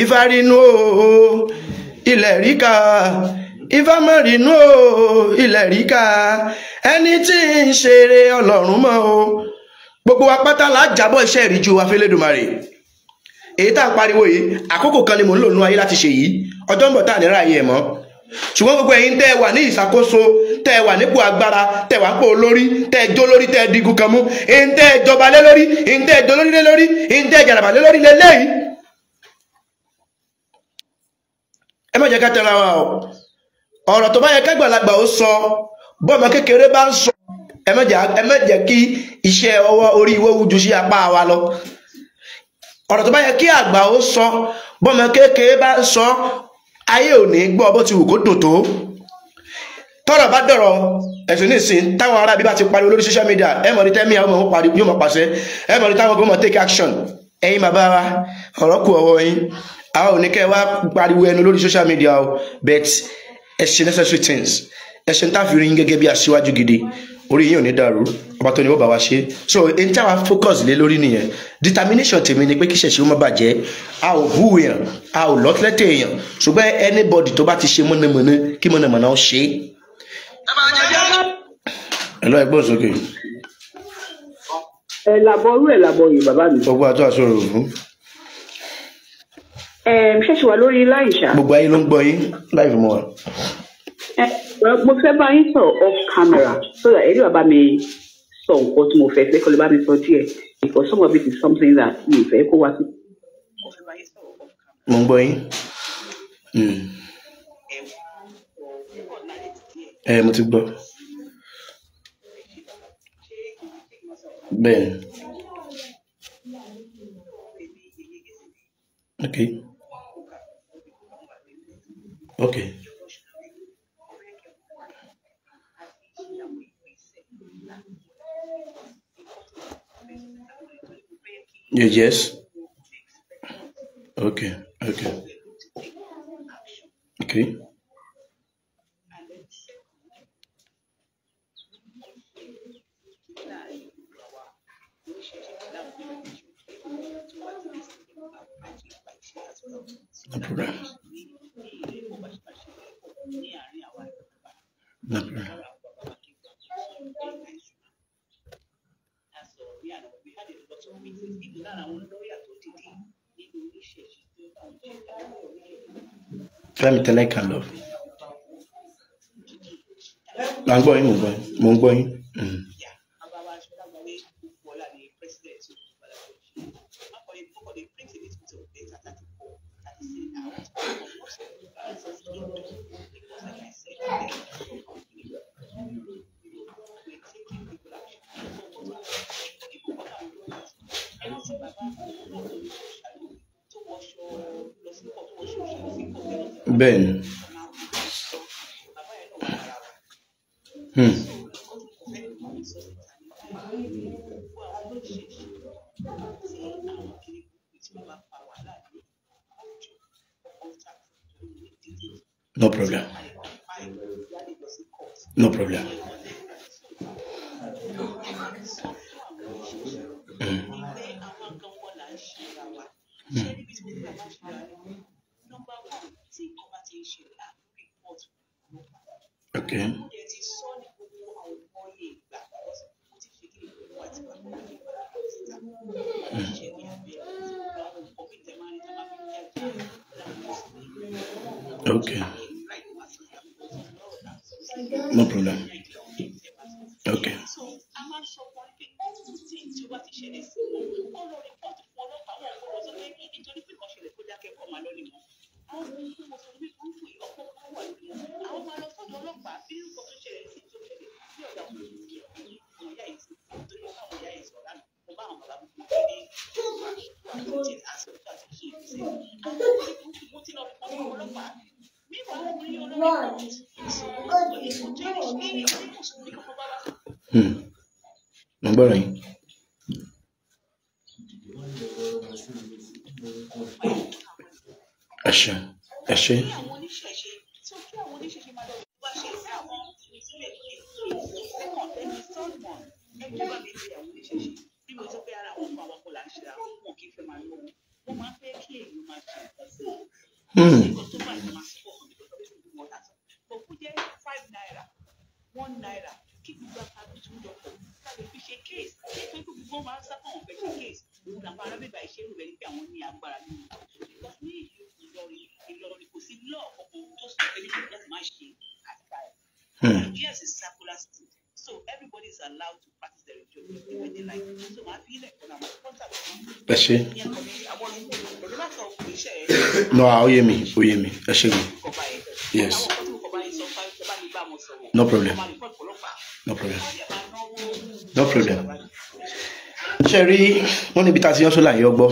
ìfarinú ooo ilẹ̀ ríkà ìfámọ̀rìnú o ilẹ̀ ríkà ẹni tí ń ṣeré ọlọ́run mọ́ o gbogbo wa pátá la jábọ̀ iṣẹ́ ìríjú wa fẹ́lẹ́dùmarè èyí tá à ń pariwo yìí àkókò kan ni mò ń lò nú ayé láti ṣe yìí ọjọ́ ń bọ̀ tá à ní ráàyè ẹ̀ mọ́ ṣùgbọ́n gbogbo ẹ̀yin tẹ́ ẹ wà ní ìṣàkóso tẹ́ ẹ wà nípò agbára tẹ́ ẹ wà nípò olórí tẹ́ ẹ jó lórí tẹ́ ẹ digun kan mú ẹ̀yin tẹ́ ẹ jọba lé lórí ẹ̀yin tẹ́ ẹ jọ lórí lé lórí ẹ̀yin tẹ́ ẹ jàràbà lé lórí lé léyìí ẹ má jẹ́ ká tẹra wa o ọ̀rọ̀ tó bá yẹ kágbàlagbà ó sọ bọ́ọ̀mọ kékeré bá ń sọ ẹ má jẹ́ kí iṣẹ́ ọwọ́ orí wíwú ju sí apá wa lọ ọ̀rọ̀ tó bá yẹ kí àgbà ó sọ bọ́ọ̀mọ kékeré bá ń sọ ayé ò ní gbọ́ bó ti wù kó dùn tó tọ́rọ̀ bá dọ̀rọ̀ ẹ̀sùn nísìn táwọn ará bí ti pariwo lórí social media ẹ mọ̀ ní tẹ́mí àwọn ọmọ pariwo yóò mọ̀ pàṣẹ ẹ mọ̀ ní táwọn gómọ̀ take action ẹ̀yin bàbá wa ọ̀rọ̀ kù ọwọ́ yín a ò ní kẹ́ ẹ wá pariwo ẹnu lórí social media o but ẹ ṣe necessary things ẹ ṣe ń tà fi rí gẹ́gẹ́ bí aṣíwájú gidi orí yín ò ní dàrú ọba tó wọ́n bá wa ṣe so n tí a wa focus lé lórí nìyẹn determination tèmi ni pé kí ṣẹ̀ṣẹ̀ ó má bàjẹ́ a ò bú èèyàn a ò lọ́tẹ́lẹ́tẹ̀ èèyàn ṣùgbọ́n anybody tó bá ti ṣe mọ̀nàmọ̀nà kí mọ̀nàmọ̀nà ó ṣe. ẹ̀lọ́ ẹ̀gbọ́n sókè. ẹ̀ làbọ̀ orú ẹ̀ làbọ̀ yìí bàbá mi. ọgbọ́n àtúwàsó rò fún ṣe ṣì wà lórí láìṣà. gbogbo ayé ló ń gbọ́ yín láì fi mọ wa. mo fẹ́ bá yín sọ off camera so that èdè bàbá mi sọ nǹkan tí mo fẹ́ fẹ́ kọ́ lè bá mi sọ díẹ̀ because some of it is something that mi ò fẹ́ kó wá sí. mo ń gbọ́ yín. Hmm. ẹ mo ti gbọ́. bẹ́ẹ̀ni. Okay. Okay. Yes. Okay. Okay. Okay. No problem. that Fẹ́mi tẹ́lẹ̀ kan lọ. Mà ń gbọ́ yín, mo Thank you. bem, Hmm. No problem. No problem. Mm. Okay. Mm. no problème. ṣẹ́gun yes no problem no problem no problem Sherry, rí wọn níbi tá a ti yán sólà yọ gbọ́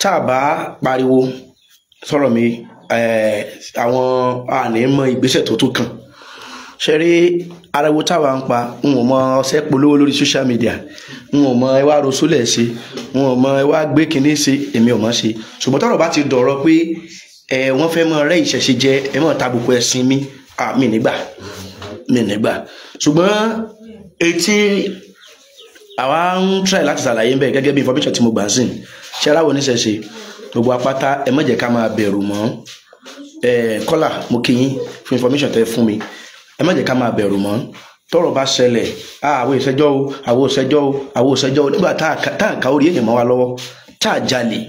tá a bá pariwo sọ̀rọ̀ mi àwọn àní mọ ìgbésẹ̀ tó tún kàn ṣe rí ariwo táwa ń pa n ò mọ ọṣẹ polówó lórí social media n ò mọ ẹ wá rosúlẹ̀ ṣe n ò mọ ẹ wá gbé kinní ṣe èmi ò mọ ṣe ṣùgbọ́n tọ́rọ̀ bá ti dọ̀rọ̀ pé ẹ wọ́n fẹ́ mọ rẹ ìṣẹ̀ṣe jẹ ẹ mọ tàbùkù ẹ̀sìn mi mi nígbà mi nígbà ṣùgbọ́n etí àwa ń try láti ṣàlàyé ń bẹ gẹ́gẹ́ bí information tí mo gbà ń sìn ṣe aráwọ oníṣẹ̀ṣe gbogbo apáta ẹ má jẹ́ ká máa bẹ̀rù mọ́ ẹ kọlà mo kí yín fún information tẹ́ fún mi ẹ má jẹ́ ká máa bẹ̀rù mọ́ tọ́rọ̀ bá ṣẹlẹ̀ àwọn ìṣẹjọ o àwọn ìṣẹjọ àwọn ìṣẹjọ nígbà tá à ń ka orí èèyàn mọ́ wa lọ́wọ́ tá à jalè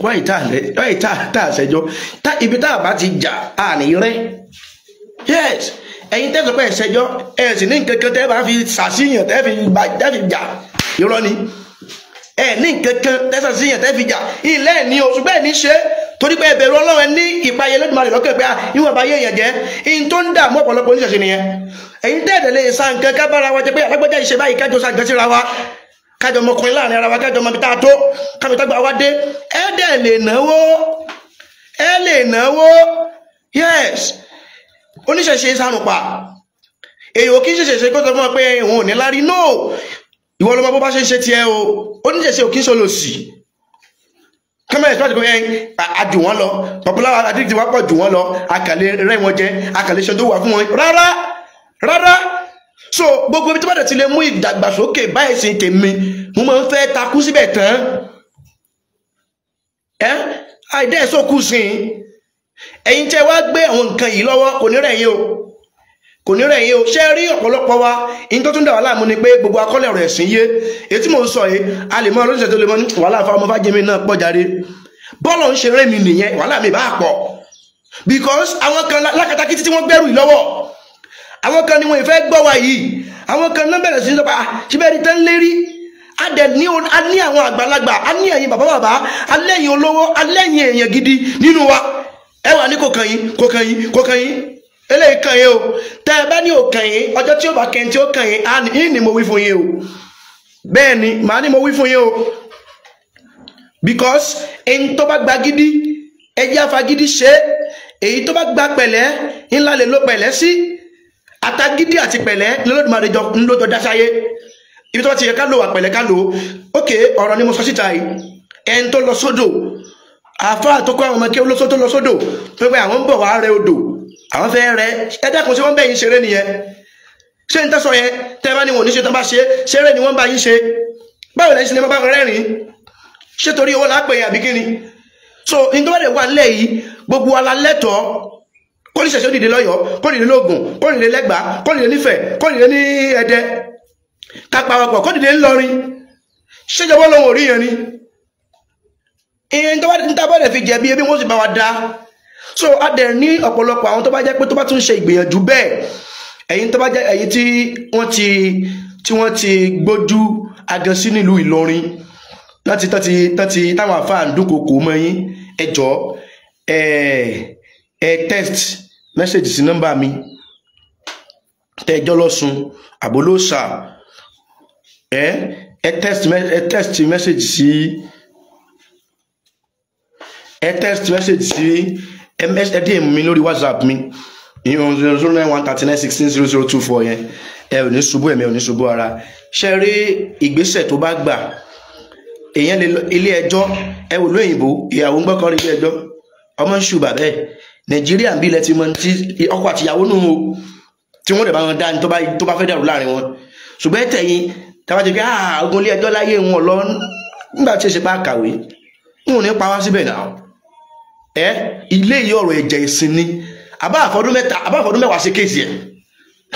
wáyé tá a ṣẹjọ́ ibi tá a bá ti jà á ní rẹ́ yes ẹ̀yin tẹ́sán pé ẹ̀ṣẹ̀jọ́ ẹ̀ sì ní nǹkan kan tẹ́ bá fi ṣàṣìyàn tẹ́ fi jà irọ́ ni ẹ̀ ní nǹkan kan tẹ́ ṣàṣìyàn tẹ́ fi jà ilẹ̀ ní oṣù bẹ́ẹ̀ ní ṣe torí pé ẹbẹ̀rù ọlọ́run ẹ ní ìpayẹ lẹ́dùnmarè lọ́kàn pé ah, ìwọ̀n bá yéèyàn jẹ́ ihun tó ń dààmú ọ̀pọ̀lọpọ̀ oníṣẹ̀ṣe nìyẹn ẹ̀yin tẹ́ẹ̀dẹ̀ lè sa nǹkan ká bára wa jẹ pé alágbẹ́jà ìṣe báyìí kájọ sa nǹkan wa kájọ ọmọkùnrin láàrin ara wa kájọ ọmọ bíta tó kájọ tágbà wá dé ẹ dẹ̀ lè náwó ẹ lè náwó yes oníṣẹ̀ṣe sànù pa èyí ò kí ń ṣẹ̀ṣẹ̀ ṣe kó sọ fún ọ pé òun ò ní lárí no ìwọ ló mọ bó bá ṣe ń ṣe tiẹ̀ o oníṣẹ̀ṣe ò kí ń ṣe olòṣì kọ́mọ̀ ẹ̀sọ́ àdìgbò yẹn àjù wọ́n lọ popular addict wọ́n pọ̀ jù wọ́n lọ àkàlẹ̀ rẹ̀ wọ́n jẹ́ àkàlẹ̀ ṣe tó wà fún wọn rárá rárá so gbogbo ibi tí wọ́n ti lè mú ìdàgbàsókè bá ẹ̀sìn tèmi mo máa ń fẹ́ takú síbẹ̀ tán ẹ́ àìdẹ́ sókù sí i ẹ̀yin tẹ́ wá gbé àwọn nǹkan yìí lọ́wọ́ kò ní rẹ̀yìn o kò ní rẹ̀yìn o ṣé rí ọ̀pọ̀lọpọ̀ wa in tó tún dà wá láàmú ni pé gbogbo akọ́lẹ̀ ọ̀rọ̀ ẹ̀sìn yé èyí tí mò ń sọ yìí a lè mọ olóṣèlú tó lè mọ ní wàhálà fáwọn ọmọ fájẹmí náà pọ̀ jáde bọ́ọ̀lù ń ṣe rémi nìyẹn wàhálà mi bá pọ̀ because àwọn kan lákatakítí tí wọ́n gbẹ́rù yìí lọ́wọ́ àwọn kan ni wọn ìfẹ́ gbọ́ wa yìí àwọn kan náà bẹ̀rẹ̀ sí ní sọ pé ah síbẹ̀ ẹni tẹ́ ń lérí a dẹ̀ ní a ní àwọn àgbàlagbà a ní ẹ̀yin bàbá bàbá alẹ́yìn olówó alẹ́yìn èèyàn gidi nínú wa ẹ wà ní kò kàn yín kò kàn yín kò kàn yín eléyìí kàn yín o tẹ́ ẹ bá ní ò kàn yín ọjọ́ tí ó bá kàn yín tí ó kàn yín á ní yín ni mo wí fún yín o bẹ́ẹ̀ ni màá ní mo wí fún yín o because ẹni tó bá gba gidi ẹjẹ́ afagídí ṣe èyí tó bá gba pẹ̀lẹ́ ńlá lè lo pẹ̀lẹ́ sí. Si àtagídí àti pẹ̀lẹ́ lọ́lọ́dúnmáre lójọ dáṣáyé ibi tó bá ti yẹ ká lò wà pẹ̀lẹ́ ká lò ókè ọ̀rọ̀ ni mo sọ síta yìí ẹni tó lọ sódò àáfàá tó kọ́ àwọn ọmọ kí ó lọ́sọ́ tó lọ sódò pé pé àwọn ń bọ̀ wá rẹ odò àwọn fẹ́ rẹ ẹ dákun sí wọ́n bẹ̀ yín ṣeré nìyẹn ṣé n tẹ́sọ̀ yẹn tẹ́ bá ní wọn ò ní ṣe tán bá ṣe ṣeré ni wọ́n bá yín ṣe báwo lẹ́yìn sinimá bá rẹ́rìn ṣé torí owó lápẹ̀yìn àbí kíni so n tó bá lè wà nílẹ̀ yìí gbogbo alalẹ́tọ̀ọ́ kó ní ṣẹ̀ṣẹ̀ ó lóògùn kó lẹ́gbàá kó dìde nífẹ̀ẹ́ ní ẹ̀dẹ́ kápáwọ̀pọ̀ kó ńlọrin ṣéjọba lòun ò yẹn ni ìyẹn tó bá níta bọ́ọ̀dẹ̀ fi jẹ̀bi ebi wọ́n sì bá wa dá so a dẹ̀ ní ọ̀pọ̀lọpọ̀ àwọn tó bá jẹ́ pé tó bá tún ṣe ìgbìyànjú bẹ́ẹ̀ ẹ̀yin tó bá jẹ́ ẹ̀yin tí wọ́n ti tí wọ́n ti gbójú agan sí nílùú Ìlọrin láti táwọn àfáà ń mọ́ yín ẹ jọ̀ọ́ ẹ ẹ test mẹ́sẹ̀jì sí nọ́mbà mi tẹ́jọ́ lọ́sùn àbólóòṣà ẹ ẹ tẹ́sítì mẹ́sẹ̀jì sí ẹ tẹ́sítì mẹ́sẹ̀jì sí ẹ dí èmi lórí whatsapp mi ìyọ̀n zero zero nine one thirty nine sixteen zero zero two four yẹn ẹ ò ní ṣubú ẹ̀mí ò ní ṣubú ara ṣe rí ìgbésẹ̀ tó bá gbà èèyàn lè ilé ẹjọ́ ẹ wò lóyìnbó ìyàwó ń gbọ́kànlé ilé ẹjọ́ ọmọ ń ṣùbà bẹ́ẹ̀ nàìjíríà ń bí ilẹ̀ ti mọ tí ọkọ àtìyàwó nù o tí wọ́n lè bá wọn dá ní tó bá fẹ́ dàrú láàrin wọn ṣùgbọ́n ẹ̀tẹ̀yìn táwa jẹ́ pé ah, ogun ilé ẹjọ́ láyé wọn lọ nígbà tí èsì pa kàwé wọn ò ní pa wá síbẹ̀ náà ẹ ilé yìí ọ̀rọ̀ ẹ̀jẹ̀ ìsìn ni àbá àfọdún mẹ́ta àbá àfọdún mẹ́wàá ṣe kéèsì ẹ̀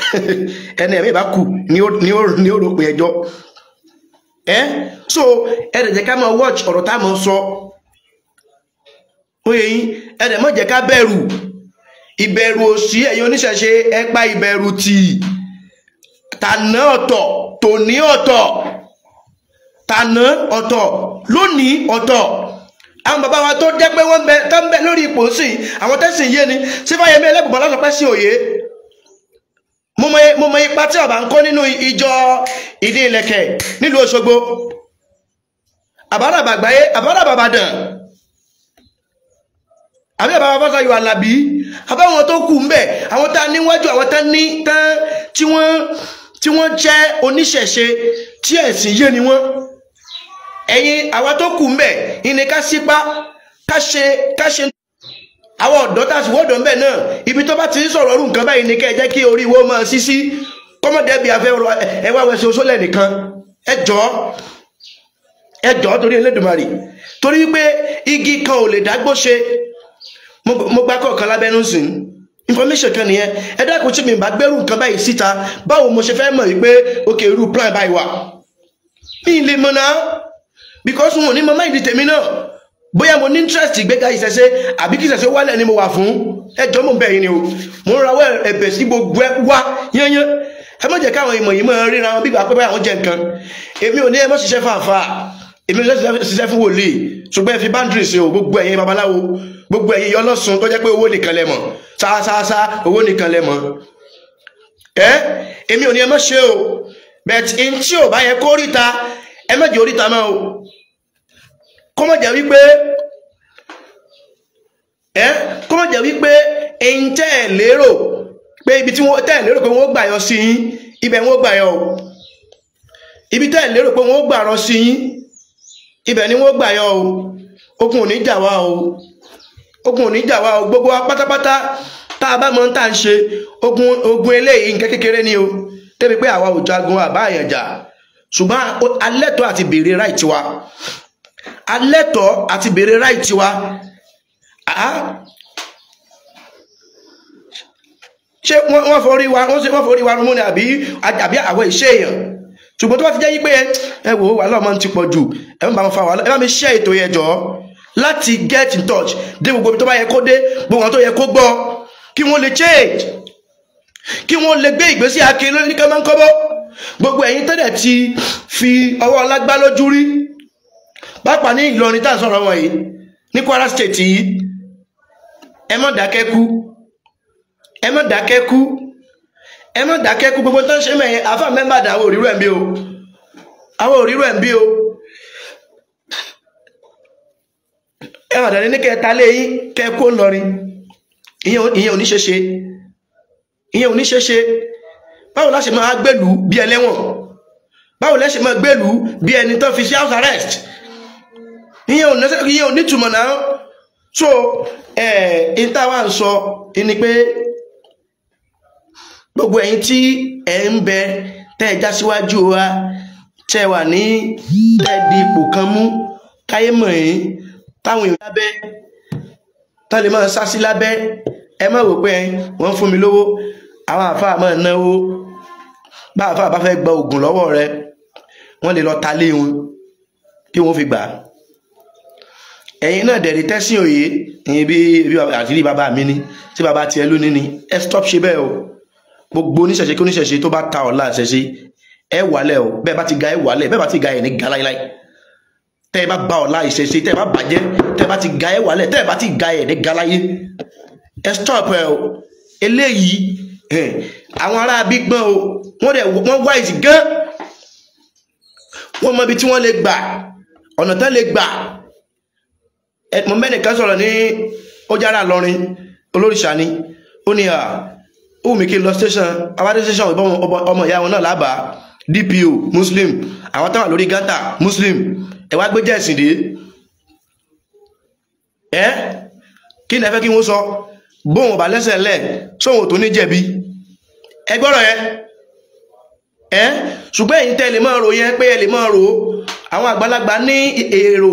<laughs> ẹni ẹ̀mí ìbá kù ní ó rògbìn ẹjọ́ ẹ so ẹ̀rẹ̀ jẹ́ ká máa watch ọ̀rọ̀ tá a máa sọ ó yẹ yín ẹ̀dẹ̀ mọ̀ jẹ́ ká bẹ̀rù ìbẹ̀rù òsì ẹ̀yin oníṣẹ̀ṣe ẹ pa ìbẹ̀rù tì tànà ọ̀tọ̀ tòní ọ̀tọ̀ tànà ọ̀tọ̀ lónìí ọ̀tọ̀ àwọn bàbá wa tó jẹ́ pé wọ́n bẹ tó ń bẹ lórí ipò sí àwọn tẹ́sí yé ni sífàyẹmí ẹlẹ́bùbọ̀ lọ́sọ̀pẹ́ sí òye mo mọ ipa tí àbá ń kó nínú ìjọ ìdí ìlẹ̀kẹ̀ nílùú Òṣogbo àbáràbàgbáyé àbáràbàbàdàn àbí àbá bàbá Sayo Àlàbí àbáwọn tó kù ń bẹ àwọn tá a níwájú àwọn tá a ní tán tí wọ́n tí wọ́n jẹ́ oníṣẹ̀ṣe tí ẹ̀sìn yé ni wọ́n ẹ̀yin àwa tó kù ń bẹ ìní ká sípá ká ṣe ká ṣe àwọn ọ̀dọ́ tá a sì wọ́dọ̀ ń bẹ náà ibi tó bá ti ń sọ̀rọ̀ ọ̀rùn nǹkan báyìí ni kẹ́ ẹ jẹ́ kí orí wo máa sí sí kọ́mọ̀dé bíi afẹ́ ẹ wá wẹsẹ̀ oṣó lẹ́nìkan ẹ jọ̀ọ́ ẹ jọ̀ọ́ torí Elédùmarè torí pé igi kan ò lè dágbó ṣe mo gbá kọ̀ọ̀kan lábẹ́nú sùn information kan nìyẹn ẹ dákun tí mi bá gbẹ́rù nǹkan báyìí síta báwo mo ṣe fẹ́ mọ̀ wípé òkè irú plan báyìí wà mi lè mọ̀ náà because wọn ò ní mọ máìlì tèmi náà bóyá mo ní interest ìgbéga ìṣẹ̀ṣe àbí kí ìṣẹ̀ṣe wálẹ̀ ni mo wà fún ẹjọ́ mò ń bẹ̀ yín ni o mo ń rawọ́ ẹ̀bẹ̀ sí gbogbo ẹ wá yányán ẹ má jẹ́ káwọn ìmọ̀ yìí mọ̀ ríra wọn bí gbà pé báyà wọn jẹ nǹkan èmi ò ní ẹ má ṣiṣẹ́ fàáfàá èmi ló ṣiṣẹ́ fún wòlíì ṣùgbọ́n ẹ fi báńdìrì sí o gbogbo ẹ̀yin babaláwo gbogbo ẹ̀yin ọlọ́sùn tó jẹ́ pé owó nìkan lẹ mọ̀ ṣáṣáṣá owó nìkan lẹ mọ̀ ẹ èmi ò ní ẹ mọ̀ ṣe o bẹ́ẹ̀ tí n tí ò bá yẹ kó ríta ẹ mọ̀ jẹ́ oríta mọ́ o kó mọ̀ jẹ́ wípé ẹ kó mọ̀ jẹ́ wípé ẹ̀yin tẹ́ ẹ̀ lérò pé ibi tí wọ́n tẹ́ ẹ̀ lérò pé wọ́n gbà yọ sí yín ibẹ̀ wọ́n gbà yọ ibi tẹ́ ẹ̀ lérò pé wọ́n gbà rọ sí yín ibẹ̀ ni wọ́n gbà yọ o ogun ò ní jà wá o ogun ò ní jà wá o gbogbo wa pátápátá tá a bá mọ tá à ń ṣe ogun ogun eléyìí nǹkan kékeré ni o débi pé àwa ò jagun àbá àyànjà ṣùgbọ́n alẹ́tọ̀ àti béèrè ráìtì wa alẹ́tọ̀ àti béèrè ráìtì wa ṣé wọ́n forí wa wọ́n forí wa rúmú ni àbí àbí àwọn ìṣe èèyàn ṣùgbọ́n tó bá ti jẹ́ yín pé ẹ wò ó wàhálà ọmọ ti pọ̀ jù ẹ má bá wọn fa wàhálà ẹ bá share ètò yẹn jọ láti get in touch dé gbogbo ibi tó bá yẹ kó dé gbogbo àwọn tó yẹ kó gbọ́ kí wọ́n lè change kí wọ́n lè gbé ìgbésí akin lórí nìkan máa ń kọ́bọ́ gbogbo ẹ̀yin tẹ́lẹ̀ ti fi ọwọ́ lágbá lójú rí pàápàá ní Ìlọrin tá à ń sọ̀rọ̀ wọn yìí ní Kwara state yìí ẹ má dákẹ́ kú ẹ má dákẹ́ ẹ má dákẹ́ kú gbogbo tó ń ṣe mẹ́yìn àfa mẹ́mbà dà àwọn òrírò ẹ̀ ń bí o àwọn òrírò ẹ̀ ń bí o ẹ hàn dání ní kẹta léyìn kẹ kó lọrin ìyẹn ò ní ṣeṣe ìyẹn ò ní ṣeṣe báwo la ṣe máa gbèlú bí ẹlẹ́wọ̀n báwo la ṣe máa gbèlú bí ẹni tó fi ṣe house arrest ìyẹn ò nítumọ̀ náà so ẹ̀ ń táwa ń sọ ni pé gbogbo ẹ̀yin tí ẹ ń bẹ tẹ́ ẹ já síwájú wa tẹ́ wà ní tẹ́ di ipò kan mú káyé mọ̀ yín táwọn èèyàn lábẹ́ tán lè máa sá sí lábẹ́ ẹ má wò pé wọ́n fún mi lówó àwọn àfáà máa náwó bá àfáà bá fẹ́ gba oògùn lọ́wọ́ rẹ wọ́n lè lọ ta lé wọn kí wọ́n fi gbà á ẹ̀yin náà dẹ̀rí tẹ́sí òye ìyẹn bí àtìrí bàbá mi ni tí bàbá tiẹ̀ lónìí ni ẹ stop ṣe bẹ́ẹ̀ o gbogbo oníṣẹ̀ṣe kí oníṣẹ̀ṣe tó bá ta ọ̀la ṣẹ̀ṣe ẹ wàlẹ̀ o bẹ́ẹ̀ bá ti ga ẹ wàlẹ̀ bẹ́ẹ̀ bá ti ga ẹ̀ ní ga láíláí tẹ́ ẹ bá ba ọ̀la ìṣẹ̀ṣe tẹ́ ẹ bá bàjẹ́ tẹ́ ẹ bá ti ga ẹ wàlẹ̀ tẹ́ ẹ bá ti ga ẹ̀ ní ga láyé ẹ stop ẹ o eléyìí àwọn ará bí gbọ́n o wọ́n dẹ̀ wọ́n wá ìsì gán wọ́n mọ ibi tí wọ́n lè gbà ọ̀nà tán lè gbà mọ̀ mẹ́nìkan sọ̀rọ̀ ní ó jára lọrin olóríṣà ni ó ní à ó wù mí kí n lọ station abáde station ọmọ ìyá wọn náà lábàá DPO muslim àwọn táwọn lórí gata muslim ẹ wá gbé jẹ́sìn dé ẹ kí ni ẹ fẹ́ kí wọ́n sọ bóun ọba lẹ́sẹ̀ lẹ̀ sóun ò tó ní jẹ̀bi ẹ gbọ́dọ̀ yẹn ẹ ṣùgbọ́n èyí tẹ́ ẹ lè máa ro yẹn pé ẹ lè máa ro àwọn àgbàlagbà ní èrò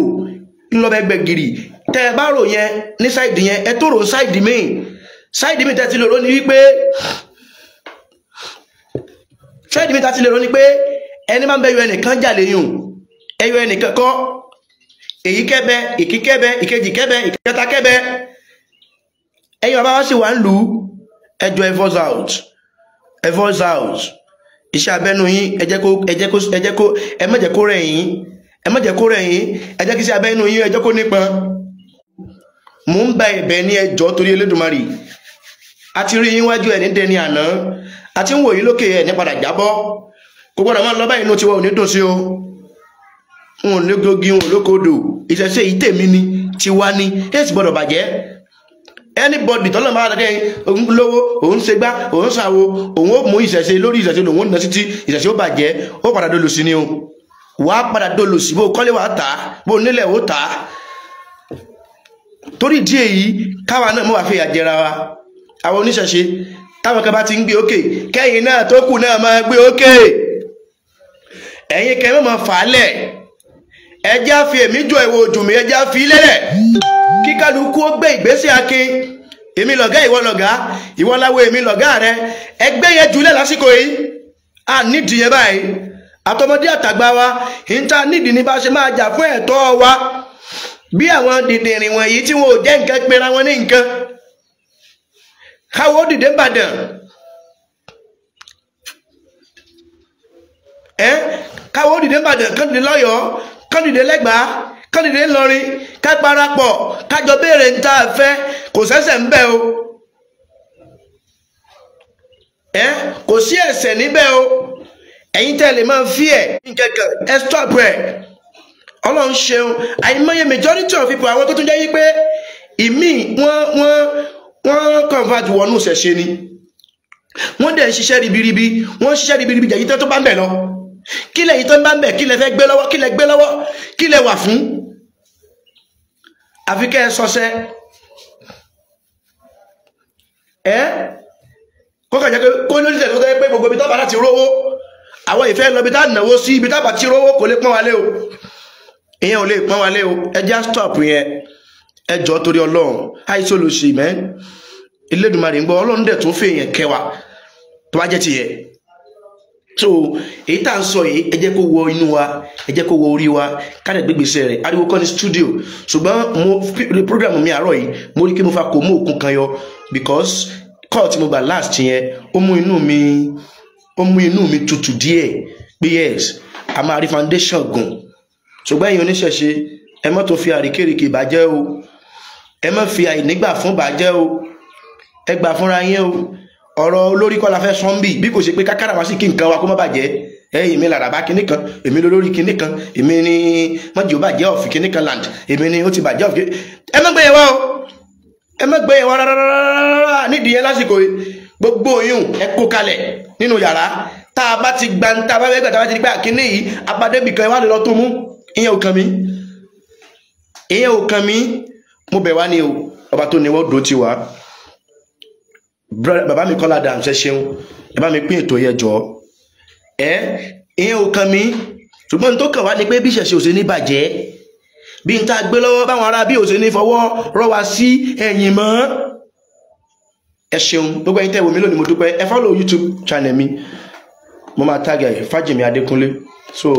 ńlọbẹgbẹgìrì tẹ́ ẹ bá rò yẹn ní ṣáìdì yẹn ẹ tó rò ṣáìdì míì ṣáìdì mi tẹ́tí lòró ni wípé ṣáìdì mi tẹ́tí lòró ni pé ẹni máa ń bẹ yọ ẹnìkan jà lẹ́yìn ẹyọ ẹnìkan kọ́ èyí kẹ́bẹ ìkí kẹ́bẹ ìkejì ìkẹta wa sì wà ń lù ú ẹ out ẹ voice out yín kó ẹ kó ẹ a ti rí yíwájú ẹ̀ ní dẹni àná a ti ń wòyí lókè ẹ̀ padà jábọ́ kò gbọ́dọ̀ máa lọ báyìí inú tiwa ò ní dùn sí o n ò lógogi n ò lókodò ìṣẹ̀ṣe yìí tèmi ni tiwa ni èsì gbọ́dọ̀ bàjẹ́ anybody tọ́lọ̀ máa dẹ́ òun lówó òun ṣe gbá òun ṣàwo òun ó mú ìṣẹ̀ṣe lórí ìṣẹ̀ṣe lòun ó nà sí tí ìṣẹ̀ṣe ó bàjẹ́ ó padà dolo sí ni o wà á padà dolo sí bó kọ́lé wà á tà á bó nílẹ̀ ó tà á torí díẹ̀ yìí káwa náà mọ̀ wá fi àjẹra wa àwọn oníṣẹ̀ṣe táwọn kan bá ti ń gbé òkè kẹ́yìn náà tó kù náà máa gbé òkè ẹ̀yin kẹ́yìn máa fà á lẹ̀ ẹjẹ́ àfi èmi jọ ìwò òjò mi ẹjẹ́ àfi lẹ́lẹ̀ kí kálukú ó gbé ìgbésẹ̀ akin èmi lọ̀gá ìwọ lọ̀gá ìwọ láwo èmi lọ̀gá rẹ ẹgbẹ́ yẹn jùlẹ̀ lásìkò yìí a nídìí yẹn báyìí àtọmọdé àtàgbà wa ìta nídìí ní bá ṣe máa jà fún ẹ̀tọ́ wa bí àwọn dìdìrìn wọ̀nyí tí wọn ò jẹ́ nǹkan pera wọn ní nǹkan káwọ́ dìde Ìbàdàn ẹ káwọ́ dìde Ìbàdàn kán dìde lọ́yọ̀ọ́ kán dìde lẹ́gbàá kán dìde ńlọrin ká parapọ̀ kájọ béèrè níta fẹ́ kò sẹ́sẹ̀ ń bẹ̀ o ẹ kò sí ẹ̀ṣẹ̀ níbẹ̀ o ẹ̀yin tẹ́ lè máa fi ẹ̀ nkankan ẹ stop ẹ̀ ọlọ́run ṣeun àìmọye majority of people àwọn tó tún jẹ́ yí pé ìmíì wọ́n wọ́n wọ́n convert wọnú ṣẹ̀ṣe ni wọ́n dẹ̀ ń ṣiṣẹ́ ribiribi wọ́n ń ṣiṣẹ́ ribiribi jẹ̀yìn tó bá ń bẹ̀ lọ kí lẹ̀ yìí tó bá ń bẹ̀ kí lẹ̀ fẹ́ gbé lọ́wọ́ kí lẹ̀ gbé lọ́wọ́ kí lẹ̀ wà fún àfi kẹ́ ẹ sọsẹ́ ẹ kọ́kà jẹ́ kó ní oníṣẹ́ tó tẹ́ pé gbogbo ibi tábà láti rówó àwọn ìfẹ́ lọ ibi tá náwó sí ibi tábà ti rówó kò lè pọ́n wálé o ìyẹn ò lè pọ́n wálé o ẹ já stop yẹn ẹ jọ̀ọ́ torí ọlọ́run àìsí olùsì mẹ́ Elédùmarè ń gbọ́ ọlọ́run dẹ̀ tó fèèyàn kẹwàá tó bá jẹ́ tiẹ̀ so èyí tá à ń sọ yìí ẹ jẹ́ kó wọ inú wa ẹ jẹ́ kó wọ orí wa káàdì gbégbèsè rẹ̀ ariwo kọ́ ní studio ṣùgbọ́n mo program mi àárọ̀ yìí mo rí i pé mo fa kò mú òkun kan yọ because call tí mo gbà last yẹn ó mú inú mi ó mú inú mi tutù díẹ̀ pé yes a máa rí foundation gùn ṣùgbọ́n ẹ̀yin oníṣẹ̀ṣe ẹ má tó fi àríkèrèkè bàjẹ́ o ẹ má fi àìnígbà fún bàjẹ́ o ẹ gbà fúnra yín o ọ̀rọ̀ olórí kọ́ la fẹ́ sọ́n bì bí kò ṣe pé kákàrà wá sí kí nǹkan wa kó má bàjẹ́ ẹ èmi làràbá kinní kan èmi lolórí kinní kan èmi ni mọ́jì ó bàjẹ́ ọ̀fìn kinní kan land èmi ni ó ti bàjẹ́ ọ̀fìn ẹ má gbé o ẹ má gbé yẹn wá rárá nídìí yẹn lásìkò gbogbo oyún ẹ kó kalẹ̀ nínú yàrá tá a bá ti gba tá a bá fẹ́ gbà tá a bá ti di pé àkíní yìí abadébìkan ẹ wá lè lọ tó mú ìyẹn ò kàn mí ìyẹn ò kàn mí mo bẹ̀ wá ní o ọba tó ní wọ́n dúró tì wá bàbá mi Kọ́lá Adams ẹ ṣeun ẹ bá mi pín ètò yẹn jọ ẹ ìyẹn ò kan mi ṣùgbọ́n tó kàn wá ni pé bí ìṣẹ̀ṣe ò ṣe ní bàjẹ́ bí n ta gbé lọ́wọ́ báwọn ará bí ò ṣe ní fọwọ́ rọ́ wa sí ẹ̀yìn mọ́ ẹ ṣeun gbogbo ẹ̀yin tẹ́ wò mí lónìí mo dúpẹ́ ẹ follow YouTube channel mi mo máa tag ẹ Fájìmí Adékúnlé so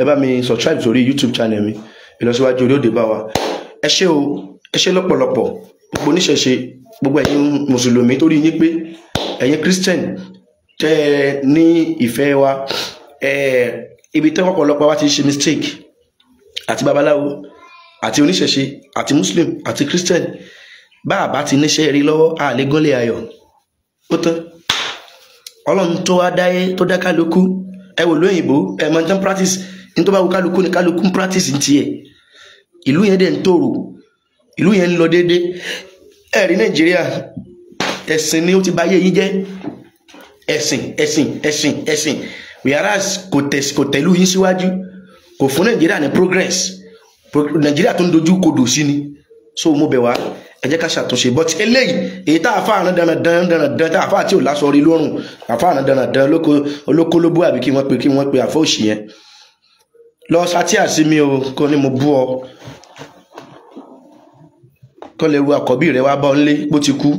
ẹ bá mi subscribe sórí YouTube channel mi ìlọsíwájú orí òde bá wa ẹ ṣé o ẹ ṣé lọ́pọ̀lọpọ̀ gbogbo oníṣẹ̀ṣe gbogbo ẹ̀yin mùsùlùmí torí yín pé ẹ̀yin christian tẹ́ ẹ ní ìfẹ́ wa ẹ ibi tẹ́ ọ̀pọ̀lọpọ̀ wa ti ṣe mistake àti babaláwo àti oníṣẹ̀ṣe àti muslim àti christian bá a bá ti níṣẹ́ rí lọ́wọ́ a lè gúnlẹ̀ ayọ̀ ó tán ọlọ́run tó wá dáyé tó dá kálukú ẹ wò lóyìnbó ẹ mọ̀ ní tán practice ní tó bá wù kálukú ní kálukú practice ní tiẹ̀ ìlú yẹn dẹ̀ ń tòrò ìlú yẹn ń lọ déédé ẹ̀rí nàìjíríà ẹ̀sìn ni ó ti báyé yín jẹ́ ẹ̀sìn ẹ̀sìn ẹ̀sìn ẹ̀sìn whereas kò tẹ̀sí kò tẹ̀lú yín síwájú kò fún nàìjíríà ní progress nàìjíríà tó ń dojú kodò sí ni so mo bẹ̀ wá ẹ jẹ́ ká ṣàtúnṣe but eléyìí èyí tá a fa àná dandan dandan tá a fa àti ò lásọ orí lórùn àfa àná dandan olókólóbó àbí kí wọ́n pe kí wọ́n pe àfọ́ òṣì yẹn lọ ṣàtì àṣì mi o kò ní mo bú ọ kò lè wo àkọ́bí rẹ wá bọ́ nílé bó ti kú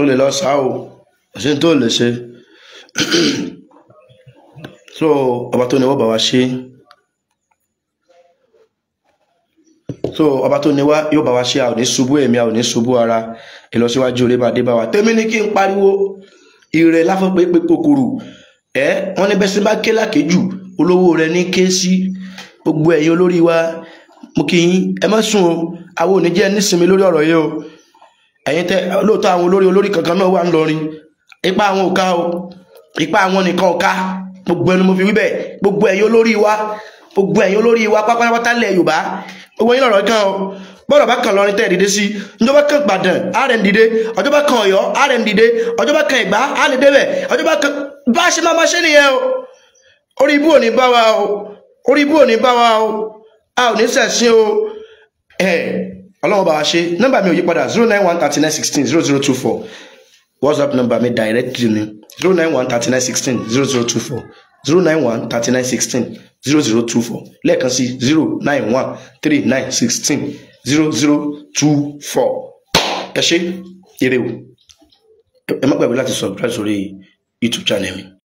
ó lè lọ sá o ṣe tó lè ṣe <clears throat> so ọba tó ní wọ́n bá wa ṣe so ọba tó ní wá yóò bá wa ṣe a ò ní ṣubú èmi a ní ṣubú ara ìlọsíwájú orí bá dé bá wa tèmi ní kí n pariwo ire láfọ́pẹ́ pé kòkòrò ẹ wọ́n ní bẹ́sẹ̀ bá ké lákéjù olówó rẹ ní ké sí gbogbo ẹ̀yin olórí wa mo kì í ẹ má sùn o àwọn ò ní jẹ́ nísinmi lórí ọ̀rọ̀ yìí o ẹ̀yin tẹ lóòótọ́ àwọn olórí olórí kankan náà wà ń lọrin ipa àwọn ò ká o ipa àwọn nìkan ò ká gbogbo ẹni mo fi wí bẹ́ẹ̀ gbogbo ẹ̀yin olórí wa gbogbo ẹ̀yin olórí wa pápápátá lẹ̀ Yorùbá gbogbo yín lọ̀rọ̀ kan o bọ́ọ̀rọ̀ bá kan lọrin tẹ́ dìde sí ìjọba kan gbàdàn rn dìde ọjọba kan Ọ̀yọ́ rn dìde ọjọba kan Ẹ̀gbá alẹ débẹ ọjọba kan bá ṣe máa máa ṣe nìyẹn o orí ibú ò ní bá wa o orí bó ní bá wa o a ò ní sẹ̀sìn o ọlọ́run bá wa ṣe nọ́mbà mi ò yí padà zero nine one thirty nine sixteen zero zero two four whatsapp number mi directly ni zero nine one thirty nine sixteen zero zero two four zero nine one thirty nine sixteen zero zero two four lẹ́ẹ̀kan sí zero nine one three nine sixteen zero zero two four ẹ ṣe eré o ẹ má gbàgbé láti subscribe sórí youtube channel mi.